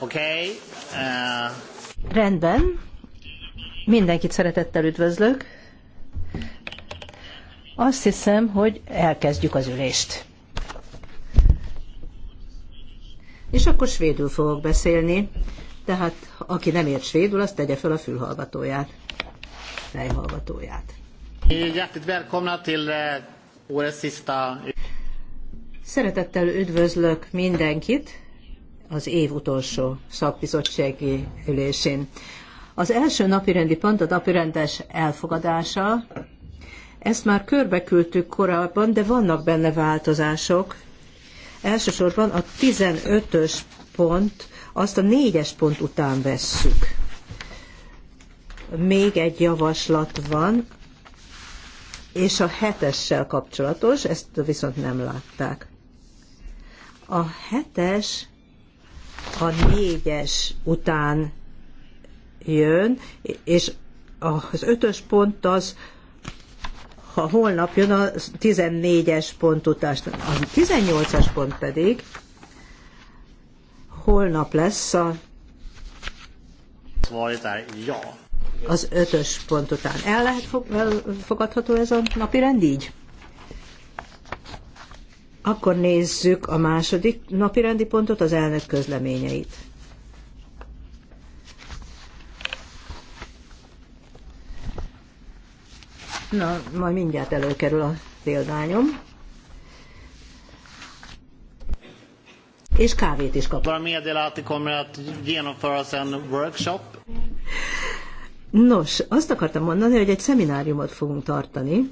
Okay. Uh... Rendben. Mindenkit szeretettel üdvözlök. Azt hiszem, hogy elkezdjük az ülést. És akkor svédül fogok beszélni, tehát aki nem ért svédül, azt tegye fel a fülhallgatóját, fejhallgatóját. Eh, szeretettel üdvözlök mindenkit, az év utolsó szakbizottsági ülésén. Az első napirendi pont a napirendes elfogadása. Ezt már körbeküldtük korábban, de vannak benne változások. Elsősorban a 15-ös pont, azt a 4-es pont után vesszük. Még egy javaslat van, és a hetessel kapcsolatos, ezt viszont nem látták. A hetes a négyes után jön, és az ötös pont az, ha holnap jön a 14-es pont utást. A 18-as pont pedig holnap lesz a az ötös pont után. El lehet fogadható ez a napi rend így? Akkor nézzük a második napirendi pontot, az elnök közleményeit. Na, majd mindjárt előkerül a példányom. És kávét is kapok. Bara meddela att det kommer workshop. Nos, azt akartam mondani, hogy egy szemináriumot fogunk tartani,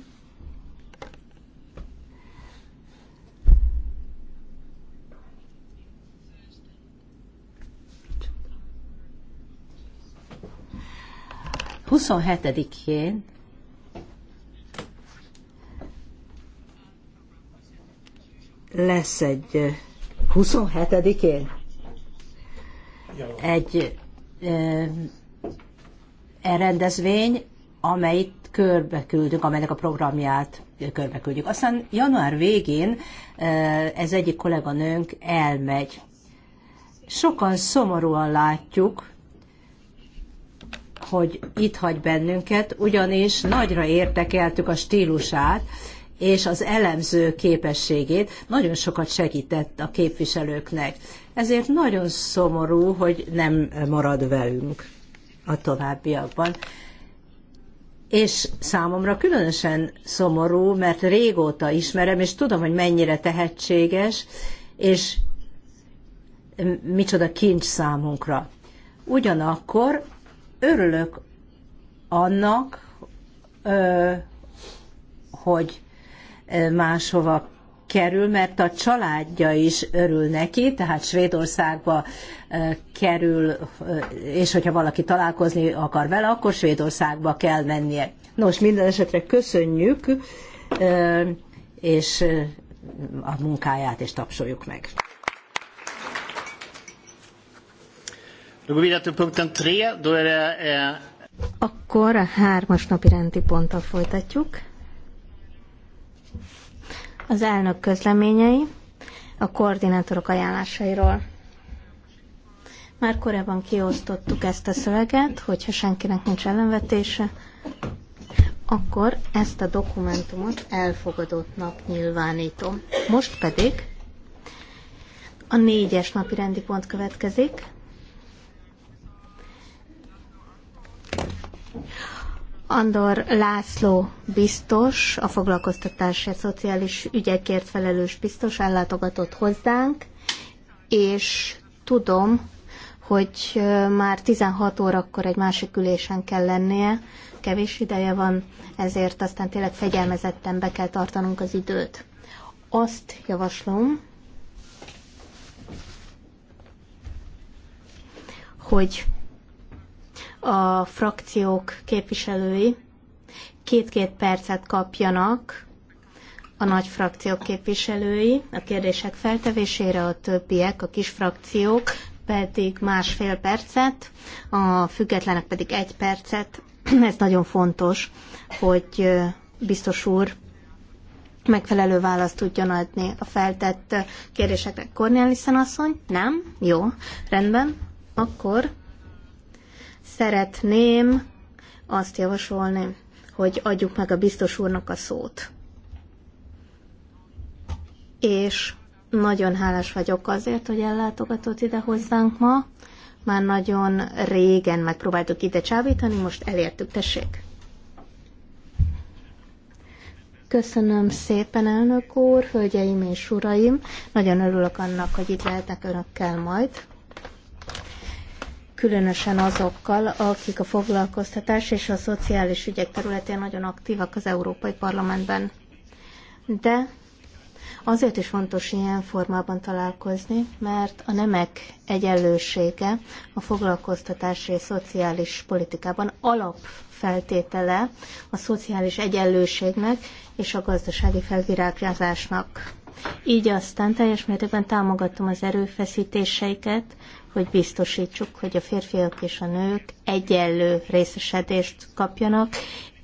27-én lesz egy 27-én egy e, rendezvény, amelyet körbe küldünk, amelynek a programját körbe küldjük. Aztán január végén ez egyik kolléganőnk elmegy. Sokan szomorúan látjuk, hogy itt hagy bennünket, ugyanis nagyra értekeltük a stílusát, és az elemző képességét nagyon sokat segített a képviselőknek. Ezért nagyon szomorú, hogy nem marad velünk a továbbiakban. És számomra különösen szomorú, mert régóta ismerem, és tudom, hogy mennyire tehetséges, és micsoda kincs számunkra. Ugyanakkor örülök annak, hogy máshova kerül, mert a családja is örül neki, tehát Svédországba kerül, és hogyha valaki találkozni akar vele, akkor Svédországba kell mennie. Nos, minden esetre köszönjük, és a munkáját, és tapsoljuk meg. Eh, akkor a hármas napi rendi ponttal folytatjuk. Az elnök közleményei a koordinátorok ajánlásairól. Már korábban kiosztottuk ezt a szöveget, hogyha senkinek nincs ellenvetése, akkor ezt a dokumentumot elfogadottnak nyilvánítom. Most pedig a négyes napi rendi pont következik, Andor László biztos, a foglalkoztatási szociális ügyekért felelős biztos ellátogatott hozzánk, és tudom, hogy már 16 órakor egy másik ülésen kell lennie, kevés ideje van, ezért aztán tényleg fegyelmezetten be kell tartanunk az időt. Azt javaslom, hogy a frakciók képviselői két-két percet kapjanak a nagy frakciók képviselői a kérdések feltevésére, a többiek, a kis frakciók pedig másfél percet, a függetlenek pedig egy percet. Ez nagyon fontos, hogy biztos úr megfelelő választ tudjon adni a feltett kérdésekre. Cornelissen asszony? Nem? Jó, rendben. Akkor szeretném azt javasolni, hogy adjuk meg a biztos úrnak a szót. És nagyon hálás vagyok azért, hogy ellátogatott ide hozzánk ma. Már nagyon régen megpróbáltuk ide csábítani, most elértük, tessék. Köszönöm szépen, elnök úr, hölgyeim és uraim. Nagyon örülök annak, hogy itt lehetek önökkel majd különösen azokkal, akik a foglalkoztatás és a szociális ügyek területén nagyon aktívak az Európai Parlamentben. De azért is fontos ilyen formában találkozni, mert a nemek egyenlősége a foglalkoztatás és szociális politikában alapfeltétele a szociális egyenlőségnek és a gazdasági felvirágzásnak. Így aztán teljes mértékben támogatom az erőfeszítéseiket, hogy biztosítsuk, hogy a férfiak és a nők egyenlő részesedést kapjanak,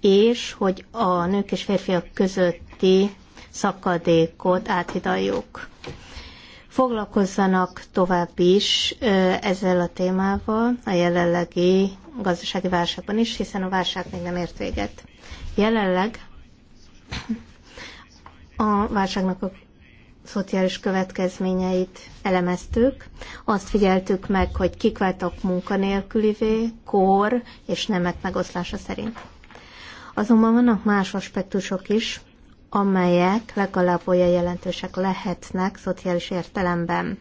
és hogy a nők és férfiak közötti szakadékot áthidaljuk. Foglalkozzanak tovább is ezzel a témával a jelenlegi gazdasági válságban is, hiszen a válság még nem ért véget. Jelenleg a válságnak a szociális következményeit elemeztük. Azt figyeltük meg, hogy kik váltak munkanélkülivé, kor és nemek megoszlása szerint. Azonban vannak más aspektusok is, amelyek legalább olyan jelentősek lehetnek szociális értelemben.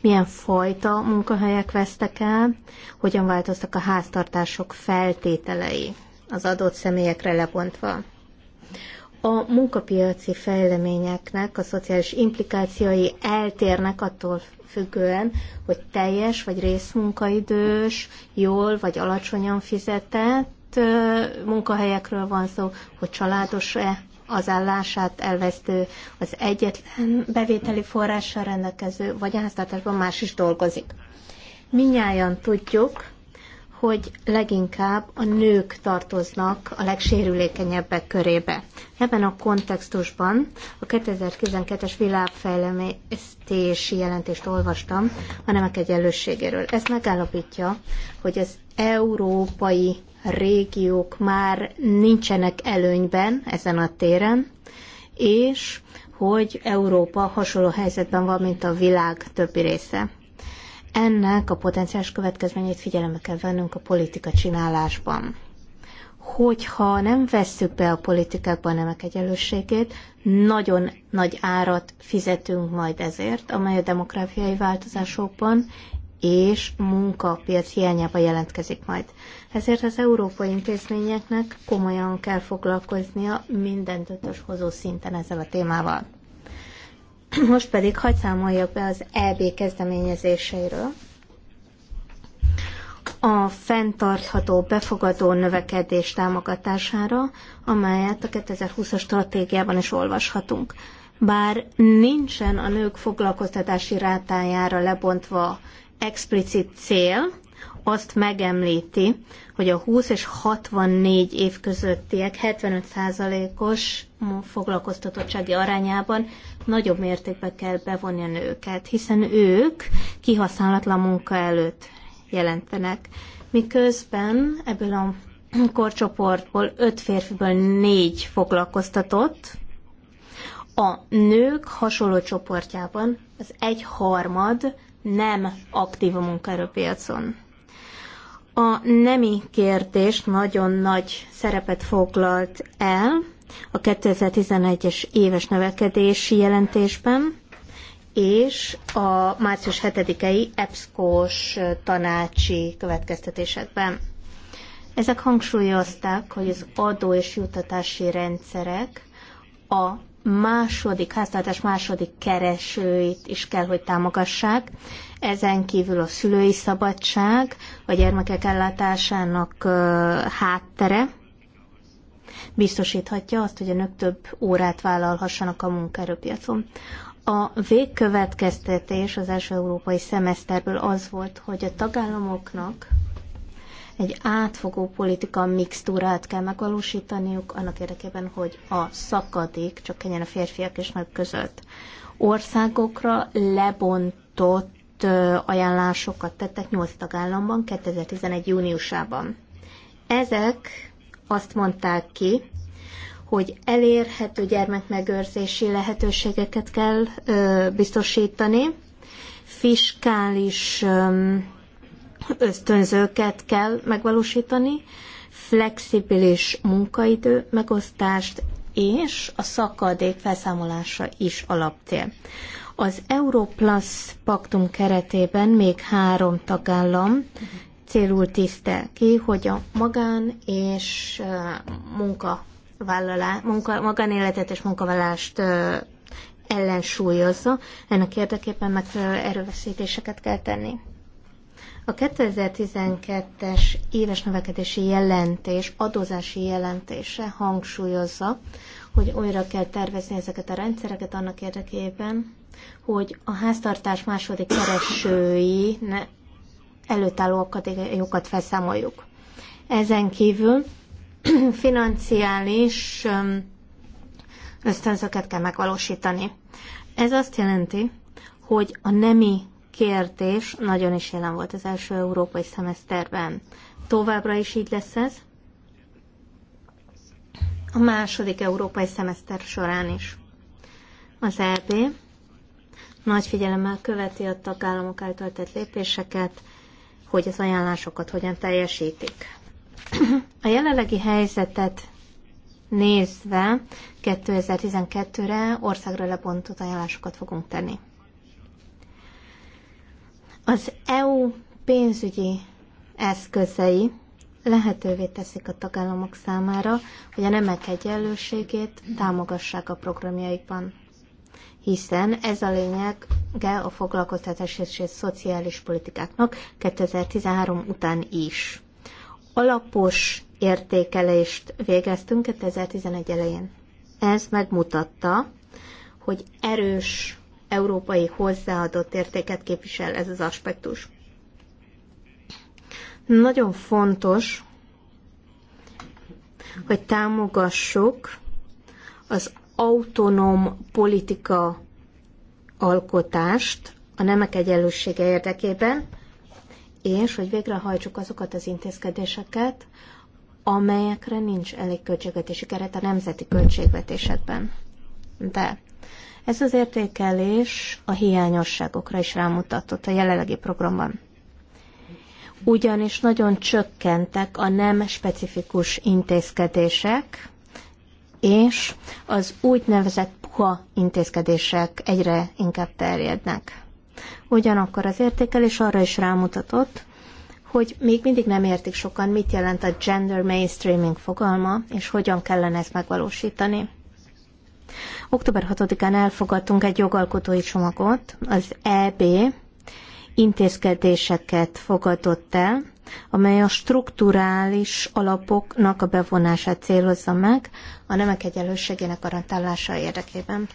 Milyen fajta munkahelyek vesztek el, hogyan változtak a háztartások feltételei az adott személyekre lebontva a munkapiaci fejleményeknek a szociális implikációi eltérnek attól függően, hogy teljes vagy részmunkaidős, jól vagy alacsonyan fizetett munkahelyekről van szó, hogy családos-e az állását elvesztő, az egyetlen bevételi forrással rendelkező, vagy a háztartásban más is dolgozik. Minnyáján tudjuk, hogy leginkább a nők tartoznak a legsérülékenyebbek körébe. Ebben a kontextusban a 2012-es világfejlesztési jelentést olvastam a nemek egyenlőségéről. Ez megállapítja, hogy az európai régiók már nincsenek előnyben ezen a téren, és hogy Európa hasonló helyzetben van, mint a világ többi része. Ennek a potenciális következményét figyelembe kell vennünk a politika csinálásban. Hogyha nem vesszük be a politikákban nemek egyenlőségét, nagyon nagy árat fizetünk majd ezért, amely a demográfiai változásokban és munkapiac hiányába jelentkezik majd. Ezért az európai intézményeknek komolyan kell foglalkoznia minden ötös hozó szinten ezzel a témával. Most pedig hagy számoljak be az EB kezdeményezéseiről. A fenntartható befogadó növekedés támogatására, amelyet a 2020-as stratégiában is olvashatunk. Bár nincsen a nők foglalkoztatási rátájára lebontva explicit cél, azt megemlíti, hogy a 20 és 64 év közöttiek 75%-os foglalkoztatottsági arányában nagyobb mértékben kell bevonni a nőket, hiszen ők kihasználatlan munka előtt jelentenek. Miközben ebből a korcsoportból öt férfiből négy foglalkoztatott, a nők hasonló csoportjában az egy harmad nem aktív a munkaerőpiacon. A nemi kérdés nagyon nagy szerepet foglalt el, a 2011-es éves növekedési jelentésben, és a március 7-i EBSZKÓS tanácsi következtetésekben. Ezek hangsúlyozták, hogy az adó és jutatási rendszerek a második, háztartás második keresőit is kell, hogy támogassák. Ezen kívül a szülői szabadság, a gyermekek ellátásának háttere, biztosíthatja azt, hogy a nők több órát vállalhassanak a munkaerőpiacon. A végkövetkeztetés az első európai szemeszterből az volt, hogy a tagállamoknak egy átfogó politika mixtúrát kell megvalósítaniuk annak érdekében, hogy a szakadék csak kenyen a férfiak és nők között. Országokra lebontott ajánlásokat tettek 8 tagállamban 2011. júniusában. Ezek azt mondták ki, hogy elérhető gyermekmegőrzési lehetőségeket kell ö, biztosítani, fiskális ö, ösztönzőket kell megvalósítani, flexibilis munkaidő megosztást és a szakadék felszámolása is alaptér. Az Europlus paktum keretében még három tagállam célul tiszte ki, hogy a magán és munka munka, magánéletet és munkavállást ellensúlyozza, ennek érdekében meg erőveszítéseket kell tenni. A 2012-es éves növekedési jelentés, adózási jelentése hangsúlyozza, hogy újra kell tervezni ezeket a rendszereket annak érdekében, hogy a háztartás második keresői ne előtálló akadályokat felszámoljuk. Ezen kívül financiális ösztönzöket kell megvalósítani. Ez azt jelenti, hogy a nemi kérdés nagyon is jelen volt az első európai szemeszterben. Továbbra is így lesz ez? A második európai szemeszter során is. Az EB nagy figyelemmel követi a tagállamok által tett lépéseket, hogy az ajánlásokat hogyan teljesítik. A jelenlegi helyzetet nézve 2012-re országra lebontott ajánlásokat fogunk tenni. Az EU pénzügyi eszközei lehetővé teszik a tagállamok számára, hogy a nemek egyenlőségét támogassák a programjaikban hiszen ez a lényege a foglalkoztatás és a szociális politikáknak 2013 után is. Alapos értékelést végeztünk 2011 elején. Ez megmutatta, hogy erős európai hozzáadott értéket képvisel ez az aspektus. Nagyon fontos, hogy támogassuk az autonóm politika alkotást a nemek egyenlősége érdekében, és hogy végrehajtsuk azokat az intézkedéseket, amelyekre nincs elég költségvetési keret a nemzeti költségvetésekben. De ez az értékelés a hiányosságokra is rámutatott a jelenlegi programban. Ugyanis nagyon csökkentek a nem specifikus intézkedések, és az úgynevezett puha intézkedések egyre inkább terjednek. Ugyanakkor az értékelés arra is rámutatott, hogy még mindig nem értik sokan, mit jelent a gender mainstreaming fogalma, és hogyan kellene ezt megvalósítani. Október 6-án elfogadtunk egy jogalkotói csomagot, az EB intézkedéseket fogadott el, amely a strukturális alapoknak a bevonását célozza meg a nemek egyenlőségének garantálása érdekében.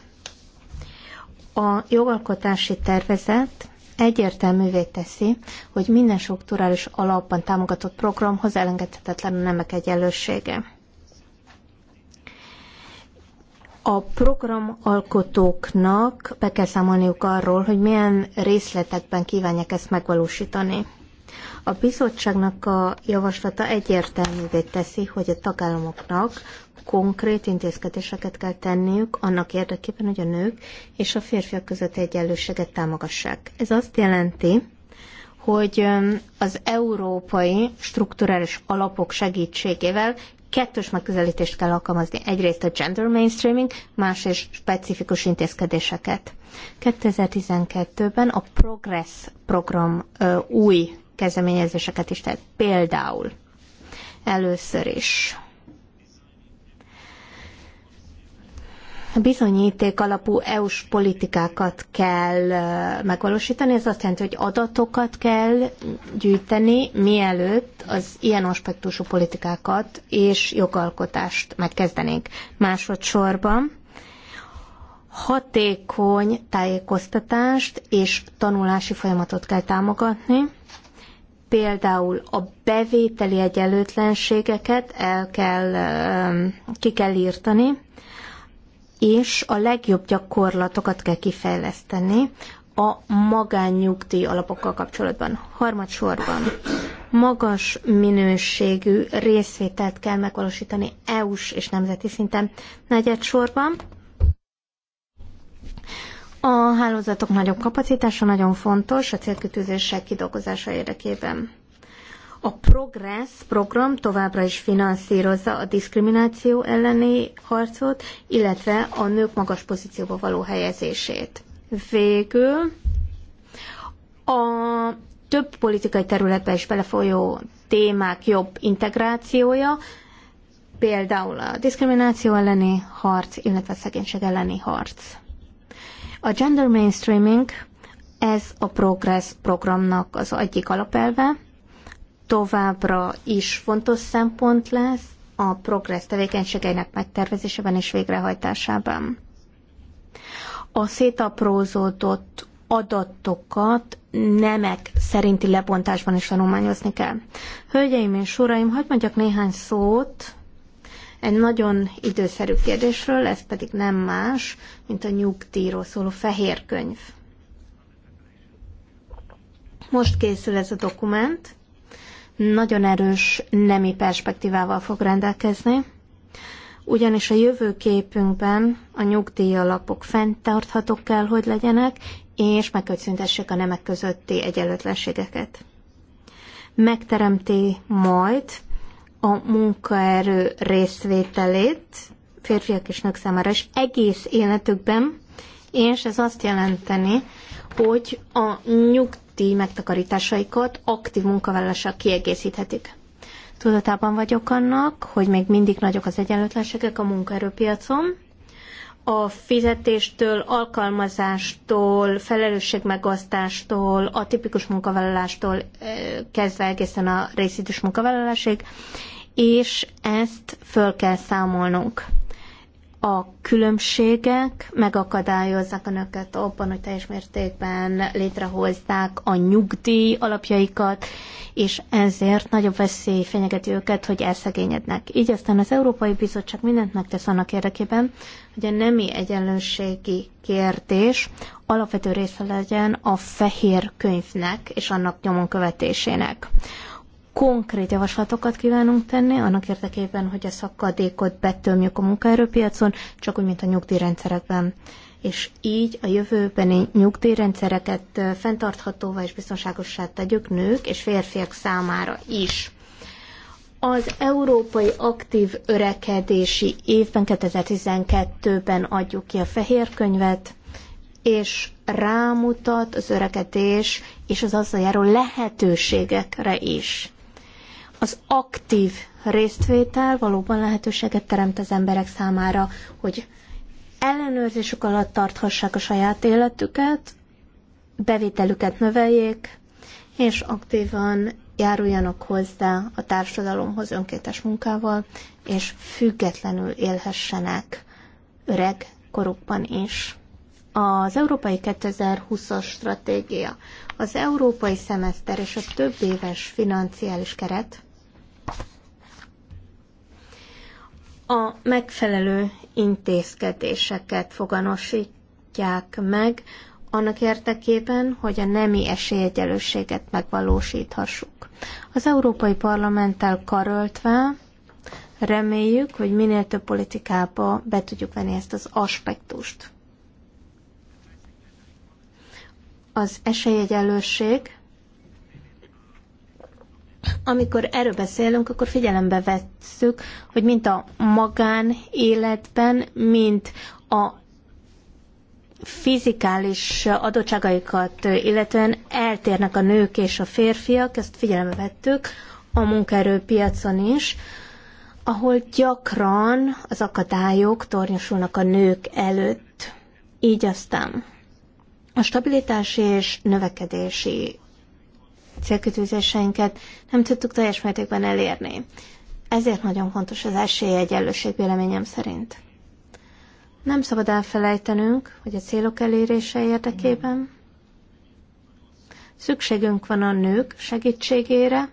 A jogalkotási tervezet egyértelművé teszi, hogy minden strukturális alapban támogatott programhoz elengedhetetlen a nemek egyenlősége. A programalkotóknak be kell számolniuk arról, hogy milyen részletekben kívánják ezt megvalósítani. A bizottságnak a javaslata egyértelművé teszi, hogy a tagállamoknak konkrét intézkedéseket kell tenniük annak érdekében, hogy a nők és a férfiak közötti egyenlőséget támogassák. Ez azt jelenti, hogy az európai strukturális alapok segítségével kettős megközelítést kell alkalmazni. Egyrészt a gender mainstreaming, másrészt specifikus intézkedéseket. 2012-ben a Progress program ö, új kezdeményezéseket is tett. Például először is bizonyíték alapú EU-s politikákat kell megvalósítani. Ez azt jelenti, hogy adatokat kell gyűjteni, mielőtt az ilyen aspektusú politikákat és jogalkotást megkezdenénk. Másodszorban hatékony tájékoztatást és tanulási folyamatot kell támogatni, például a bevételi egyenlőtlenségeket el kell, ki kell írtani, és a legjobb gyakorlatokat kell kifejleszteni a magánnyugdíj alapokkal kapcsolatban. Harmadsorban magas minőségű részvételt kell megvalósítani EU-s és nemzeti szinten. Negyedsorban a hálózatok nagyobb kapacitása nagyon fontos a célkütőzések kidolgozása érdekében. A Progress program továbbra is finanszírozza a diszkrimináció elleni harcot, illetve a nők magas pozícióba való helyezését. Végül a több politikai területbe is belefolyó témák jobb integrációja, például a diszkrimináció elleni harc, illetve a szegénység elleni harc. A gender mainstreaming, ez a Progress programnak az egyik alapelve, továbbra is fontos szempont lesz a Progress tevékenységeinek megtervezésében és végrehajtásában. A szétaprózódott adatokat nemek szerinti lebontásban is tanulmányozni kell. Hölgyeim és uraim, hagyd mondjak néhány szót egy nagyon időszerű kérdésről, ez pedig nem más, mint a nyugdíjról szóló fehér könyv. Most készül ez a dokument, nagyon erős nemi perspektívával fog rendelkezni, ugyanis a jövőképünkben a nyugdíjalapok fenntarthatók kell, hogy legyenek, és meg kell szüntessék a nemek közötti egyenlőtlenségeket. Megteremti majd a munkaerő részvételét férfiak és nők számára, és egész életükben, és ez azt jelenteni, hogy a nyugdíj megtakarításaikat aktív munkavállalással kiegészíthetik. Tudatában vagyok annak, hogy még mindig nagyok az egyenlőtlenségek a munkaerőpiacon, a fizetéstől, alkalmazástól, felelősségmegosztástól, a tipikus munkavállalástól eh, kezdve egészen a részidős munkavállalásig, és ezt föl kell számolnunk. A különbségek megakadályozzák önöket abban, hogy teljes mértékben létrehozták a nyugdíj alapjaikat, és ezért nagyobb veszély fenyegeti őket, hogy elszegényednek. Így aztán az Európai Bizottság mindent megtesz annak érdekében, hogy a nemi egyenlőségi kérdés alapvető része legyen a fehér könyvnek és annak nyomon követésének konkrét javaslatokat kívánunk tenni, annak érdekében, hogy a szakadékot betömjük a munkaerőpiacon, csak úgy, mint a nyugdíjrendszerekben. És így a jövőbeni nyugdíjrendszereket fenntarthatóvá és biztonságosá tegyük nők és férfiak számára is. Az Európai Aktív Örekedési évben 2012-ben adjuk ki a fehér könyvet, és rámutat az öregedés és az azzal járó lehetőségekre is az aktív résztvétel valóban lehetőséget teremt az emberek számára, hogy ellenőrzésük alatt tarthassák a saját életüket, bevételüket növeljék, és aktívan járuljanak hozzá a társadalomhoz önkétes munkával, és függetlenül élhessenek öreg korukban is. Az Európai 2020-as stratégia, az európai szemeszter és a több éves financiális keret a megfelelő intézkedéseket foganosítják meg annak érdekében, hogy a nemi esélyegyelősséget megvalósíthassuk. Az Európai Parlamenttel karöltve reméljük, hogy minél több politikába be tudjuk venni ezt az aspektust. Az esélyegyelősség amikor erről beszélünk, akkor figyelembe vesszük, hogy mint a magánéletben, mint a fizikális adottságaikat illetően eltérnek a nők és a férfiak, ezt figyelembe vettük a munkaerőpiacon is, ahol gyakran az akadályok tornyosulnak a nők előtt. Így aztán a stabilitási és növekedési célkitűzéseinket nem tudtuk teljes mértékben elérni. Ezért nagyon fontos az esélyegyenlőség véleményem szerint. Nem szabad elfelejtenünk, hogy a célok elérése érdekében szükségünk van a nők segítségére,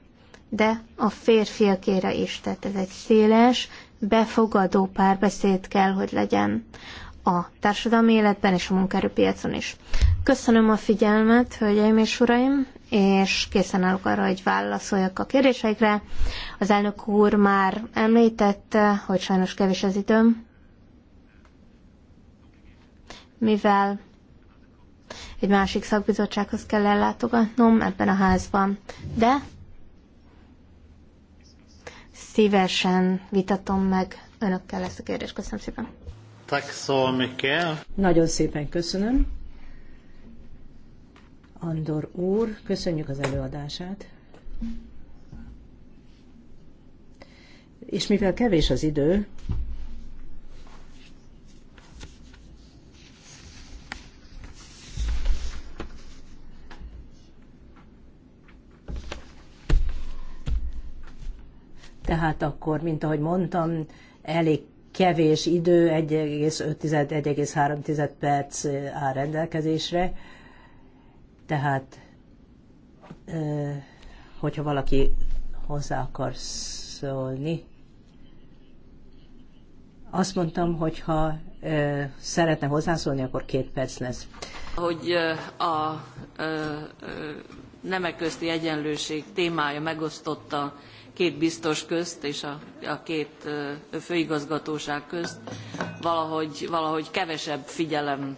de a férfiakére is. Tehát ez egy széles, befogadó párbeszéd kell, hogy legyen a társadalmi életben és a munkaerőpiacon is. Köszönöm a figyelmet, hölgyeim és uraim, és készen állok arra, hogy válaszoljak a kérdéseikre. Az elnök úr már említette, hogy sajnos kevés az időm, mivel egy másik szakbizottsághoz kell ellátogatnom ebben a házban. De szívesen vitatom meg önökkel ezt a kérdést. Köszönöm szépen. Tack så mycket. Nagyon szépen köszönöm. Andor úr, köszönjük az előadását. És mivel kevés az idő, tehát akkor, mint ahogy mondtam, elég kevés idő, 1,5-1,3 perc áll rendelkezésre, tehát hogyha valaki hozzá akar szólni, azt mondtam, hogy ha szeretne hozzászólni, akkor két perc lesz. Hogy a, a nemek közti egyenlőség témája megosztotta két biztos közt és a, a két főigazgatóság közt valahogy, valahogy kevesebb figyelem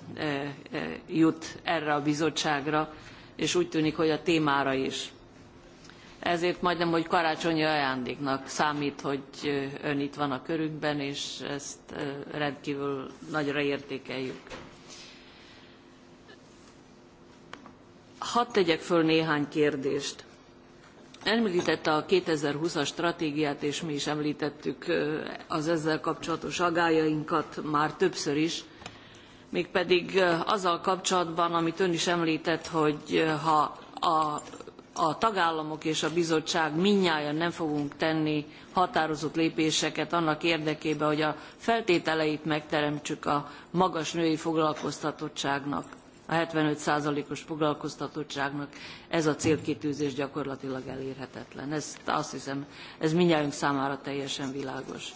jut erre a bizottságra, és úgy tűnik, hogy a témára is. Ezért majdnem, hogy karácsonyi ajándéknak számít, hogy ön itt van a körünkben, és ezt rendkívül nagyra értékeljük. Hadd tegyek föl néhány kérdést. Említette a 2020-as stratégiát, és mi is említettük az ezzel kapcsolatos agályainkat már többször is, mégpedig azzal kapcsolatban, amit ön is említett, hogy ha a, a tagállamok és a bizottság minnyáján nem fogunk tenni határozott lépéseket annak érdekében, hogy a feltételeit megteremtsük a magas női foglalkoztatottságnak a 75%-os foglalkoztatottságnak ez a célkitűzés gyakorlatilag elérhetetlen. Ez, azt hiszem, ez mindjárt számára teljesen világos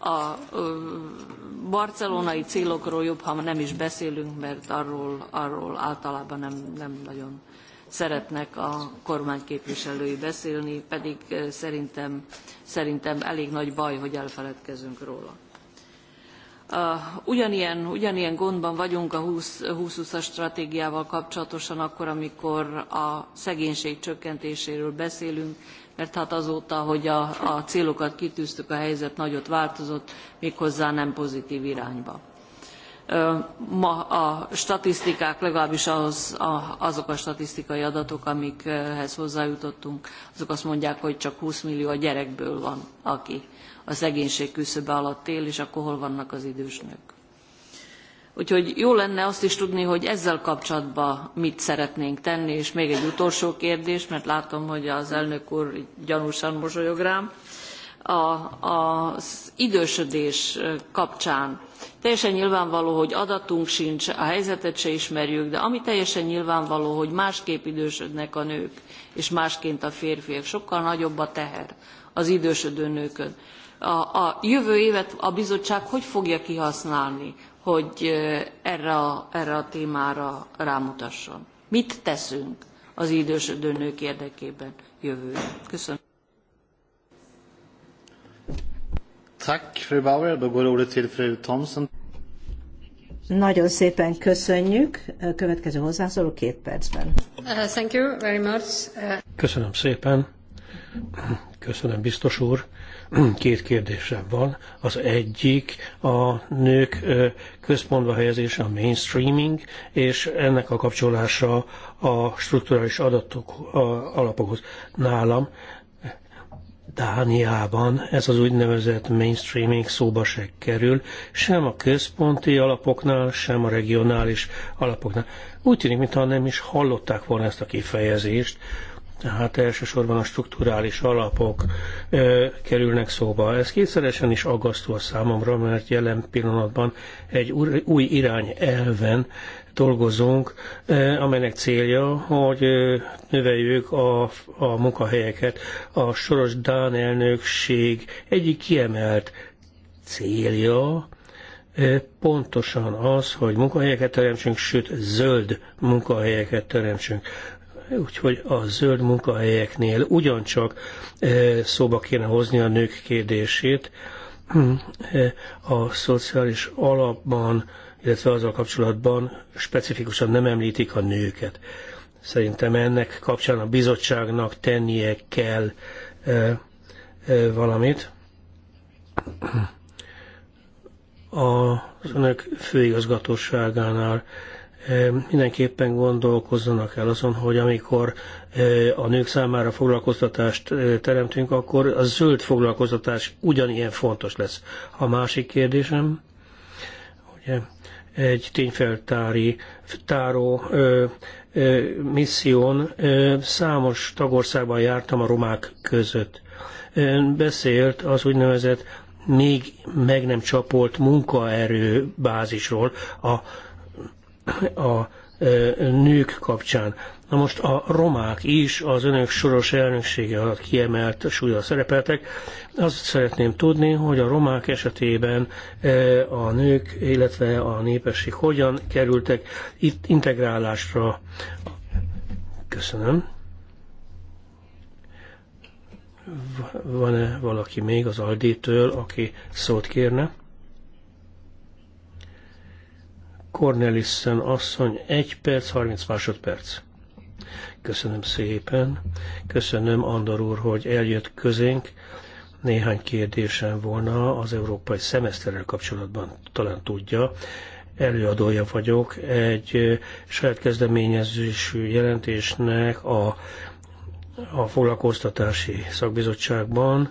a barcelonai célokról jobb, ha nem is beszélünk, mert arról, arról általában nem, nem nagyon szeretnek a kormányképviselői beszélni, pedig szerintem, szerintem elég nagy baj, hogy elfeledkezünk róla. Ugyanilyen, ugyanilyen gondban vagyunk a 2020-as stratégiával kapcsolatosan akkor, amikor a szegénység csökkentéséről beszélünk, mert hát azóta, hogy a, a célokat kitűztük, a helyzet nagyot változott, méghozzá nem pozitív irányba. Ma a statisztikák, legalábbis az, a, azok a statisztikai adatok, amikhez hozzájutottunk, azok azt mondják, hogy csak 20 millió a gyerekből van, aki a szegénység küszöbe alatt él, és akkor hol vannak az idős nők. Úgyhogy jó lenne azt is tudni, hogy ezzel kapcsolatban mit szeretnénk tenni, és még egy utolsó kérdés, mert látom, hogy az elnök úr gyanúsan mosolyog rám. A, az idősödés kapcsán teljesen nyilvánvaló, hogy adatunk sincs, a helyzetet se ismerjük, de ami teljesen nyilvánvaló, hogy másképp idősödnek a nők, és másként a férfiak. Sokkal nagyobb a teher az idősödő nőkön a, a jövő évet a bizottság hogy fogja kihasználni, hogy erre a, erre a témára rámutasson? Mit teszünk az idősödő nők érdekében jövőre? Köszönöm. Tack, fru Bauer. Då går ordet till fru Thomsen. Nagyon szépen köszönjük. Következő hozzászóló két percben. Uh, thank you very much. Uh, Köszönöm szépen. Köszönöm, biztos úr. Két kérdésem van. Az egyik a nők központba helyezése, a mainstreaming, és ennek a kapcsolása a strukturális adatok alapokhoz. Nálam Dániában ez az úgynevezett mainstreaming szóba se kerül, sem a központi alapoknál, sem a regionális alapoknál. Úgy tűnik, mintha nem is hallották volna ezt a kifejezést tehát elsősorban a strukturális alapok ö, kerülnek szóba. Ez kétszeresen is aggasztó a számomra, mert jelen pillanatban egy új, irány elven dolgozunk, ö, amelynek célja, hogy ö, növeljük a, a munkahelyeket. A Soros Dán elnökség egyik kiemelt célja, pontosan az, hogy munkahelyeket teremtsünk, sőt zöld munkahelyeket teremtsünk úgyhogy a zöld munkahelyeknél ugyancsak e, szóba kéne hozni a nők kérdését. Hm, e, a szociális alapban, illetve azzal kapcsolatban specifikusan nem említik a nőket. Szerintem ennek kapcsán a bizottságnak tennie kell e, valamit. Hm. Az önök főigazgatóságánál mindenképpen gondolkozzanak el azon, hogy amikor a nők számára foglalkoztatást teremtünk, akkor a zöld foglalkoztatás ugyanilyen fontos lesz. A másik kérdésem, ugye egy tényfeltári táró ö, ö, misszión ö, számos tagországban jártam a romák között. Ön beszélt az úgynevezett még meg nem csapolt munkaerő bázisról, a a nők kapcsán. Na most a romák is az önök soros elnöksége alatt kiemelt súlyos szerepeltek. Azt szeretném tudni, hogy a romák esetében a nők, illetve a népesség hogyan kerültek itt integrálásra. Köszönöm. Van-e valaki még az Aldi-től, aki szót kérne? Cornelissen asszony, 1 perc, 30 másodperc. Köszönöm szépen. Köszönöm, Andor úr, hogy eljött közénk. Néhány kérdésem volna az európai szemeszterrel kapcsolatban, talán tudja. Előadója vagyok egy saját kezdeményezésű jelentésnek a, a foglalkoztatási szakbizottságban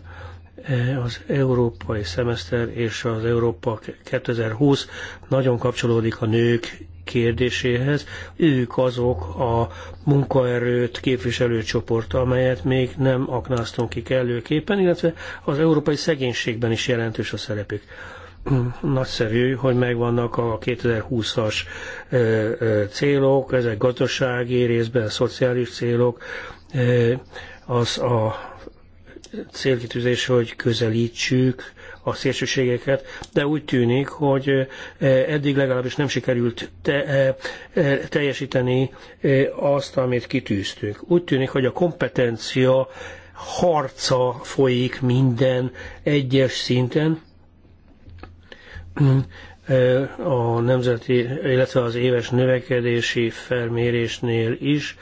az európai szemeszter és az Európa 2020 nagyon kapcsolódik a nők kérdéséhez. Ők azok a munkaerőt képviselő csoport, amelyet még nem aknáztunk ki kellőképpen, illetve az európai szegénységben is jelentős a szerepük. Nagyszerű, hogy megvannak a 2020-as célok, ezek gazdasági részben szociális célok, az a célkitűzés, hogy közelítsük a szélsőségeket, de úgy tűnik, hogy eh, eddig legalábbis nem sikerült te, eh, eh, teljesíteni azt, amit kitűztünk. Úgy tűnik, hogy a kompetencia harca folyik minden egyes szinten a nemzeti, illetve az éves növekedési felmérésnél is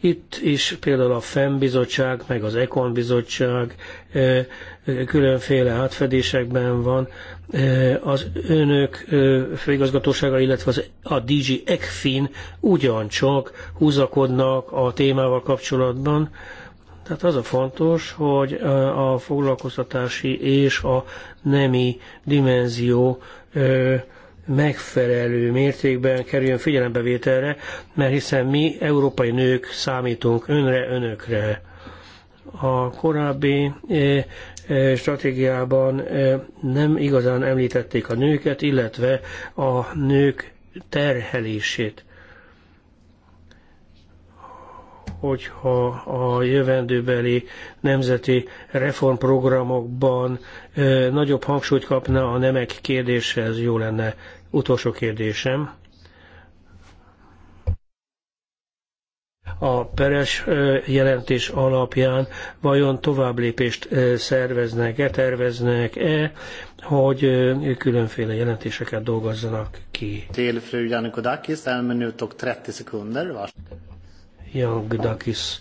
itt is például a FEM bizottság, meg az ECON bizottság különféle átfedésekben van. Az önök főigazgatósága, illetve az, a DG ECFIN ugyancsak húzakodnak a témával kapcsolatban. Tehát az a fontos, hogy a foglalkoztatási és a nemi dimenzió megfelelő mértékben kerüljön figyelembevételre, mert hiszen mi, európai nők számítunk önre, önökre. A korábbi eh, eh, stratégiában eh, nem igazán említették a nőket, illetve a nők terhelését. hogyha a jövendőbeli nemzeti reformprogramokban nagyobb hangsúlyt kapna a nemek kérdése, ez jó lenne. Utolsó kérdésem. a peres jelentés alapján vajon tovább lépést szerveznek-e, terveznek-e, hogy különféle jelentéseket dolgozzanak ki. Till fru Jannikodakis, 30 sekunder. Jangdakis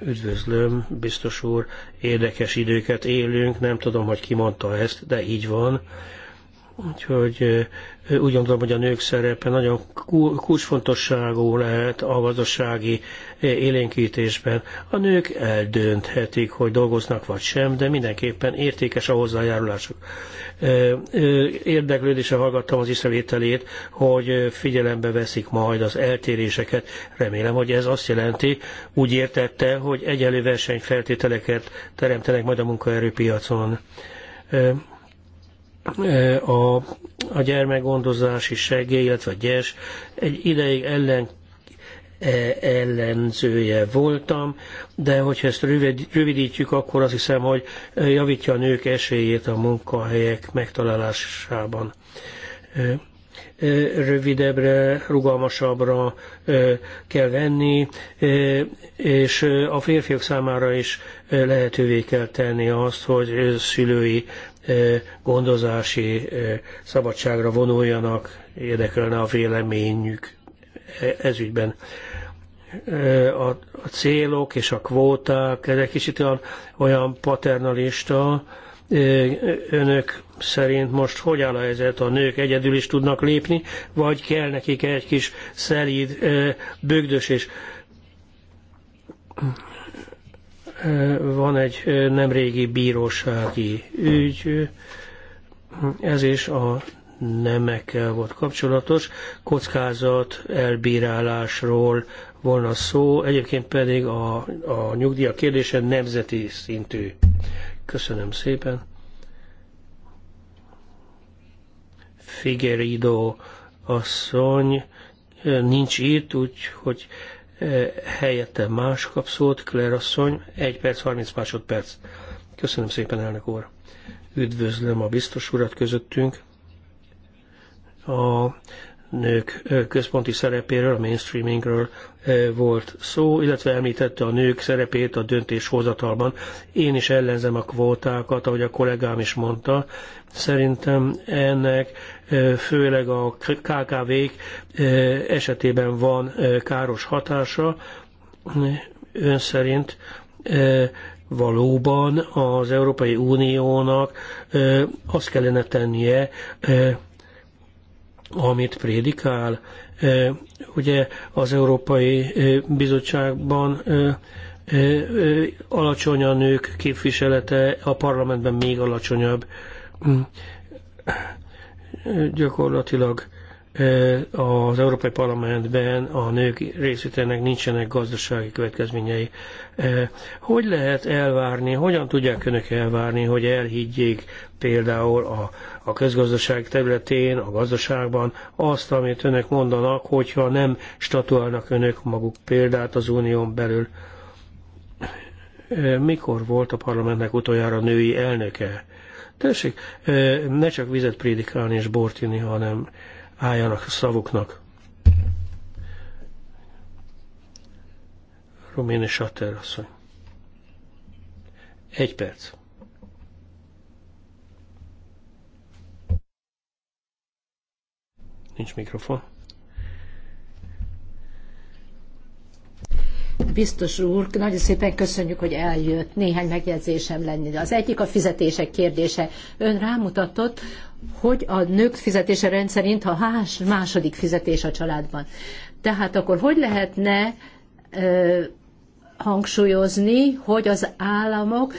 üdvözlöm, biztos úr, érdekes időket élünk, nem tudom, hogy ki mondta ezt, de így van. Úgyhogy úgy gondolom, hogy a nők szerepe nagyon kulcsfontosságú lehet a gazdasági élénkítésben. A nők eldönthetik, hogy dolgoznak vagy sem, de mindenképpen értékes a hozzájárulásuk. Érdeklődésre hallgattam az észrevételét, hogy figyelembe veszik majd az eltéréseket. Remélem, hogy ez azt jelenti, úgy értette, hogy egyenlő versenyfeltételeket teremtenek majd a munkaerőpiacon Eh, a, a gyermekgondozási segély, illetve a gyers egy ideig ellen eh, ellenzője voltam, de hogyha ezt rövid, rövidítjük, akkor azt hiszem, hogy eh, javítja a nők esélyét a munkahelyek megtalálásában. Rövidebbre, rugalmasabbra kell venni, és a férfiak számára is lehetővé kell tenni azt, hogy szülői gondozási szabadságra vonuljanak, érdekelne a véleményük e, ügyben. A, a célok és a kvóták, egy kicsit olyan, olyan paternalista, önök szerint most hogy áll a helyzet, a nők egyedül is tudnak lépni, vagy kell nekik egy kis szelíd bögdös és van egy nemrégi bírósági ügy, ez is a nemekkel volt kapcsolatos, kockázat elbírálásról volna szó, egyébként pedig a, a nyugdíja kérdése nemzeti szintű. Köszönöm szépen. Figueridó asszony nincs itt, úgyhogy Eh, helyette más kap szót, Claire asszony, 1 perc, 30 másodperc. Köszönöm szépen, elnök úr. Üdvözlöm a biztos urat közöttünk. A nők eh, központi szerepéről, a mainstreamingről eh, volt szó, illetve említette a nők szerepét a döntéshozatalban. Én is ellenzem a kvótákat, ahogy a kollégám is mondta. Szerintem ennek főleg a KKV-k esetében van káros hatása. Ön szerint valóban az Európai Uniónak azt kellene tennie, amit prédikál. Ugye az Európai Bizottságban alacsony a nők képviselete, a parlamentben még alacsonyabb. Gyakorlatilag e, az Európai Parlamentben a nők részvételnek nincsenek gazdasági következményei. E, hogy lehet elvárni, hogyan tudják önök elvárni, hogy elhiggyék például a, a közgazdaság területén, a gazdaságban azt, amit önök mondanak, hogyha nem statuálnak önök maguk példát az unión belül? E, mikor volt a parlamentnek utoljára női elnöke? Tessék, ne csak vizet prédikálni és bort inni, hanem álljanak a szavuknak. Roméni Satter asszony. Egy perc. Nincs mikrofon. Biztos úr, nagyon szépen köszönjük, hogy eljött. Néhány megjegyzésem lenne. Az egyik a fizetések kérdése. Ön rámutatott, hogy a nők fizetése rendszerint a második fizetés a családban. Tehát akkor hogy lehetne hangsúlyozni, hogy az államok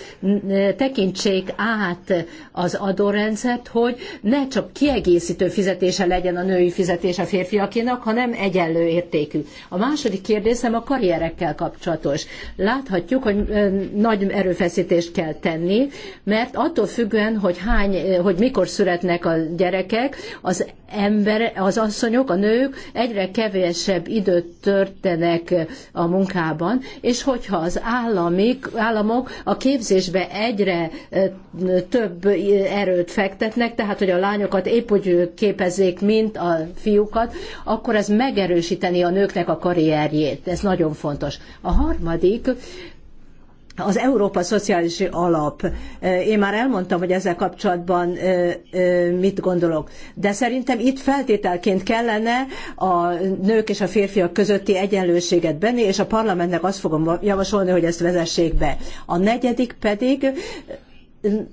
tekintsék át az adórendszert, hogy ne csak kiegészítő fizetése legyen a női fizetés a férfiakénak, hanem egyenlő értékű. A második kérdésem a karrierekkel kapcsolatos. Láthatjuk, hogy nagy erőfeszítést kell tenni, mert attól függően, hogy hány, hogy mikor születnek a gyerekek, az ember, az asszonyok, a nők egyre kevesebb időt törtenek a munkában, és hogy hogyha az államik, államok a képzésbe egyre több erőt fektetnek, tehát hogy a lányokat épp úgy képezzék, mint a fiúkat, akkor ez megerősíteni a nőknek a karrierjét. Ez nagyon fontos. A harmadik, az Európa Szociális Alap. Én már elmondtam, hogy ezzel kapcsolatban mit gondolok. De szerintem itt feltételként kellene a nők és a férfiak közötti egyenlőséget benni, és a parlamentnek azt fogom javasolni, hogy ezt vezessék be. A negyedik pedig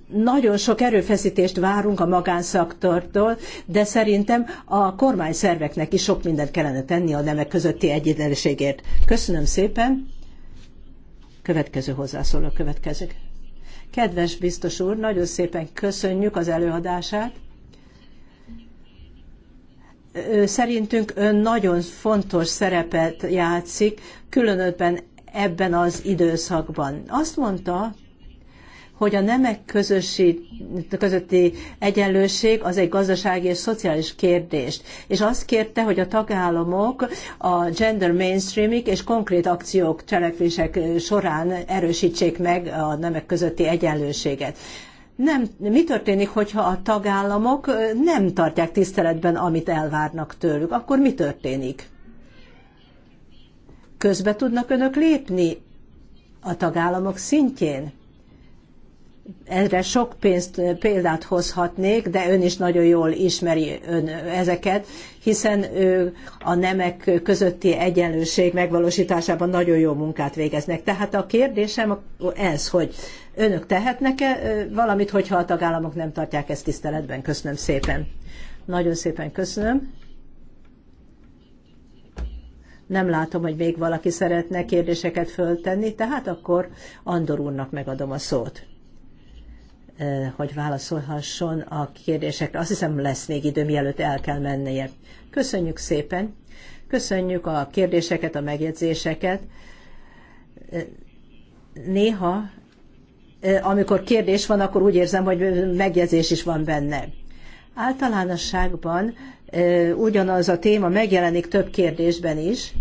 nagyon sok erőfeszítést várunk a magánszaktortól, de szerintem a kormányszerveknek is sok mindent kellene tenni a nemek közötti egyenlőségért. Köszönöm szépen! Következő hozzászóló következik. Kedves biztos úr, nagyon szépen köszönjük az előadását. Szerintünk ön nagyon fontos szerepet játszik, különösen ebben az időszakban. Azt mondta, hogy a nemek közösi, közötti egyenlőség az egy gazdasági és szociális kérdést. És azt kérte, hogy a tagállamok a gender mainstreaming és konkrét akciók, cselekvések során erősítsék meg a nemek közötti egyenlőséget. Nem, mi történik, hogyha a tagállamok nem tartják tiszteletben, amit elvárnak tőlük? Akkor mi történik? Közbe tudnak önök lépni a tagállamok szintjén? erre sok pénzt, példát hozhatnék, de ön is nagyon jól ismeri ön ezeket, hiszen ő a nemek közötti egyenlőség megvalósításában nagyon jó munkát végeznek. Tehát a kérdésem ez, hogy önök tehetnek-e valamit, hogyha a tagállamok nem tartják ezt tiszteletben? Köszönöm szépen. Nagyon szépen köszönöm. Nem látom, hogy még valaki szeretne kérdéseket föltenni, tehát akkor Andor úrnak megadom a szót hogy válaszolhasson a kérdésekre. Azt hiszem lesz még idő, mielőtt el kell mennie. Köszönjük szépen, köszönjük a kérdéseket, a megjegyzéseket. Néha, amikor kérdés van, akkor úgy érzem, hogy megjegyzés is van benne. Általánosságban ugyanaz a téma megjelenik több kérdésben is,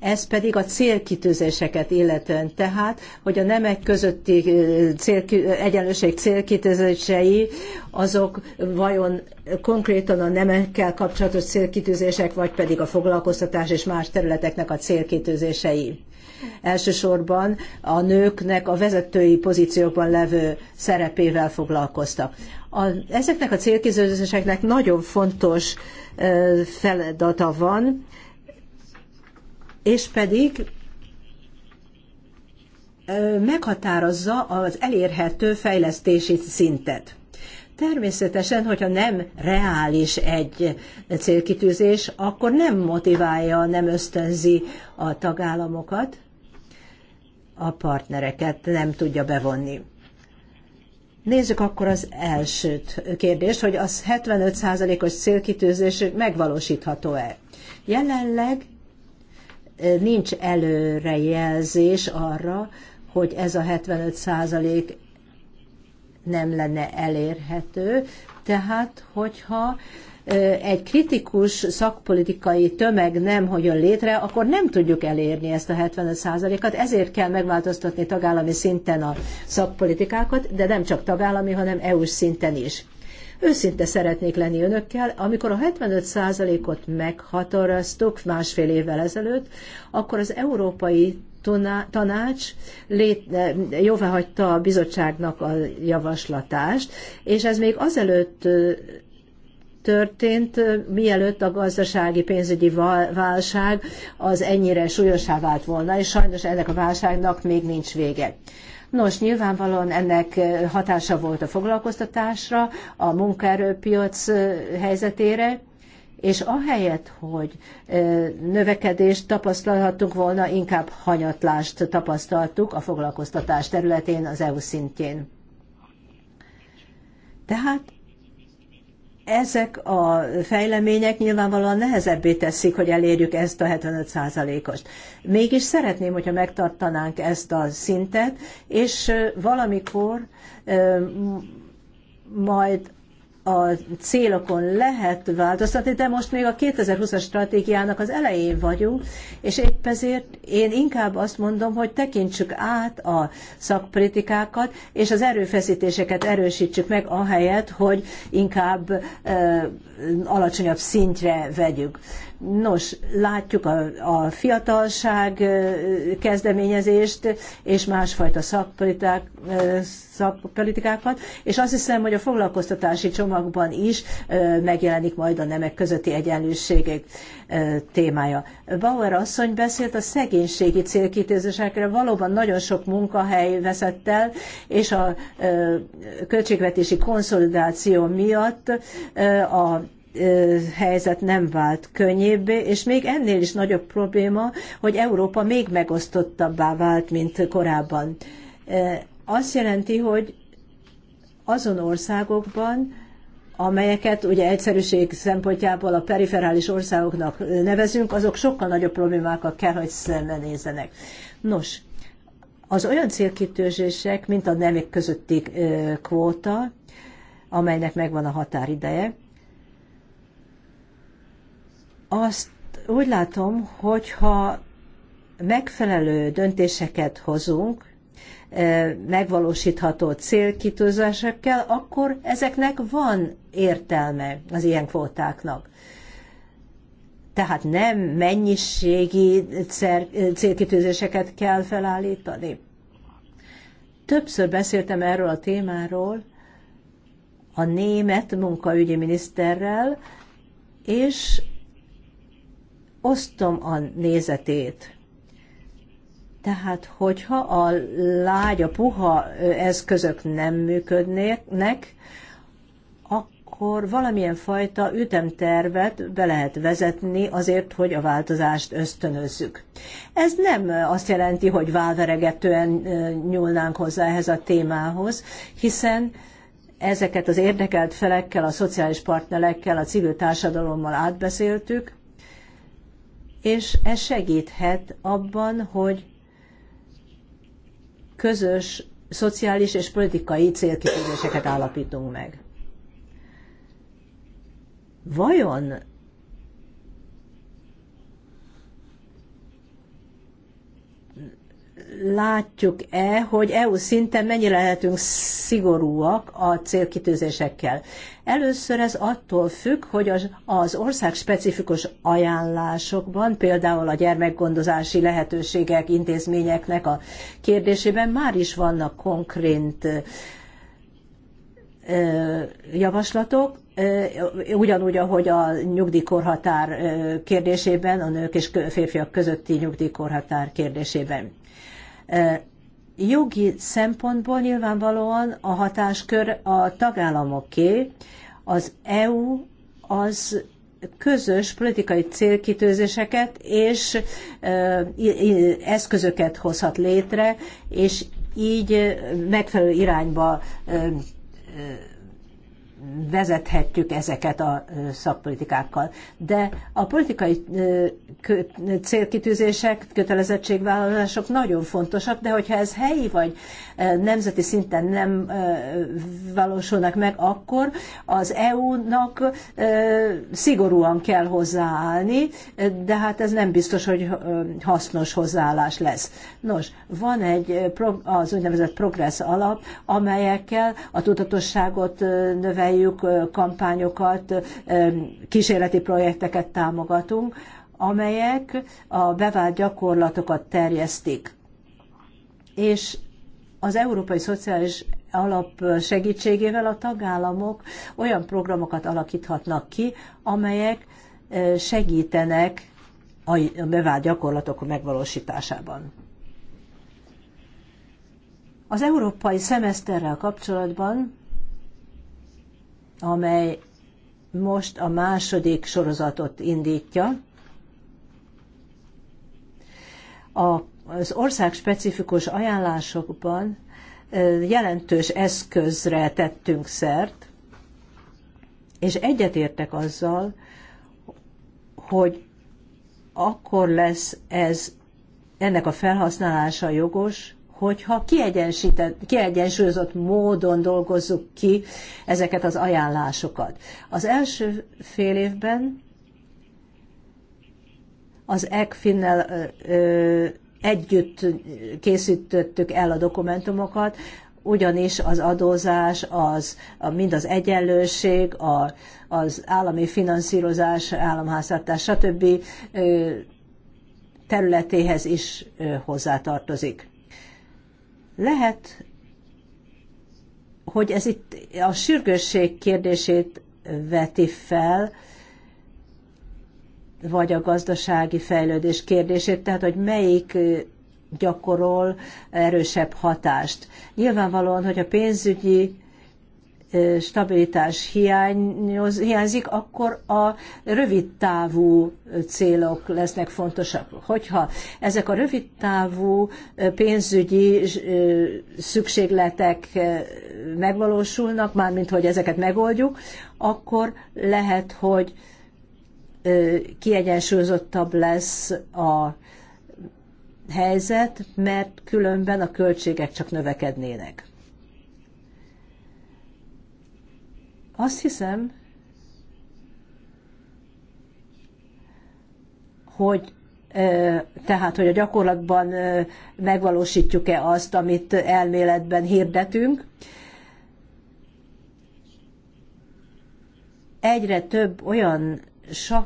ez pedig a célkitűzéseket illetően, tehát, hogy a nemek közötti cél, egyenlőség célkitűzései, azok vajon konkrétan a nemekkel kapcsolatos célkitűzések, vagy pedig a foglalkoztatás és más területeknek a célkitűzései. Elsősorban a nőknek a vezetői pozíciókban levő szerepével foglalkoztak. A, ezeknek a célkitűzéseknek nagyon fontos feladata van, és pedig meghatározza az elérhető fejlesztési szintet. Természetesen, hogyha nem reális egy célkitűzés, akkor nem motiválja, nem ösztönzi a tagállamokat, a partnereket nem tudja bevonni. Nézzük akkor az első kérdést, hogy az 75%-os célkitűzés megvalósítható-e. Jelenleg nincs előrejelzés arra, hogy ez a 75 százalék nem lenne elérhető, tehát hogyha egy kritikus szakpolitikai tömeg nem hogyan létre, akkor nem tudjuk elérni ezt a 75%-at, ezért kell megváltoztatni tagállami szinten a szakpolitikákat, de nem csak tagállami, hanem EU-s szinten is. Őszinte szeretnék lenni önökkel, amikor a 75%-ot meghatároztuk másfél évvel ezelőtt, akkor az Európai Tanács eh, jóváhagyta a bizottságnak a javaslatást, és ez még azelőtt eh, történt, eh, mielőtt a gazdasági pénzügyi válság az ennyire súlyosá vált volna, és sajnos ennek a válságnak még nincs vége. Nos, nyilvánvalóan ennek eh, hatása volt a foglalkoztatásra, a munkaerőpiac eh, helyzetére, és ahelyett, hogy eh, növekedést tapasztalhattunk volna, inkább hanyatlást tapasztaltuk a foglalkoztatás területén, az EU szintjén. Tehát ezek a fejlemények nyilvánvalóan nehezebbé teszik, hogy elérjük ezt a 75%-ost. Mégis szeretném, hogyha megtartanánk ezt a szintet, és valamikor majd a célokon lehet változtatni, de most még a 2020-as stratégiának az elején vagyunk, és épp ezért én inkább azt mondom, hogy tekintsük át a szakpolitikákat, és az erőfeszítéseket erősítsük meg ahelyett, hogy inkább alacsonyabb szintre vegyük. Nos, látjuk a, a fiatalság kezdeményezést és másfajta szakpolitikák, szakpolitikákat, és azt hiszem, hogy a foglalkoztatási csomagban is megjelenik majd a nemek közötti egyenlőségek témája. Bauer asszony beszélt a szegénységi célkítőzésekre, valóban nagyon sok munkahely veszett el, és a költségvetési konszolidáció miatt a helyzet nem vált könnyebbé, és még ennél is nagyobb probléma, hogy Európa még megosztottabbá vált, mint korábban. Azt jelenti, hogy azon országokban, amelyeket ugye egyszerűség szempontjából a periferális országoknak nevezünk, azok sokkal nagyobb problémákkal kell, hogy szembenézzenek. Nos, az olyan célkitőzések, mint a nemek közötti kvóta, amelynek megvan a határideje, azt úgy látom, hogyha megfelelő döntéseket hozunk, e, megvalósítható célkitűzésekkel, akkor ezeknek van értelme az ilyen kvótáknak. Tehát nem mennyiségi e, célkitűzéseket kell felállítani. Többször beszéltem erről a témáról a német munkaügyi miniszterrel, és osztom a nézetét. Tehát, hogyha a lágya, puha eszközök nem működnének, akkor valamilyen fajta ütemtervet be lehet vezetni azért, hogy a változást ösztönözzük. Ez nem azt jelenti, hogy válveregetően nyúlnánk hozzá ehhez a témához, hiszen ezeket az érdekelt felekkel, a szociális partnerekkel, a civil társadalommal átbeszéltük, és ez segíthet abban, hogy közös szociális és politikai célkitűzéseket állapítunk meg. Vajon látjuk-e, hogy EU szinten mennyire lehetünk szigorúak a célkitűzésekkel. Először ez attól függ, hogy az, ország specifikus ajánlásokban, például a gyermekgondozási lehetőségek, intézményeknek a kérdésében már is vannak konkrét javaslatok, ugyanúgy, ahogy a nyugdíjkorhatár kérdésében, a nők és férfiak közötti nyugdíjkorhatár kérdésében. Jogi szempontból nyilvánvalóan a hatáskör a tagállamoké, az EU az közös politikai célkitőzéseket és eszközöket hozhat létre, és így megfelelő irányba vezethetjük ezeket a szakpolitikákkal. De a politikai célkitűzések, kötelezettségvállalások nagyon fontosak, de hogyha ez helyi vagy nemzeti szinten nem valósulnak meg, akkor az EU-nak szigorúan kell hozzáállni, de hát ez nem biztos, hogy hasznos hozzáállás lesz. Nos, van egy az úgynevezett progress alap, amelyekkel a tudatosságot növeljük, csináljuk, kampányokat, kísérleti projekteket támogatunk, amelyek a bevált gyakorlatokat terjesztik. És az Európai Szociális alap segítségével a tagállamok olyan programokat alakíthatnak ki, amelyek segítenek a bevált gyakorlatok megvalósításában. Az európai szemeszterrel kapcsolatban amely most a második sorozatot indítja. Az ország specifikus ajánlásokban jelentős eszközre tettünk szert, és egyetértek azzal, hogy akkor lesz ez ennek a felhasználása jogos, hogyha kiegyensúlyozott módon dolgozzuk ki ezeket az ajánlásokat. Az első fél évben az ECFIN-nel együtt készítettük el a dokumentumokat, ugyanis az adózás, az, mind az egyenlőség, a, az állami finanszírozás, államháztartás, stb. területéhez is hozzátartozik. Lehet, hogy ez itt a sürgősség kérdését veti fel, vagy a gazdasági fejlődés kérdését, tehát hogy melyik gyakorol erősebb hatást. Nyilvánvalóan, hogy a pénzügyi stabilitás hiányoz, hiányzik, akkor a rövid távú célok lesznek fontosak. Hogyha ezek a rövid távú pénzügyi szükségletek megvalósulnak, mármint hogy ezeket megoldjuk, akkor lehet, hogy kiegyensúlyozottabb lesz a helyzet, mert különben a költségek csak növekednének. Azt hiszem, hogy tehát, hogy a gyakorlatban megvalósítjuk-e azt, amit elméletben hirdetünk. Egyre több olyan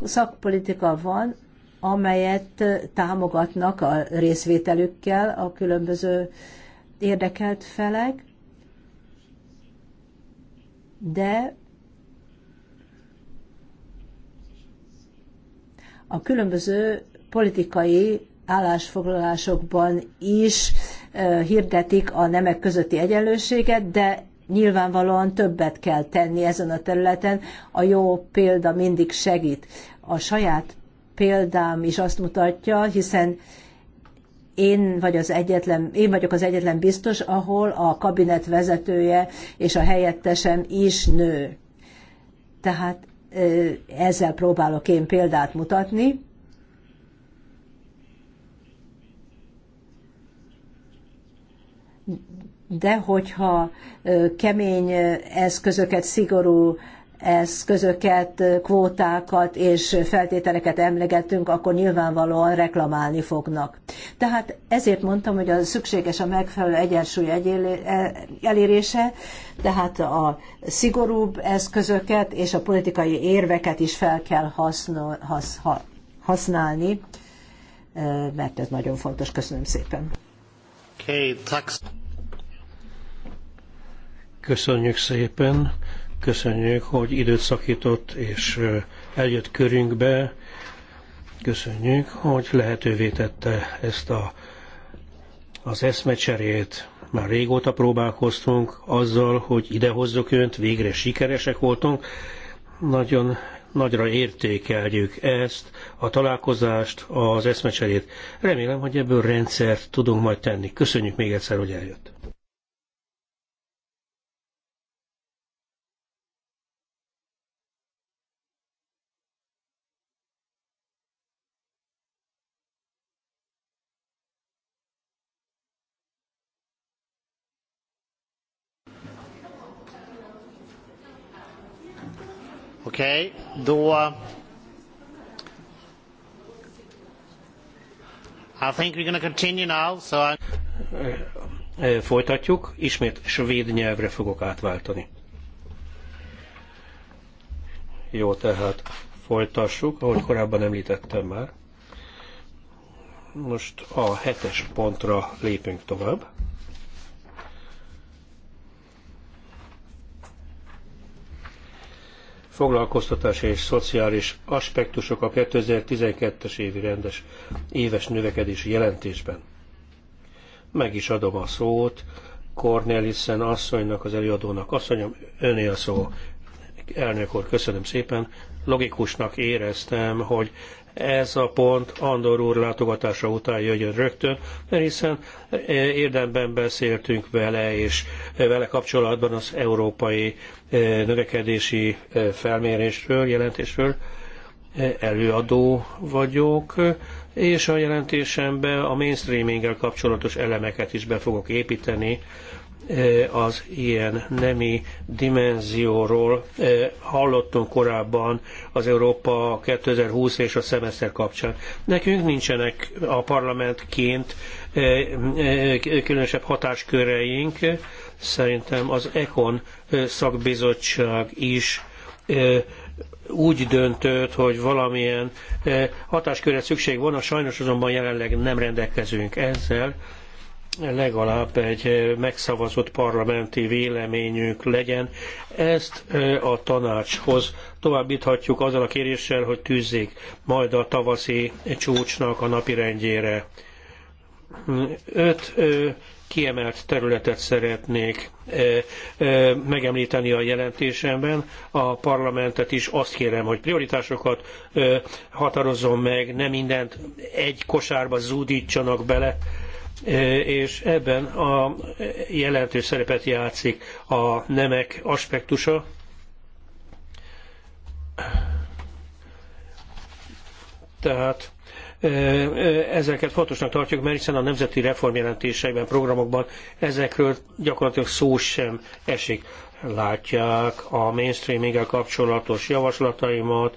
szakpolitika van, amelyet támogatnak a részvételükkel a különböző érdekelt felek, de a különböző politikai állásfoglalásokban is hirdetik a nemek közötti egyenlőséget, de nyilvánvalóan többet kell tenni ezen a területen. A jó példa mindig segít. A saját példám is azt mutatja, hiszen én, vagy az egyetlen, én vagyok az egyetlen biztos, ahol a kabinet vezetője és a helyettesem is nő. Tehát ezzel próbálok én példát mutatni. De hogyha kemény eszközöket, szigorú eszközöket, kvótákat és feltételeket emlegetünk, akkor nyilvánvalóan reklamálni fognak. Tehát ezért mondtam, hogy a szükséges a megfelelő egyensúly e- elérése, tehát a szigorúbb eszközöket és a politikai érveket is fel kell használni, e, mert ez nagyon fontos. Köszönöm szépen. Okay, Köszönjük szépen. Köszönjük, hogy időt szakított és eljött körünkbe. Köszönjük, hogy lehetővé tette ezt a, az eszmecserét. Már régóta próbálkoztunk azzal, hogy idehozzuk önt, végre sikeresek voltunk. Nagyon nagyra értékeljük ezt, a találkozást, az eszmecserét. Remélem, hogy ebből rendszert tudunk majd tenni. Köszönjük még egyszer, hogy eljött. okay, då... I think we're going to continue now, so I... Eh, eh, folytatjuk, ismét svéd nyelvre fogok átváltani. Jó, tehát folytassuk, ahogy korábban említettem már. Most a hetes pontra lépünk tovább. foglalkoztatási és szociális aspektusok a 2012-es évi rendes éves növekedési jelentésben. Meg is adom a szót Cornelissen asszonynak, az előadónak. Asszonyom, öné a szó. Elnök úr, köszönöm szépen. Logikusnak éreztem, hogy ez a pont Andor úr látogatása után jöjjön rögtön, mert hiszen e, érdemben beszéltünk vele, és vele kapcsolatban az európai e, növekedési e, felmérésről, jelentésről előadó vagyok, és a jelentésembe a mainstreaminggel kapcsolatos elemeket is be fogok építeni, Eh, az ilyen nemi dimenzióról eh, hallottunk korábban az Európa 2020 és a szemeszter kapcsán. Nekünk nincsenek a parlamentként eh, különösebb hatásköreink, szerintem az ECON szakbizottság is úgy döntött, hogy valamilyen hatáskörre szükség van, a sajnos azonban jelenleg nem rendelkezünk ezzel legalább egy eh, megszavazott parlamenti véleményünk legyen. Ezt eh, a tanácshoz továbbíthatjuk azzal a kéréssel, hogy tűzzék majd a tavaszi csúcsnak a napirendjére. Öt eh, kiemelt területet szeretnék megemlíteni a jelentésemben. A parlamentet is azt kérem, hogy prioritásokat határozzon meg, ne mindent egy kosárba zúdítsanak bele, E, és ebben a jelentős szerepet játszik a nemek aspektusa. Tehát e, e, ezeket fontosnak tartjuk, mert hiszen a nemzeti reformjelentésekben, programokban ezekről gyakorlatilag szó sem esik. Látják a mainstreaminggel kapcsolatos javaslataimat,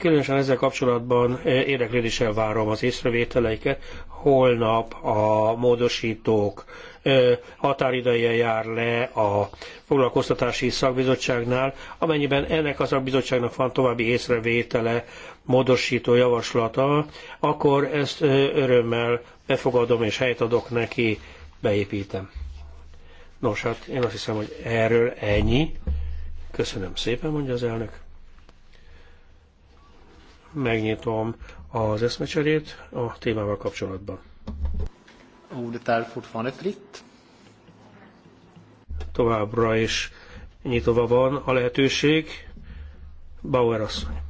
Különösen ezzel kapcsolatban eh, érdeklődéssel várom az észrevételeiket. Holnap a módosítók eh, határideje jár le a foglalkoztatási szakbizottságnál, amennyiben ennek a szakbizottságnak van további észrevétele, módosító javaslata, akkor ezt eh, örömmel befogadom és helyt adok neki, beépítem. Nos, hát én azt hiszem, hogy erről ennyi. Köszönöm szépen, mondja az elnök megnyitom az eszmecserét a témával kapcsolatban. Továbbra is nyitva van a lehetőség. Bauer asszony.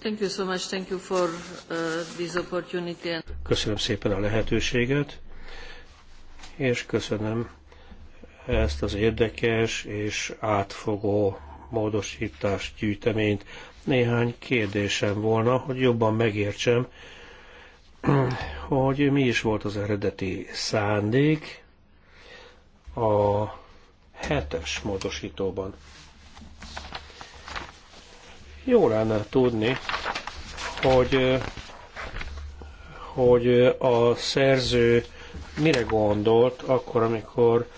Thank you so much. Thank you for uh, this opportunity. Köszönöm szépen a lehetőséget, és köszönöm ezt az érdekes és átfogó módosítást, gyűjteményt, néhány kérdésem volna, hogy jobban megértsem, hogy mi is volt az eredeti szándék a hetes módosítóban. Jó lenne tudni, hogy, hogy a szerző mire gondolt akkor, amikor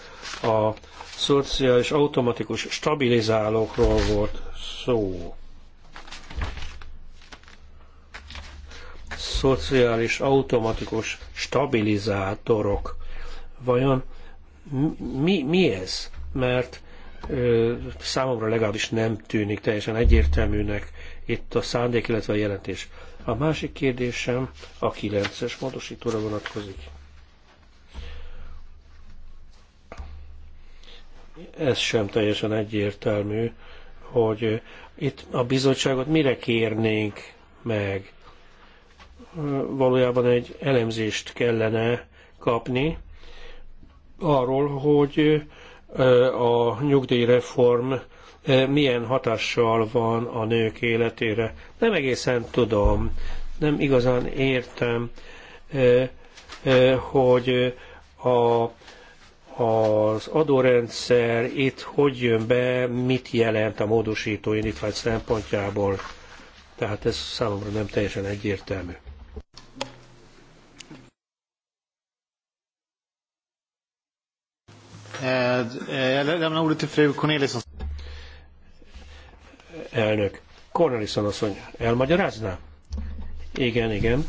a szociális automatikus stabilizálókról volt szó. szociális automatikus stabilizátorok. Vajon mi, mi ez? Mert ö, számomra legalábbis nem tűnik teljesen egyértelműnek itt a szándék, illetve a jelentés. A másik kérdésem a 9-es módosítóra vonatkozik. Ez sem teljesen egyértelmű, hogy itt a bizottságot mire kérnénk meg valójában egy elemzést kellene kapni arról, hogy a nyugdíjreform milyen hatással van a nők életére. Nem egészen tudom, nem igazán értem, hogy a, az adórendszer itt hogy jön be, mit jelent a módosító indítvány szempontjából. Tehát ez számomra nem teljesen egyértelmű. Jag eh, eh, lämnar ordet till fru Corneliusson. Elnök, Corneliusson asszony, elmagyarázná? Igen, igen.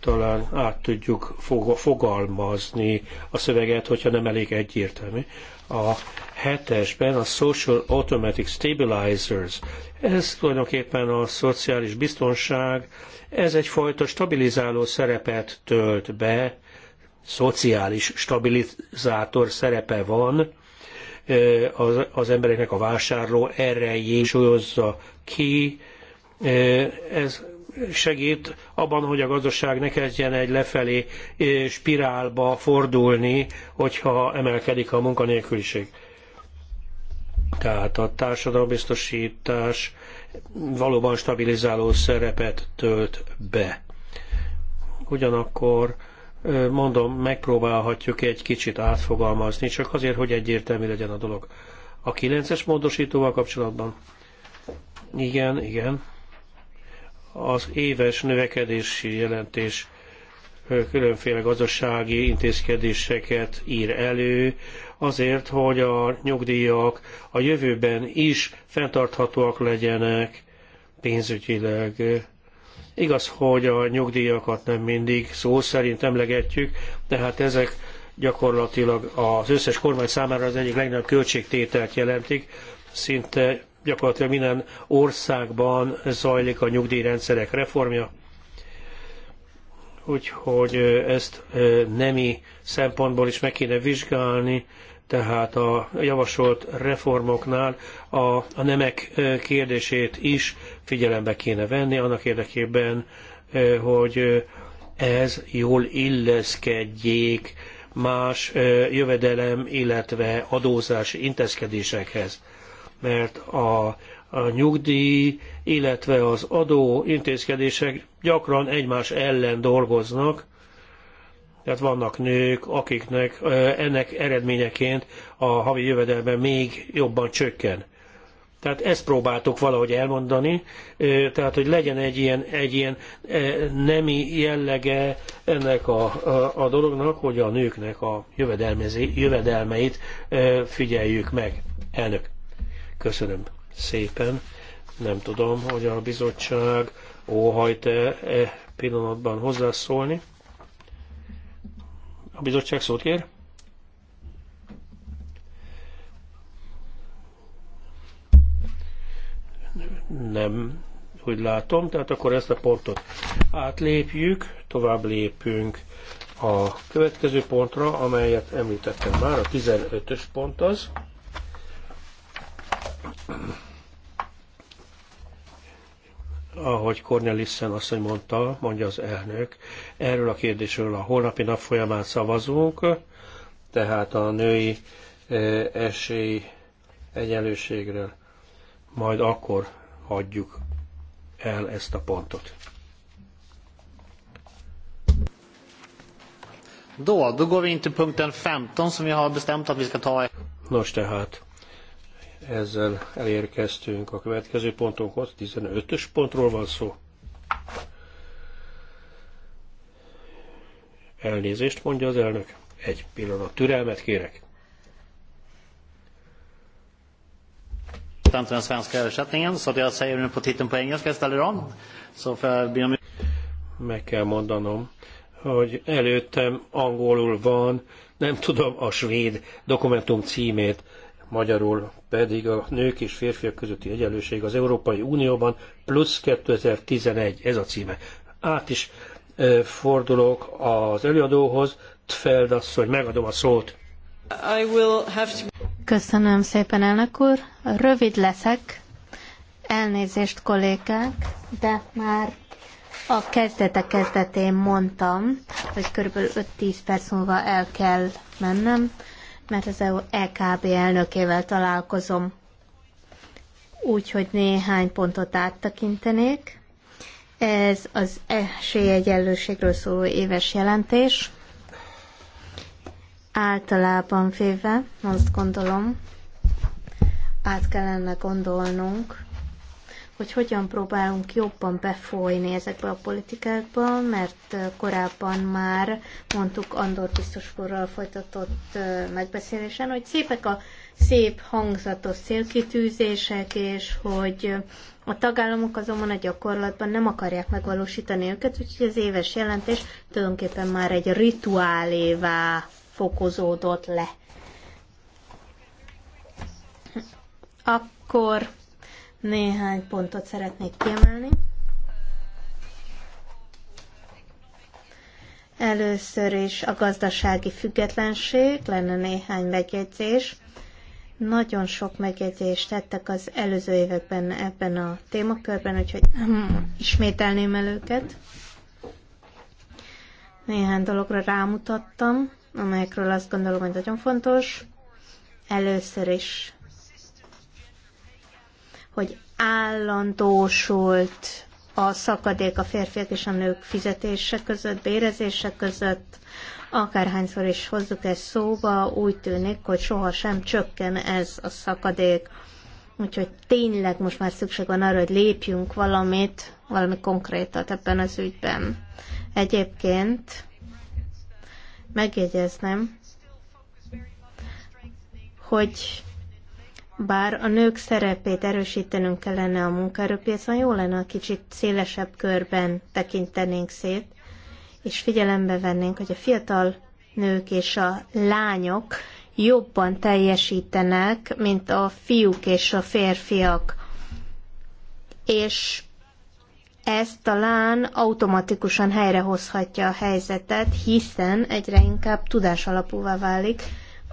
Talán át tudjuk fogalmazni a szöveget, hogyha nem elég egyértelmű. A hetesben a Social Automatic Stabilizers, ez tulajdonképpen a szociális biztonság, ez egyfajta stabilizáló szerepet tölt be, szociális stabilizátor szerepe van, az, az embereknek a vásárló erejét súlyozza ki. Ez segít abban, hogy a gazdaság ne kezdjen egy lefelé spirálba fordulni, hogyha emelkedik a munkanélküliség. Tehát a társadalombiztosítás valóban stabilizáló szerepet tölt be. Ugyanakkor mondom, megpróbálhatjuk egy kicsit átfogalmazni, csak azért, hogy egyértelmű legyen a dolog. A 9-es módosítóval kapcsolatban? Igen, igen. Az éves növekedési jelentés különféle gazdasági intézkedéseket ír elő, azért, hogy a nyugdíjak a jövőben is fenntarthatóak legyenek pénzügyileg Igaz, hogy a nyugdíjakat nem mindig szó szerint emlegetjük, de hát ezek gyakorlatilag az összes kormány számára az egyik legnagyobb költségtételt jelentik. Szinte gyakorlatilag minden országban zajlik a nyugdíjrendszerek reformja. Úgyhogy ezt nemi szempontból is meg kéne vizsgálni, tehát a javasolt reformoknál a, a nemek kérdését is figyelembe kéne venni, annak érdekében, hogy ez jól illeszkedjék más jövedelem, illetve adózási intézkedésekhez. Mert a, a nyugdíj, illetve az adó intézkedések gyakran egymás ellen dolgoznak, tehát vannak nők, akiknek ennek eredményeként a havi jövedelme még jobban csökken. Tehát ezt próbáltuk valahogy elmondani, tehát hogy legyen egy ilyen, egy ilyen nemi jellege ennek a, a, a dolognak, hogy a nőknek a jövedelmeit figyeljük meg. Elnök, köszönöm szépen. Nem tudom, hogy a bizottság óhajt-e e pillanatban hozzászólni. A bizottság szót kér. Nem, úgy látom, tehát akkor ezt a pontot átlépjük, tovább lépünk a következő pontra, amelyet említettem már, a 15-ös pont az ahogy Cornelissen asszony mondta, mondja az elnök, erről a kérdésről a holnapi nap folyamán szavazunk, tehát a női e, esély egyenlőségről. Majd akkor hagyjuk el ezt a pontot. Då, då går vi in till punkten 15 som vi har bestämt att vi ska ta. Nos tehát, ezzel elérkeztünk a következő pontunkhoz, 15-ös pontról van szó. Elnézést mondja az elnök. Egy pillanat türelmet kérek. inte a svenska översättningen så jag säger nu på titeln på engelska istället om. Så får jag om Meg kell mondanom, hogy előttem angolul van, nem tudom a svéd dokumentum címét magyarul pedig a nők és férfiak közötti egyenlőség az Európai Unióban plusz 2011, ez a címe. Át is fordulok az előadóhoz, Tfeld asszony, megadom a szót. To... Köszönöm szépen, elnök úr. Rövid leszek. Elnézést, kollégák, de már a kezdete kezdetén mondtam, hogy körülbelül 5-10 perc múlva el kell mennem, mert az EKB e elnökével találkozom, úgyhogy néhány pontot áttekintenék. Ez az esélyegyenlőségről szóló éves jelentés. Általában véve azt gondolom, át kellene gondolnunk, hogy hogyan próbálunk jobban befolyni ezekbe a politikákba, mert korábban már mondtuk Andor biztos korral folytatott megbeszélésen, hogy szépek a szép hangzatos célkitűzések, és hogy a tagállamok azonban a gyakorlatban nem akarják megvalósítani őket, úgyhogy az éves jelentés tulajdonképpen már egy rituálévá fokozódott le. Akkor néhány pontot szeretnék kiemelni. Először is a gazdasági függetlenség, lenne néhány megjegyzés. Nagyon sok megjegyzést tettek az előző években ebben a témakörben, úgyhogy ismételném el őket. Néhány dologra rámutattam, amelyekről azt gondolom, hogy nagyon fontos. Először is hogy állandósult a szakadék a férfiak és a nők fizetése között, bérezése között, akárhányszor is hozzuk ezt szóba, úgy tűnik, hogy sohasem csökken ez a szakadék. Úgyhogy tényleg most már szükség van arra, hogy lépjünk valamit, valami konkrétat ebben az ügyben. Egyébként megjegyeznem, hogy bár a nők szerepét erősítenünk kellene a munkaerőpiacon, jó lenne, a kicsit szélesebb körben tekintenénk szét, és figyelembe vennénk, hogy a fiatal nők és a lányok jobban teljesítenek, mint a fiúk és a férfiak. És ez talán automatikusan helyrehozhatja a helyzetet, hiszen egyre inkább tudás alapúvá válik,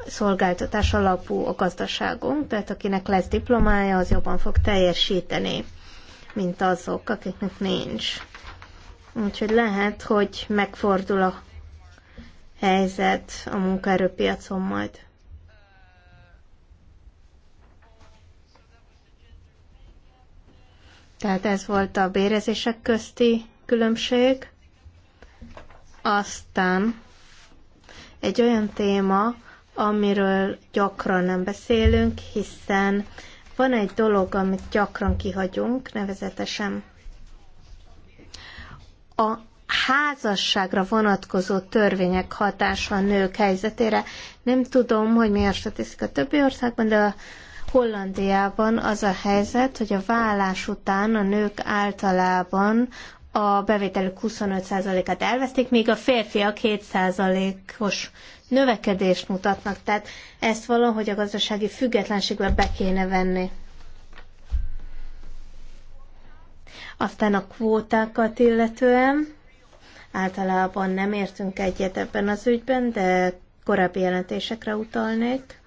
szolgáltatás alapú a gazdaságunk, tehát akinek lesz diplomája, az jobban fog teljesíteni, mint azok, akiknek nincs. Úgyhogy lehet, hogy megfordul a helyzet a munkaerőpiacon majd. Tehát ez volt a bérezések közti különbség. Aztán egy olyan téma, amiről gyakran nem beszélünk, hiszen van egy dolog, amit gyakran kihagyunk, nevezetesen a házasságra vonatkozó törvények hatása a nők helyzetére. Nem tudom, hogy mi a statisztika többi országban, de a Hollandiában az a helyzet, hogy a vállás után a nők általában a bevételük 25%-át elvesztik, míg a férfiak 7%-os növekedést mutatnak, tehát ezt valahogy a gazdasági függetlenségbe be kéne venni. Aztán a kvótákat illetően általában nem értünk egyet ebben az ügyben, de korábbi jelentésekre utalnék,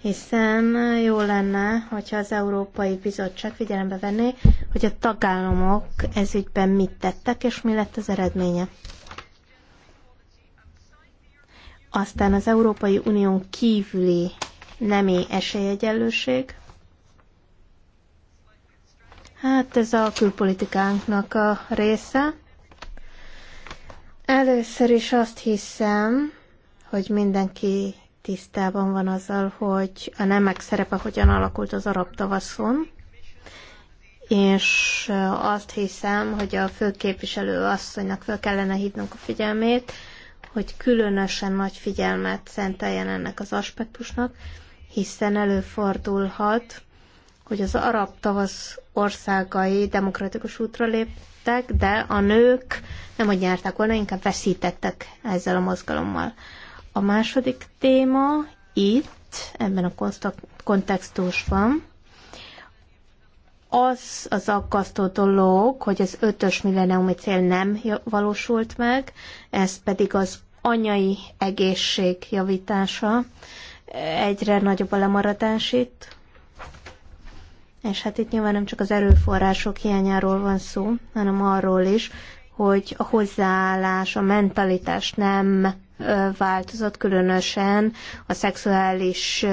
hiszen jó lenne, hogyha az Európai Bizottság figyelembe venné, hogy a tagállamok ezügyben mit tettek, és mi lett az eredménye. Aztán az Európai Unión kívüli nemi esélyegyenlőség. Hát ez a külpolitikánknak a része. Először is azt hiszem, hogy mindenki tisztában van azzal, hogy a nemek szerepe hogyan alakult az arab tavaszon, és azt hiszem, hogy a főképviselő asszonynak fel kellene hívnunk a figyelmét, hogy különösen nagy figyelmet szenteljen ennek az aspektusnak, hiszen előfordulhat, hogy az arab tavasz országai demokratikus útra léptek, de a nők nem hogy nyertek volna, inkább veszítettek ezzel a mozgalommal. A második téma itt, ebben a kontextusban, az az aggasztó dolog, hogy az ötös milleniumi cél nem valósult meg, ez pedig az anyai egészség javítása. Egyre nagyobb a lemaradás itt. És hát itt nyilván nem csak az erőforrások hiányáról van szó, hanem arról is, hogy a hozzáállás, a mentalitás nem változott, különösen a szexuális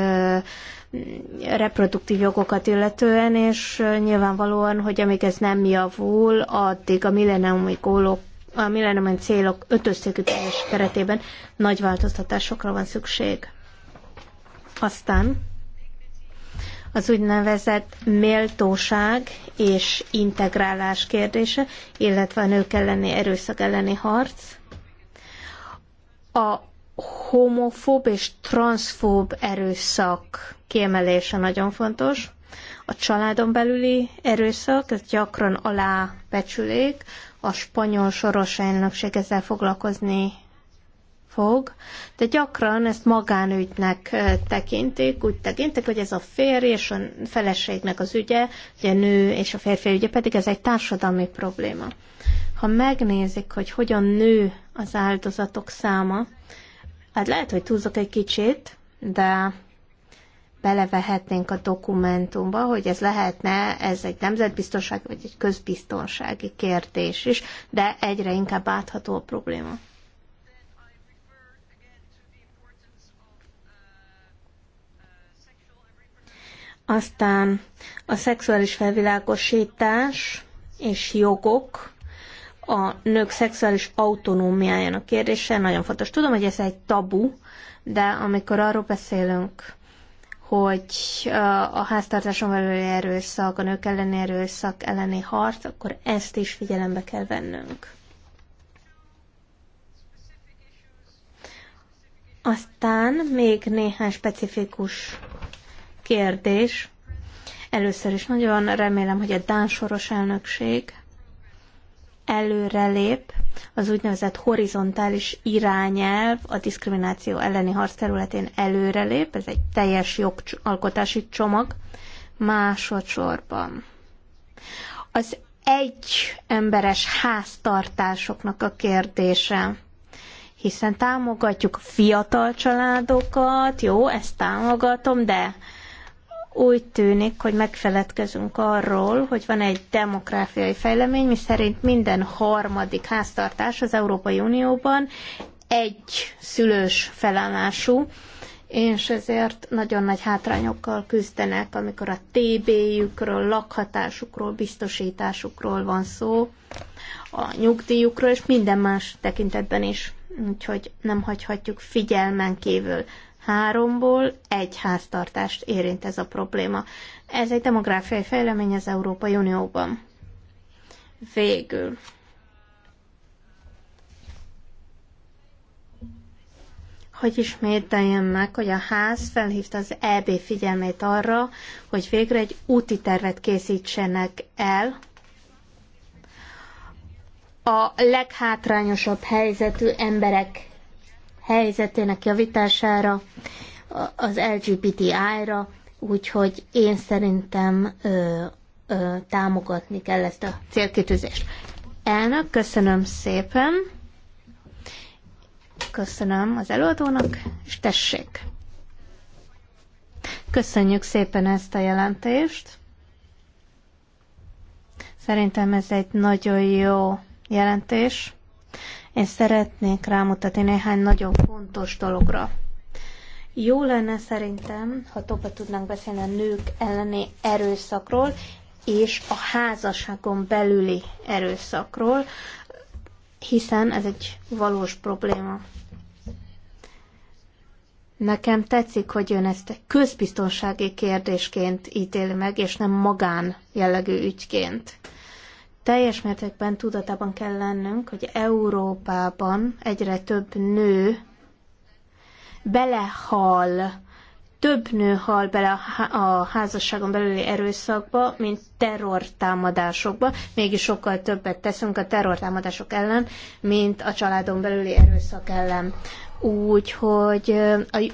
reproduktív jogokat illetően, és nyilvánvalóan, hogy amíg ez nem javul, addig a milleniumi gólok a millennium célok ötös célkütőzés keretében nagy változtatásokra van szükség. Aztán az úgynevezett méltóság és integrálás kérdése, illetve a nők elleni erőszak elleni harc, a homofób és transzfób erőszak kiemelése nagyon fontos. A családon belüli erőszak, ez gyakran alábecsülik, a spanyol soros elnökség ezzel foglalkozni fog, de gyakran ezt magánügynek tekintik, úgy tekintik, hogy ez a férj és a feleségnek az ügye, ugye a nő és a férfi ügye, pedig ez egy társadalmi probléma. Ha megnézik, hogy hogyan nő az áldozatok száma, Hát lehet, hogy túlzok egy kicsit, de belevehetnénk a dokumentumba, hogy ez lehetne, ez egy nemzetbiztonság vagy egy közbiztonsági kérdés is, de egyre inkább átható a probléma. Aztán a szexuális felvilágosítás és jogok, a nők szexuális autonómiájának kérdése nagyon fontos. Tudom, hogy ez egy tabu, de amikor arról beszélünk, hogy a háztartáson belüli erőszak, a nők elleni erőszak elleni harc, akkor ezt is figyelembe kell vennünk. Aztán még néhány specifikus kérdés. Először is nagyon remélem, hogy a Dán soros elnökség előrelép az úgynevezett horizontális irányelv a diszkrimináció elleni harc területén előrelép, ez egy teljes jogalkotási csomag másodszorban. Az egy emberes háztartásoknak a kérdése hiszen támogatjuk a fiatal családokat, jó, ezt támogatom, de úgy tűnik, hogy megfeledkezünk arról, hogy van egy demográfiai fejlemény, mi szerint minden harmadik háztartás az Európai Unióban egy szülős felállású, és ezért nagyon nagy hátrányokkal küzdenek, amikor a TB-jükről, lakhatásukról, biztosításukról van szó, a nyugdíjukról, és minden más tekintetben is. Úgyhogy nem hagyhatjuk figyelmen kívül háromból egy háztartást érint ez a probléma. Ez egy demográfiai fejlemény az Európai Unióban. Végül. hogy ismételjem meg, hogy a ház felhívta az EB figyelmét arra, hogy végre egy úti tervet készítsenek el a leghátrányosabb helyzetű emberek helyzetének javítására, az LGBTI-ra, úgyhogy én szerintem ö, ö, támogatni kell ezt a célkitűzést. Elnök, köszönöm szépen. Köszönöm az előadónak, és tessék. Köszönjük szépen ezt a jelentést. Szerintem ez egy nagyon jó jelentés. Én szeretnék rámutatni néhány nagyon fontos dologra. Jó lenne szerintem, ha többet tudnánk beszélni a nők elleni erőszakról, és a házasságon belüli erőszakról, hiszen ez egy valós probléma. Nekem tetszik, hogy ön ezt közbiztonsági kérdésként ítéli meg, és nem magán jellegű ügyként teljes mértékben tudatában kell lennünk, hogy Európában egyre több nő belehal, több nő hal bele a házasságon belüli erőszakba, mint terrortámadásokba. Mégis sokkal többet teszünk a terrortámadások ellen, mint a családon belüli erőszak ellen. Úgyhogy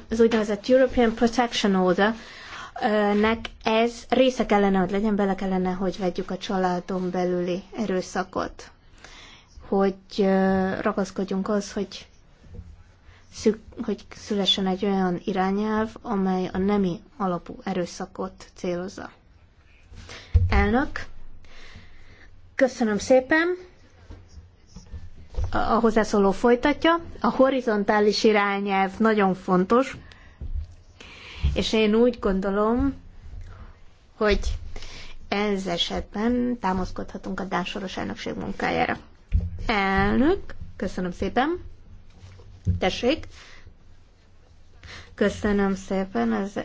az úgynevezett European Protection Order, nek ez része kellene, hogy legyen, bele kellene, hogy vegyük a családon belüli erőszakot. Hogy ragaszkodjunk az, hogy, szük, hogy szülessen egy olyan irányelv, amely a nemi alapú erőszakot célozza. Elnök, köszönöm szépen. A hozzászóló folytatja. A horizontális irányelv nagyon fontos, és én úgy gondolom, hogy ez esetben támaszkodhatunk a Dán elnökség munkájára. Elnök, köszönöm szépen. Tessék. Köszönöm szépen az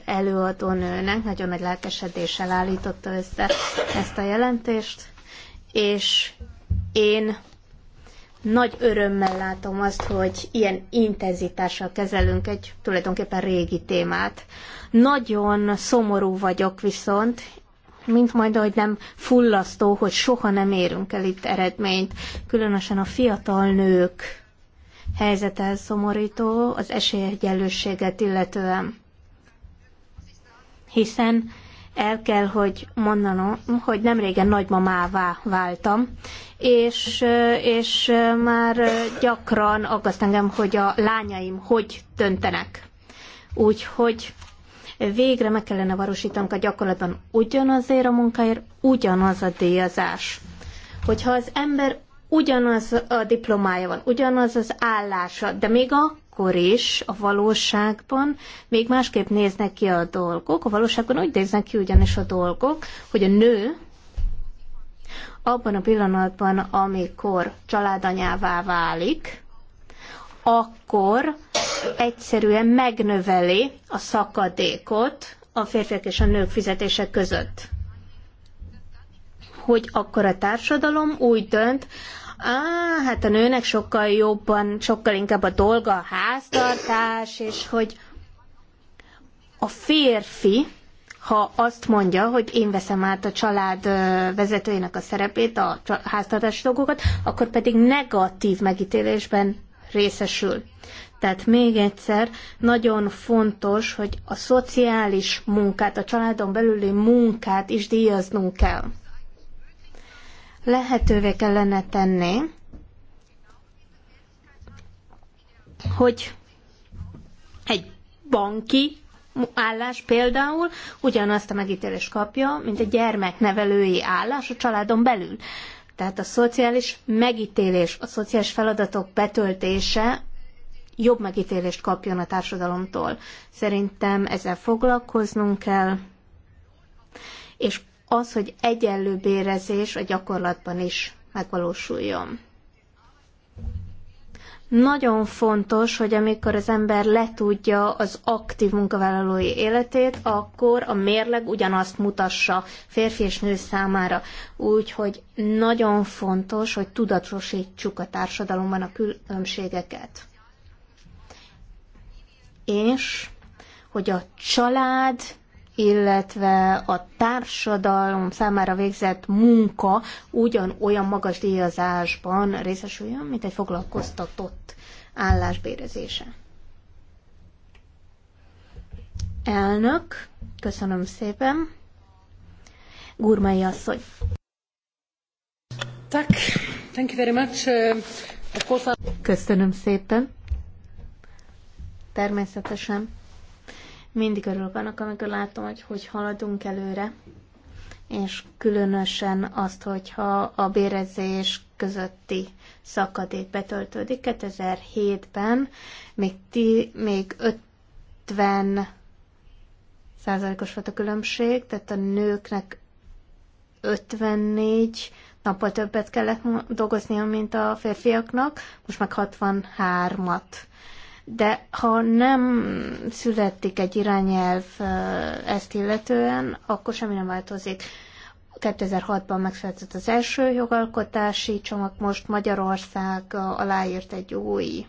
nőnek, nagyon nagy lelkesedéssel állította össze ezt a jelentést, és én nagy örömmel látom azt, hogy ilyen intenzitással kezelünk egy tulajdonképpen régi témát. Nagyon szomorú vagyok viszont, mint majd, hogy nem fullasztó, hogy soha nem érünk el itt eredményt. Különösen a fiatal nők helyzete szomorító az esélyegyenlőséget illetően. Hiszen el kell, hogy mondanom, hogy nem régen nagymamává váltam, és, és már gyakran aggaszt engem, hogy a lányaim hogy döntenek. Úgyhogy végre meg kellene varosítanunk a gyakorlatban ugyanazért a munkáért, ugyanaz a díjazás. Hogyha az ember ugyanaz a diplomája van, ugyanaz az állása, de még a akkor is a valóságban még másképp néznek ki a dolgok. A valóságban úgy néznek ki ugyanis a dolgok, hogy a nő abban a pillanatban, amikor családanyává válik, akkor egyszerűen megnöveli a szakadékot a férfiak és a nők fizetése között. Hogy akkor a társadalom úgy dönt, Á, hát a nőnek sokkal jobban, sokkal inkább a dolga a háztartás, és hogy a férfi, ha azt mondja, hogy én veszem át a család vezetőjének a szerepét, a háztartási dolgokat, akkor pedig negatív megítélésben részesül. Tehát még egyszer, nagyon fontos, hogy a szociális munkát, a családon belüli munkát is díjaznunk kell lehetővé kellene tenni, hogy egy banki állás például ugyanazt a megítélést kapja, mint egy gyermeknevelői állás a családon belül. Tehát a szociális megítélés, a szociális feladatok betöltése jobb megítélést kapjon a társadalomtól. Szerintem ezzel foglalkoznunk kell, és az, hogy egyenlő bérezés a gyakorlatban is megvalósuljon. Nagyon fontos, hogy amikor az ember letudja az aktív munkavállalói életét, akkor a mérleg ugyanazt mutassa férfi és nő számára. Úgyhogy nagyon fontos, hogy tudatosítsuk a társadalomban a különbségeket. És hogy a család illetve a társadalom számára végzett munka ugyanolyan magas díjazásban részesüljön, mint egy foglalkoztatott állásbérezése. Elnök, köszönöm szépen. Gurmai asszony. Tak, thank you very much. Köszönöm szépen. Természetesen mindig örülök annak, amikor látom, hogy hogy haladunk előre, és különösen azt, hogyha a bérezés közötti szakadék betöltődik. 2007-ben még, ti, még 50 százalékos volt a különbség, tehát a nőknek 54 nappal többet kellett dolgoznia, mint a férfiaknak, most meg 63-at de ha nem születik egy irányelv ezt illetően, akkor semmi nem változik. 2006-ban megszületett az első jogalkotási csomag, most Magyarország aláírt egy új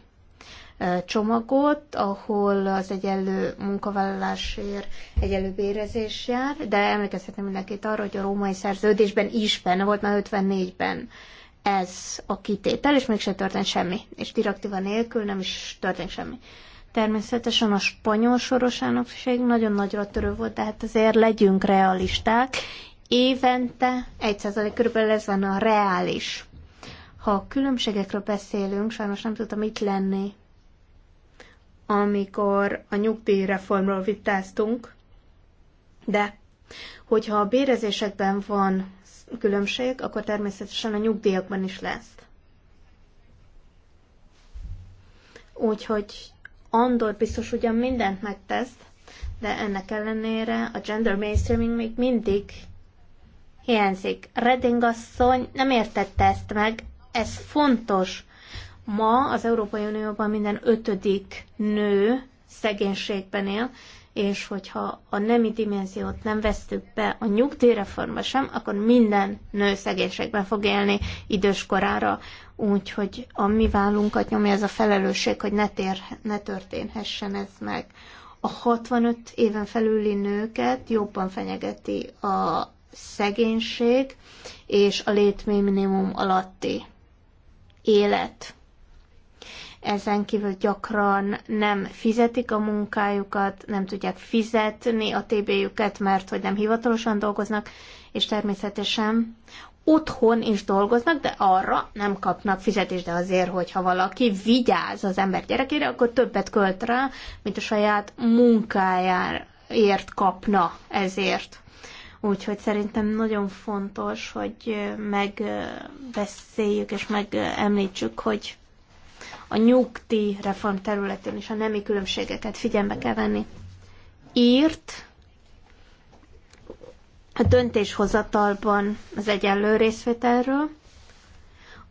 csomagot, ahol az egyenlő munkavállalásért egyenlő bérezés jár, de emlékeztetném mindenkit arra, hogy a római szerződésben is benne volt már 54-ben ez a kitétel, és mégsem történt semmi, és direktíva nélkül nem is történt semmi. Természetesen a spanyol sorosának nagyon nagyra törő volt, de hát azért legyünk realisták. Évente 1% körülbelül ez van a reális. Ha a különbségekről beszélünk, sajnos nem tudtam itt lenni, amikor a nyugdíjreformról vitáztunk, de hogyha a bérezésekben van különbség, akkor természetesen a nyugdíjakban is lesz. Úgyhogy Andor biztos ugyan mindent megtesz, de ennek ellenére a gender mainstreaming még mindig hiányzik. Redding asszony nem értette ezt meg, ez fontos. Ma az Európai Unióban minden ötödik nő szegénységben él, és hogyha a nemi dimenziót nem vesztük be a nyugdíjreforma sem, akkor minden nő szegénységben fog élni időskorára, úgyhogy a mi vállunkat nyomja ez a felelősség, hogy ne, tér, ne történhessen ez meg. A 65 éven felüli nőket jobban fenyegeti a szegénység és a minimum alatti élet ezen kívül gyakran nem fizetik a munkájukat, nem tudják fizetni a TB-jüket, mert hogy nem hivatalosan dolgoznak, és természetesen otthon is dolgoznak, de arra nem kapnak fizetést, de azért, hogyha valaki vigyáz az ember gyerekére, akkor többet költ rá, mint a saját munkájáért kapna ezért. Úgyhogy szerintem nagyon fontos, hogy megbeszéljük és megemlítsük, hogy a reform területén is a nemi különbségeket figyelme kell venni. Írt a döntéshozatalban az egyenlő részvételről.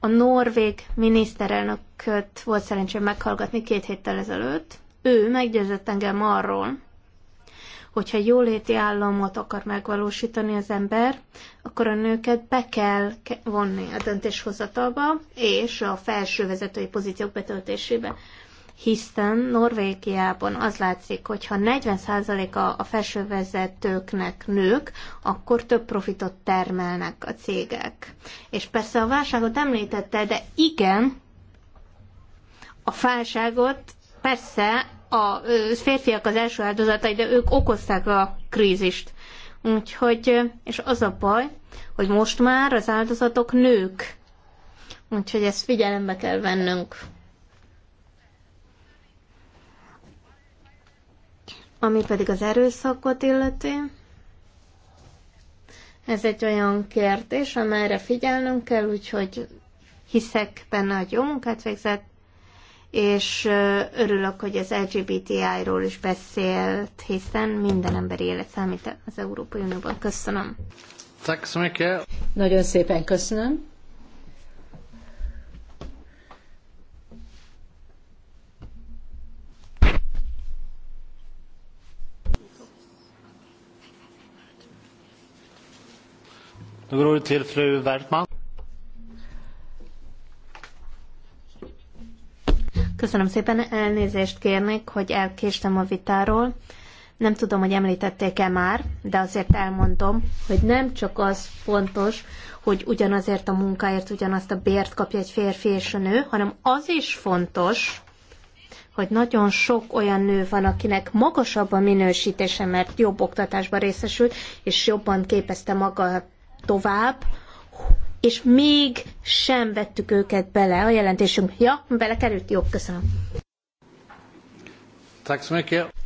A norvég miniszterelnököt volt szerencsém meghallgatni két héttel ezelőtt. Ő meggyőzött engem arról, hogyha jóléti államot akar megvalósítani az ember, akkor a nőket be kell vonni a döntéshozatalba és a felső vezetői pozíciók betöltésébe. Hiszen Norvégiában az látszik, hogy ha 40%-a a felső vezetőknek nők, akkor több profitot termelnek a cégek. És persze a válságot említette, de igen, a válságot persze a férfiak az első áldozatai, de ők okozták a krízist. Úgyhogy, és az a baj, hogy most már az áldozatok nők. Úgyhogy ezt figyelembe kell vennünk. Ami pedig az erőszakot illeti, ez egy olyan kérdés, amelyre figyelnünk kell, úgyhogy hiszek benne, hogy jó munkát végzett, és örülök, hogy az LGBTI-ról is beszélt, hiszen minden emberi élet számít az Európai Unióban. Köszönöm. Nagyon szépen köszönöm. Nu går ordet fru Köszönöm szépen, elnézést kérnék, hogy elkéstem a vitáról. Nem tudom, hogy említették-e már, de azért elmondom, hogy nem csak az fontos, hogy ugyanazért a munkáért ugyanazt a bért kapja egy férfi és a nő, hanem az is fontos, hogy nagyon sok olyan nő van, akinek magasabb a minősítése, mert jobb oktatásban részesült, és jobban képezte maga tovább, és még sem vettük őket bele a jelentésünk. Ja, belekerült? Jó, köszönöm.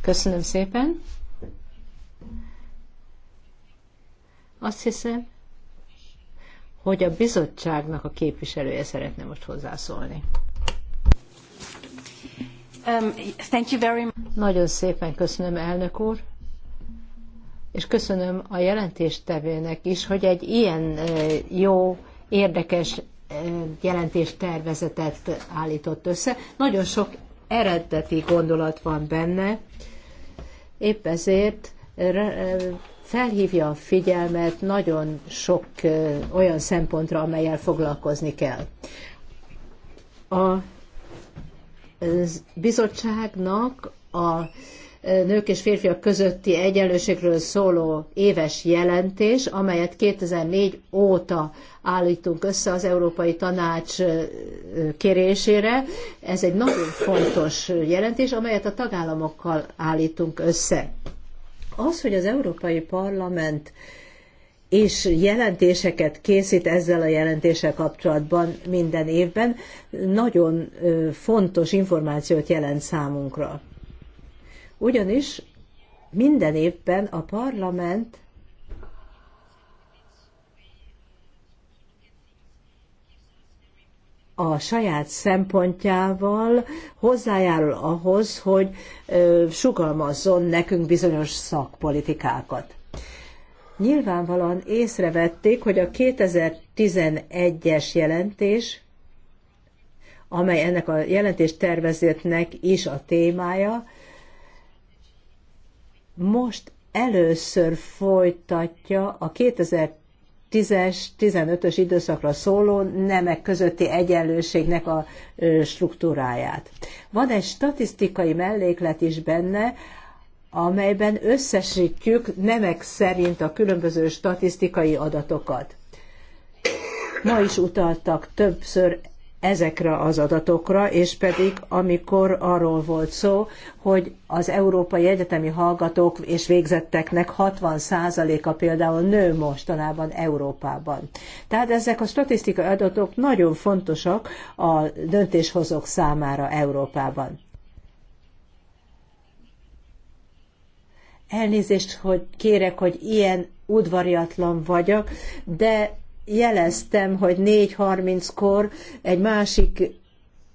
Köszönöm szépen. Azt hiszem, hogy a bizottságnak a képviselője szeretne most hozzászólni. Um, thank you very much. Nagyon szépen köszönöm, elnök úr és köszönöm a jelentéstevőnek is, hogy egy ilyen jó, érdekes jelentéstervezetet állított össze. Nagyon sok eredeti gondolat van benne, épp ezért felhívja a figyelmet nagyon sok olyan szempontra, amelyel foglalkozni kell. A bizottságnak a nők és férfiak közötti egyenlőségről szóló éves jelentés, amelyet 2004 óta állítunk össze az Európai Tanács kérésére. Ez egy nagyon fontos jelentés, amelyet a tagállamokkal állítunk össze. Az, hogy az Európai Parlament és jelentéseket készít ezzel a jelentéssel kapcsolatban minden évben, nagyon fontos információt jelent számunkra. Ugyanis minden évben a parlament a saját szempontjával hozzájárul ahhoz, hogy sugalmazzon nekünk bizonyos szakpolitikákat. Nyilvánvalóan észrevették, hogy a 2011-es jelentés, amely ennek a jelentés tervezetnek is a témája, most először folytatja a 2010-es, 15-ös időszakra szóló nemek közötti egyenlőségnek a struktúráját. Van egy statisztikai melléklet is benne, amelyben összesítjük nemek szerint a különböző statisztikai adatokat. Ma is utaltak többször ezekre az adatokra, és pedig amikor arról volt szó, hogy az európai egyetemi hallgatók és végzetteknek 60%-a például nő mostanában Európában. Tehát ezek a statisztikai adatok nagyon fontosak a döntéshozók számára Európában. Elnézést, hogy kérek, hogy ilyen udvariatlan vagyok, de jeleztem, hogy 4.30-kor egy másik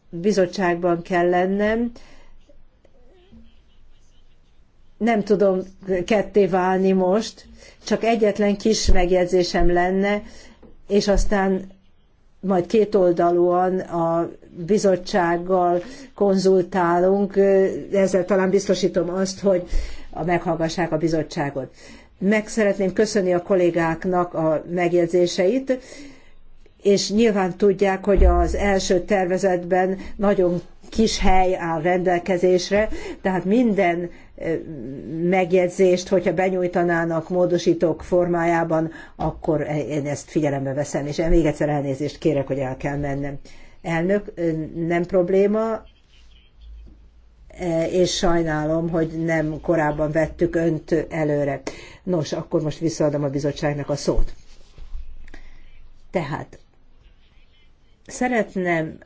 bizottságban kell lennem. Nem tudom ketté válni most, csak egyetlen kis megjegyzésem lenne, és aztán majd kétoldalúan a bizottsággal konzultálunk, ezzel talán biztosítom azt, hogy a meghallgassák a bizottságot. Meg szeretném köszönni a kollégáknak a megjegyzéseit, és nyilván tudják, hogy az első tervezetben nagyon kis hely áll rendelkezésre, tehát minden eh, megjegyzést, hogyha benyújtanának módosítók formájában, akkor e- én ezt figyelembe veszem, és még egyszer elnézést kérek, hogy el kell mennem. Elnök, eh, nem probléma, E, és sajnálom, hogy nem korábban vettük önt előre. Nos, akkor most visszaadom a bizottságnak a szót. Tehát szeretném,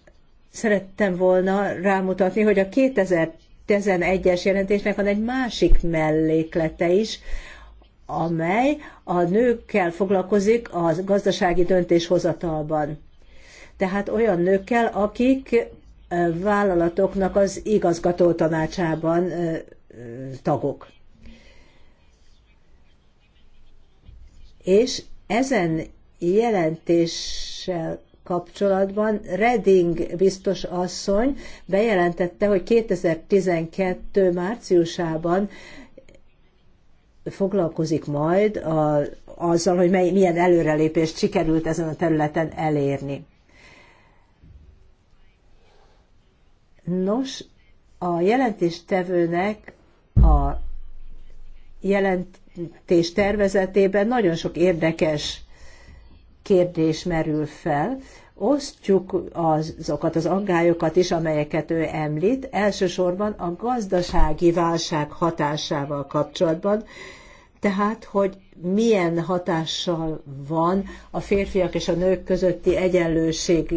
szerettem volna rámutatni, hogy a 2011-es jelentésnek van egy másik melléklete is, amely a nőkkel foglalkozik a gazdasági döntéshozatalban. Tehát olyan nőkkel, akik vállalatoknak az igazgató tanácsában tagok. És ezen jelentéssel kapcsolatban Reding biztos asszony bejelentette, hogy 2012 márciusában foglalkozik majd a, azzal, hogy mely, milyen előrelépést sikerült ezen a területen elérni. Nos, a jelentéstevőnek a jelentés tervezetében nagyon sok érdekes kérdés merül fel. Osztjuk azokat az angályokat is, amelyeket ő említ, elsősorban a gazdasági válság hatásával kapcsolatban, tehát, hogy milyen hatással van a férfiak és a nők közötti egyenlőség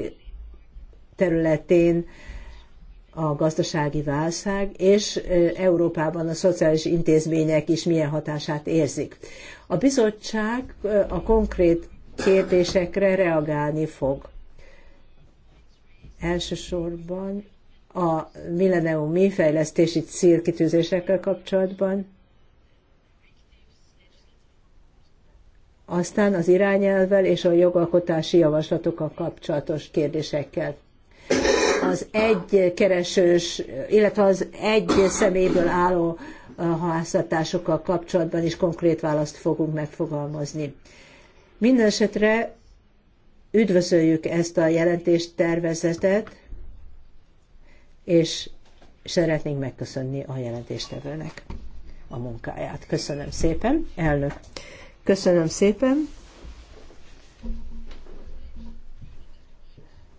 területén a gazdasági válság, és Európában a szociális intézmények is milyen hatását érzik. A bizottság a konkrét kérdésekre reagálni fog. Elsősorban a Mi fejlesztési célkitűzésekkel kapcsolatban, aztán az irányelvel és a jogalkotási javaslatokkal kapcsolatos kérdésekkel az egy keresős, illetve az egy személyből álló uh, háztartásokkal kapcsolatban is konkrét választ fogunk megfogalmazni. Mindenesetre üdvözöljük ezt a jelentést tervezetet, és szeretnénk megköszönni a jelentéstevőnek a munkáját. Köszönöm szépen, elnök. Köszönöm szépen.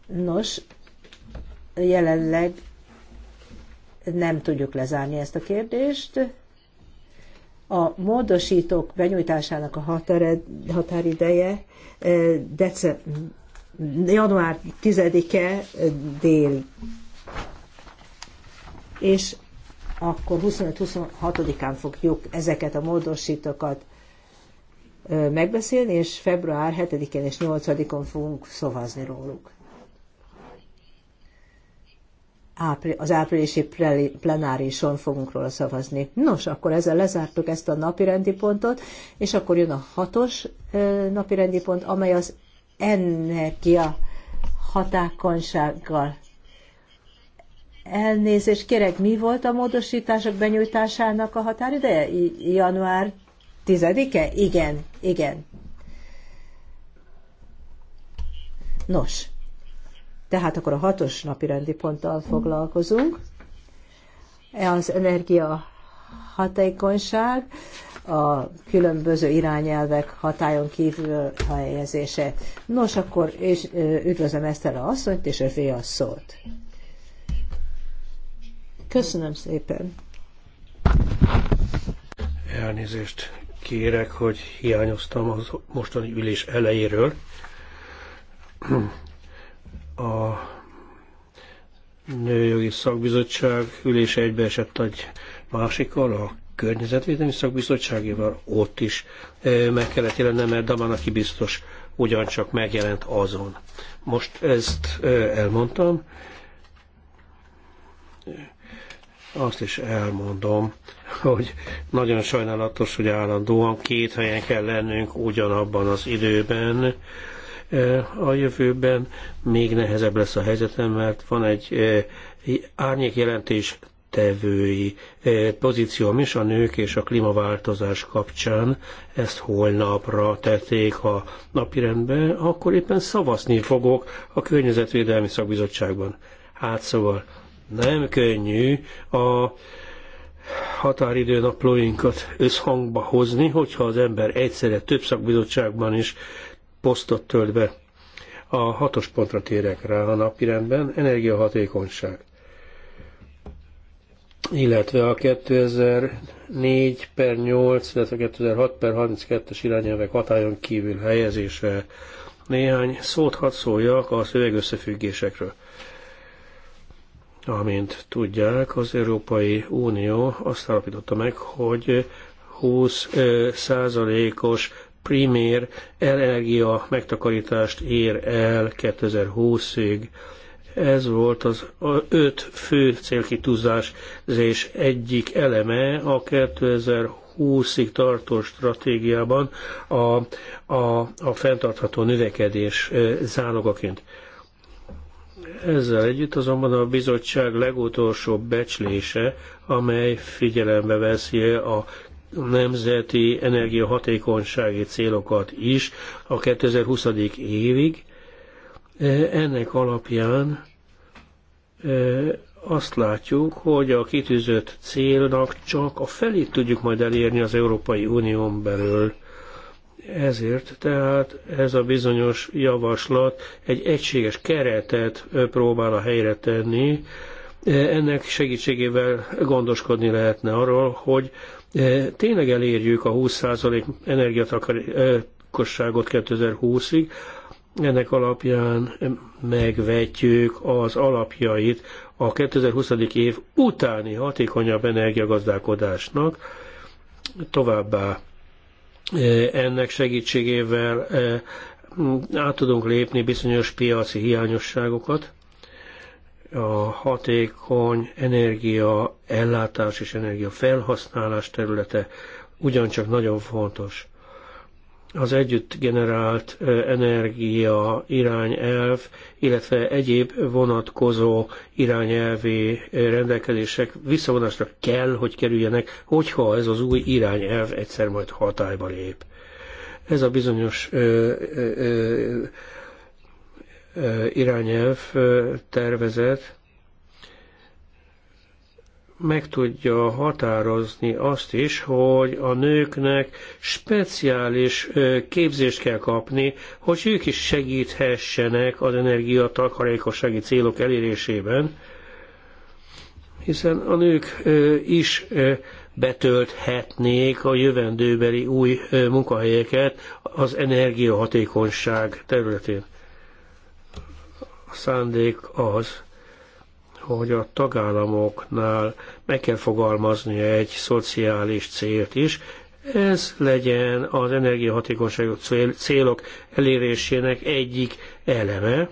Nos, jelenleg nem tudjuk lezárni ezt a kérdést. A módosítók benyújtásának a határideje dece, január 10-e dél. És akkor 25-26-án fogjuk ezeket a módosítókat megbeszélni, és február 7-én és 8 on fogunk szavazni róluk az áprilisi plenárison fogunk róla szavazni. Nos, akkor ezzel lezártuk ezt a napirendi pontot, és akkor jön a hatos napirendi pont, amely az energia hatákonysággal. Elnézést kérek, mi volt a módosítások benyújtásának a határideje? Január 10-e? Igen, igen. Nos, tehát akkor a hatos napi rendi ponttal foglalkozunk. Az energia hatékonyság, a különböző irányelvek hatályon kívül helyezése. Nos, akkor és üdvözlöm a asszonyt, és övé a szót. Köszönöm szépen. Elnézést kérek, hogy hiányoztam az mostani ülés elejéről a Nőjogi Szakbizottság ülése egybeesett egy másikkal, a Környezetvédelmi Szakbizottságival, ott is meg kellett jelennem, mert aki biztos ugyancsak megjelent azon. Most ezt elmondtam, azt is elmondom, hogy nagyon sajnálatos, hogy állandóan két helyen kell lennünk ugyanabban az időben, a jövőben még nehezebb lesz a helyzetem, mert van egy jelentés tevői pozíció, is a nők és a klímaváltozás kapcsán. Ezt holnapra tették a napirendbe, akkor éppen szavazni fogok a Környezetvédelmi Szakbizottságban. Hát szóval nem könnyű a határidő naplóinkat összhangba hozni, hogyha az ember egyszerre több szakbizottságban is posztot tölt be. A hatos pontra térek rá a napirendben, energiahatékonyság. Illetve a 2004 per 8, illetve 2006 per 32-es irányelvek hatályon kívül helyezése. Néhány szót hadd szóljak a szövegösszefüggésekről. Amint tudják, az Európai Unió azt állapította meg, hogy 20 százalékos primér energia megtakarítást ér el 2020-ig. Ez volt az öt fő célkitúzás és egyik eleme a 2020-ig tartó stratégiában a, a, a fenntartható növekedés zálogaként. Ezzel együtt azonban a bizottság legutolsó becslése, amely figyelembe veszi a nemzeti energiahatékonysági célokat is a 2020. évig. E, ennek alapján e, azt látjuk, hogy a kitűzött célnak csak a felét tudjuk majd elérni az Európai Unión belül. Ezért tehát ez a bizonyos javaslat egy egységes keretet próbál a helyre tenni. E, ennek segítségével gondoskodni lehetne arról, hogy Eh, tényleg elérjük a 20% energiatakarékosságot eh, 2020-ig, ennek alapján megvetjük az alapjait a 2020. év utáni hatékonyabb energiagazdálkodásnak, továbbá eh, ennek segítségével át tudunk lépni bizonyos piaci hiányosságokat, a hatékony energia ellátás és energia felhasználás területe ugyancsak nagyon fontos. Az együtt generált energia irányelv, illetve egyéb vonatkozó irányelvi rendelkezések visszavonásra kell, hogy kerüljenek, hogyha ez az új irányelv egyszer majd hatályba lép. Ez a bizonyos ö, ö, ö, irányelv tervezet meg tudja határozni azt is, hogy a nőknek speciális képzést kell kapni, hogy ők is segíthessenek az energiatakarékossági célok elérésében, hiszen a nők is betölthetnék a jövendőbeli új munkahelyeket az energiahatékonyság területén szándék az, hogy a tagállamoknál meg kell fogalmazni egy szociális célt is, ez legyen az energiahatékonyságok célok elérésének egyik eleme.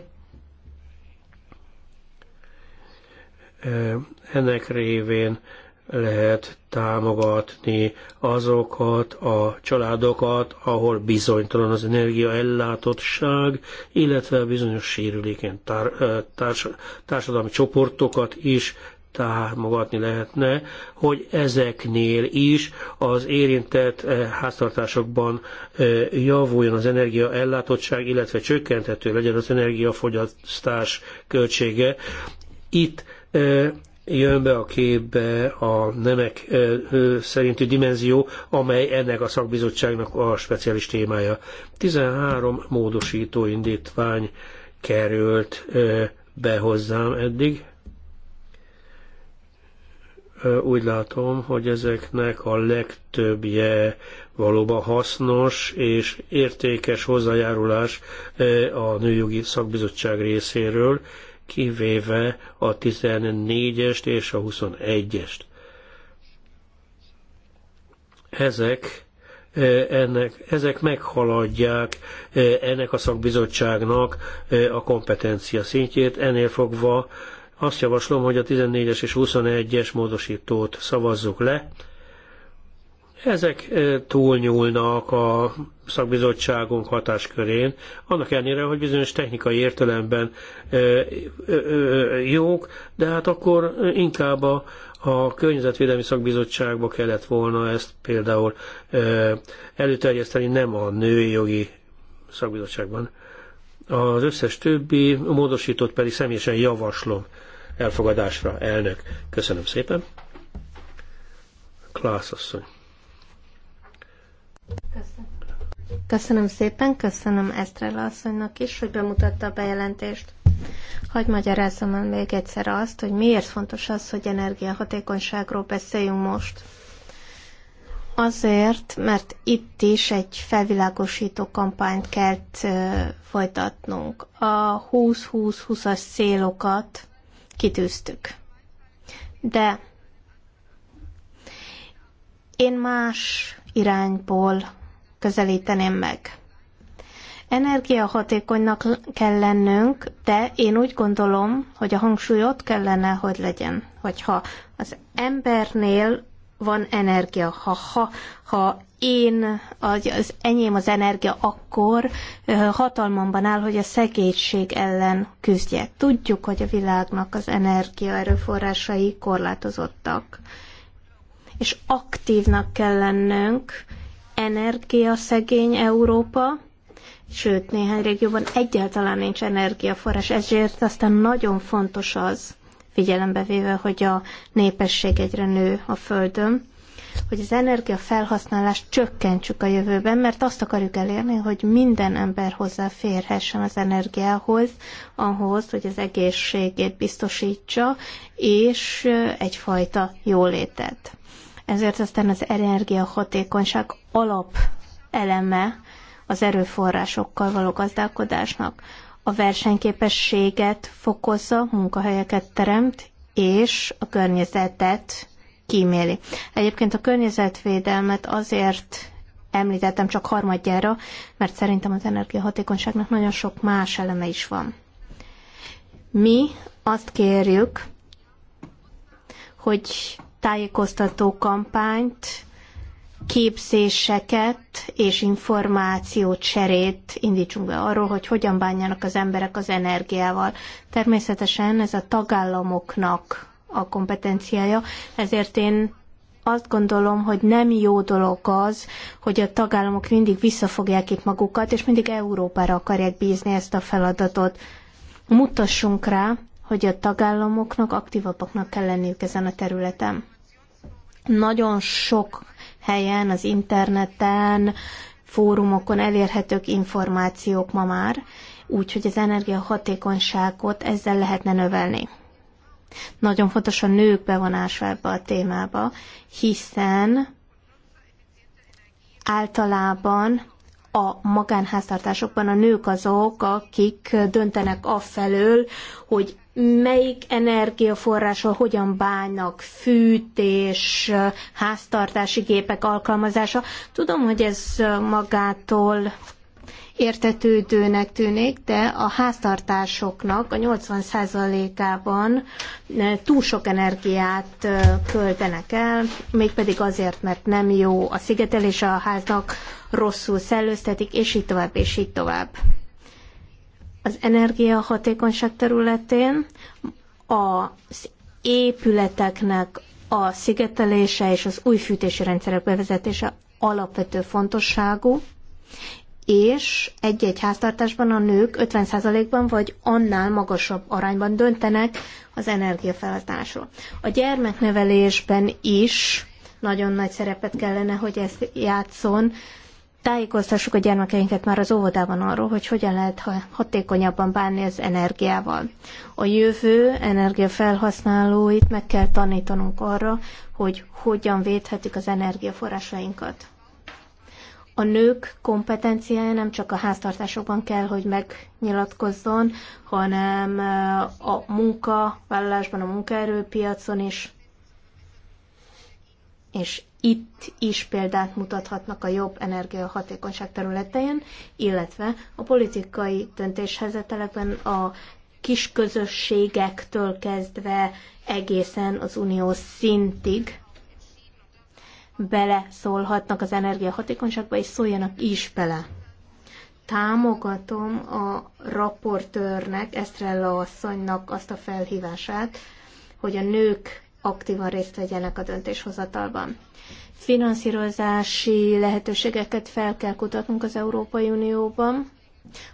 Ennek révén lehet támogatni azokat a családokat, ahol bizonytalan az energiaellátottság, illetve a bizonyos sérülékeny tár, társ, társadalmi csoportokat is támogatni lehetne, hogy ezeknél is az érintett háztartásokban javuljon az energiaellátottság, illetve csökkenthető legyen az energiafogyasztás költsége. Itt jön be a képbe a nemek szerinti dimenzió, amely ennek a szakbizottságnak a speciális témája. 13 módosító indítvány került be hozzám eddig. Úgy látom, hogy ezeknek a legtöbbje valóban hasznos és értékes hozzájárulás a Nőjogi Szakbizottság részéről kivéve a 14-est és a 21-est. Ezek e, ennek, ezek meghaladják e, ennek a szakbizottságnak e, a kompetencia szintjét, ennél fogva azt javaslom, hogy a 14-es és 21-es módosítót szavazzuk le. Ezek túlnyúlnak a szakbizottságunk hatáskörén, annak ellenére, hogy bizonyos technikai értelemben jók, de hát akkor inkább a, a Környezetvédelmi Szakbizottságba kellett volna ezt például előterjeszteni, nem a női jogi szakbizottságban. Az összes többi módosított pedig személyesen javaslom elfogadásra, elnök. Köszönöm szépen. Klász asszony. Köszönöm. Köszönöm szépen, köszönöm Esztrella asszonynak is, hogy bemutatta a bejelentést. Hagy magyarázzam el még egyszer azt, hogy miért fontos az, hogy energiahatékonyságról beszéljünk most. Azért, mert itt is egy felvilágosító kampányt kell folytatnunk. A 20-20-20-as célokat kitűztük. De én más irányból közelíteném meg. Energiahatékonynak kell lennünk, de én úgy gondolom, hogy a hangsúlyot kellene, hogy legyen. Hogyha az embernél van energia, ha, ha, ha én, az enyém az energia, akkor hatalmamban áll, hogy a szegénység ellen küzdjek. Tudjuk, hogy a világnak az energia erőforrásai korlátozottak és aktívnak kell lennünk, energiaszegény Európa, sőt, néhány régióban egyáltalán nincs energiaforrás, ezért aztán nagyon fontos az, figyelembe véve, hogy a népesség egyre nő a Földön, hogy az energiafelhasználást csökkentsük a jövőben, mert azt akarjuk elérni, hogy minden ember hozzáférhessen az energiához, ahhoz, hogy az egészségét biztosítsa, és egyfajta jólétet. Ezért aztán az energiahatékonyság alap eleme az erőforrásokkal való gazdálkodásnak. A versenyképességet fokozza, munkahelyeket teremt, és a környezetet kíméli. Egyébként a környezetvédelmet azért említettem csak harmadjára, mert szerintem az energiahatékonyságnak nagyon sok más eleme is van. Mi azt kérjük, hogy tájékoztató kampányt, képzéseket és információt, cserét indítsunk be arról, hogy hogyan bánjanak az emberek az energiával. Természetesen ez a tagállamoknak a kompetenciája, ezért én azt gondolom, hogy nem jó dolog az, hogy a tagállamok mindig visszafogják itt magukat, és mindig Európára akarják bízni ezt a feladatot. Mutassunk rá, hogy a tagállamoknak aktívabbaknak kell lenniük ezen a területen. Nagyon sok helyen, az interneten, fórumokon elérhetők információk ma már, úgyhogy az energiahatékonyságot ezzel lehetne növelni. Nagyon fontos a nők bevonása ebbe a témába, hiszen általában a magánháztartásokban a nők azok, akik döntenek afelől, hogy melyik energiaforrással hogyan bánnak, fűtés, háztartási gépek alkalmazása. Tudom, hogy ez magától értetődőnek tűnik, de a háztartásoknak a 80%-ában eh, túl sok energiát eh, költenek el, mégpedig azért, mert nem jó a szigetelés a háznak, rosszul szellőztetik, és így tovább, és így tovább. Az energiahatékonyság területén az épületeknek a szigetelése és az új fűtési rendszerek bevezetése alapvető fontosságú, és egy-egy háztartásban a nők 50%-ban vagy annál magasabb arányban döntenek az energiafelhasználásról. A gyermeknevelésben is nagyon nagy szerepet kellene, hogy ezt játszon. Tájékoztassuk a gyermekeinket már az óvodában arról, hogy hogyan lehet hatékonyabban bánni az energiával. A jövő energiafelhasználóit meg kell tanítanunk arra, hogy hogyan védhetik az energiaforrásainkat a nők kompetenciája nem csak a háztartásokban kell, hogy megnyilatkozzon, hanem eh, a munkavállalásban, a munkaerőpiacon is. És itt is példát mutathatnak a jobb energiahatékonyság területén, illetve a politikai döntéshezetelekben a kis közösségektől kezdve egészen az unió szintig beleszólhatnak az energiahatékonyságba, és szóljanak is bele. Támogatom a raportőrnek, Esztrella asszonynak azt a felhívását, hogy a nők aktívan részt vegyenek a döntéshozatalban. Finanszírozási lehetőségeket fel kell kutatnunk az Európai Unióban.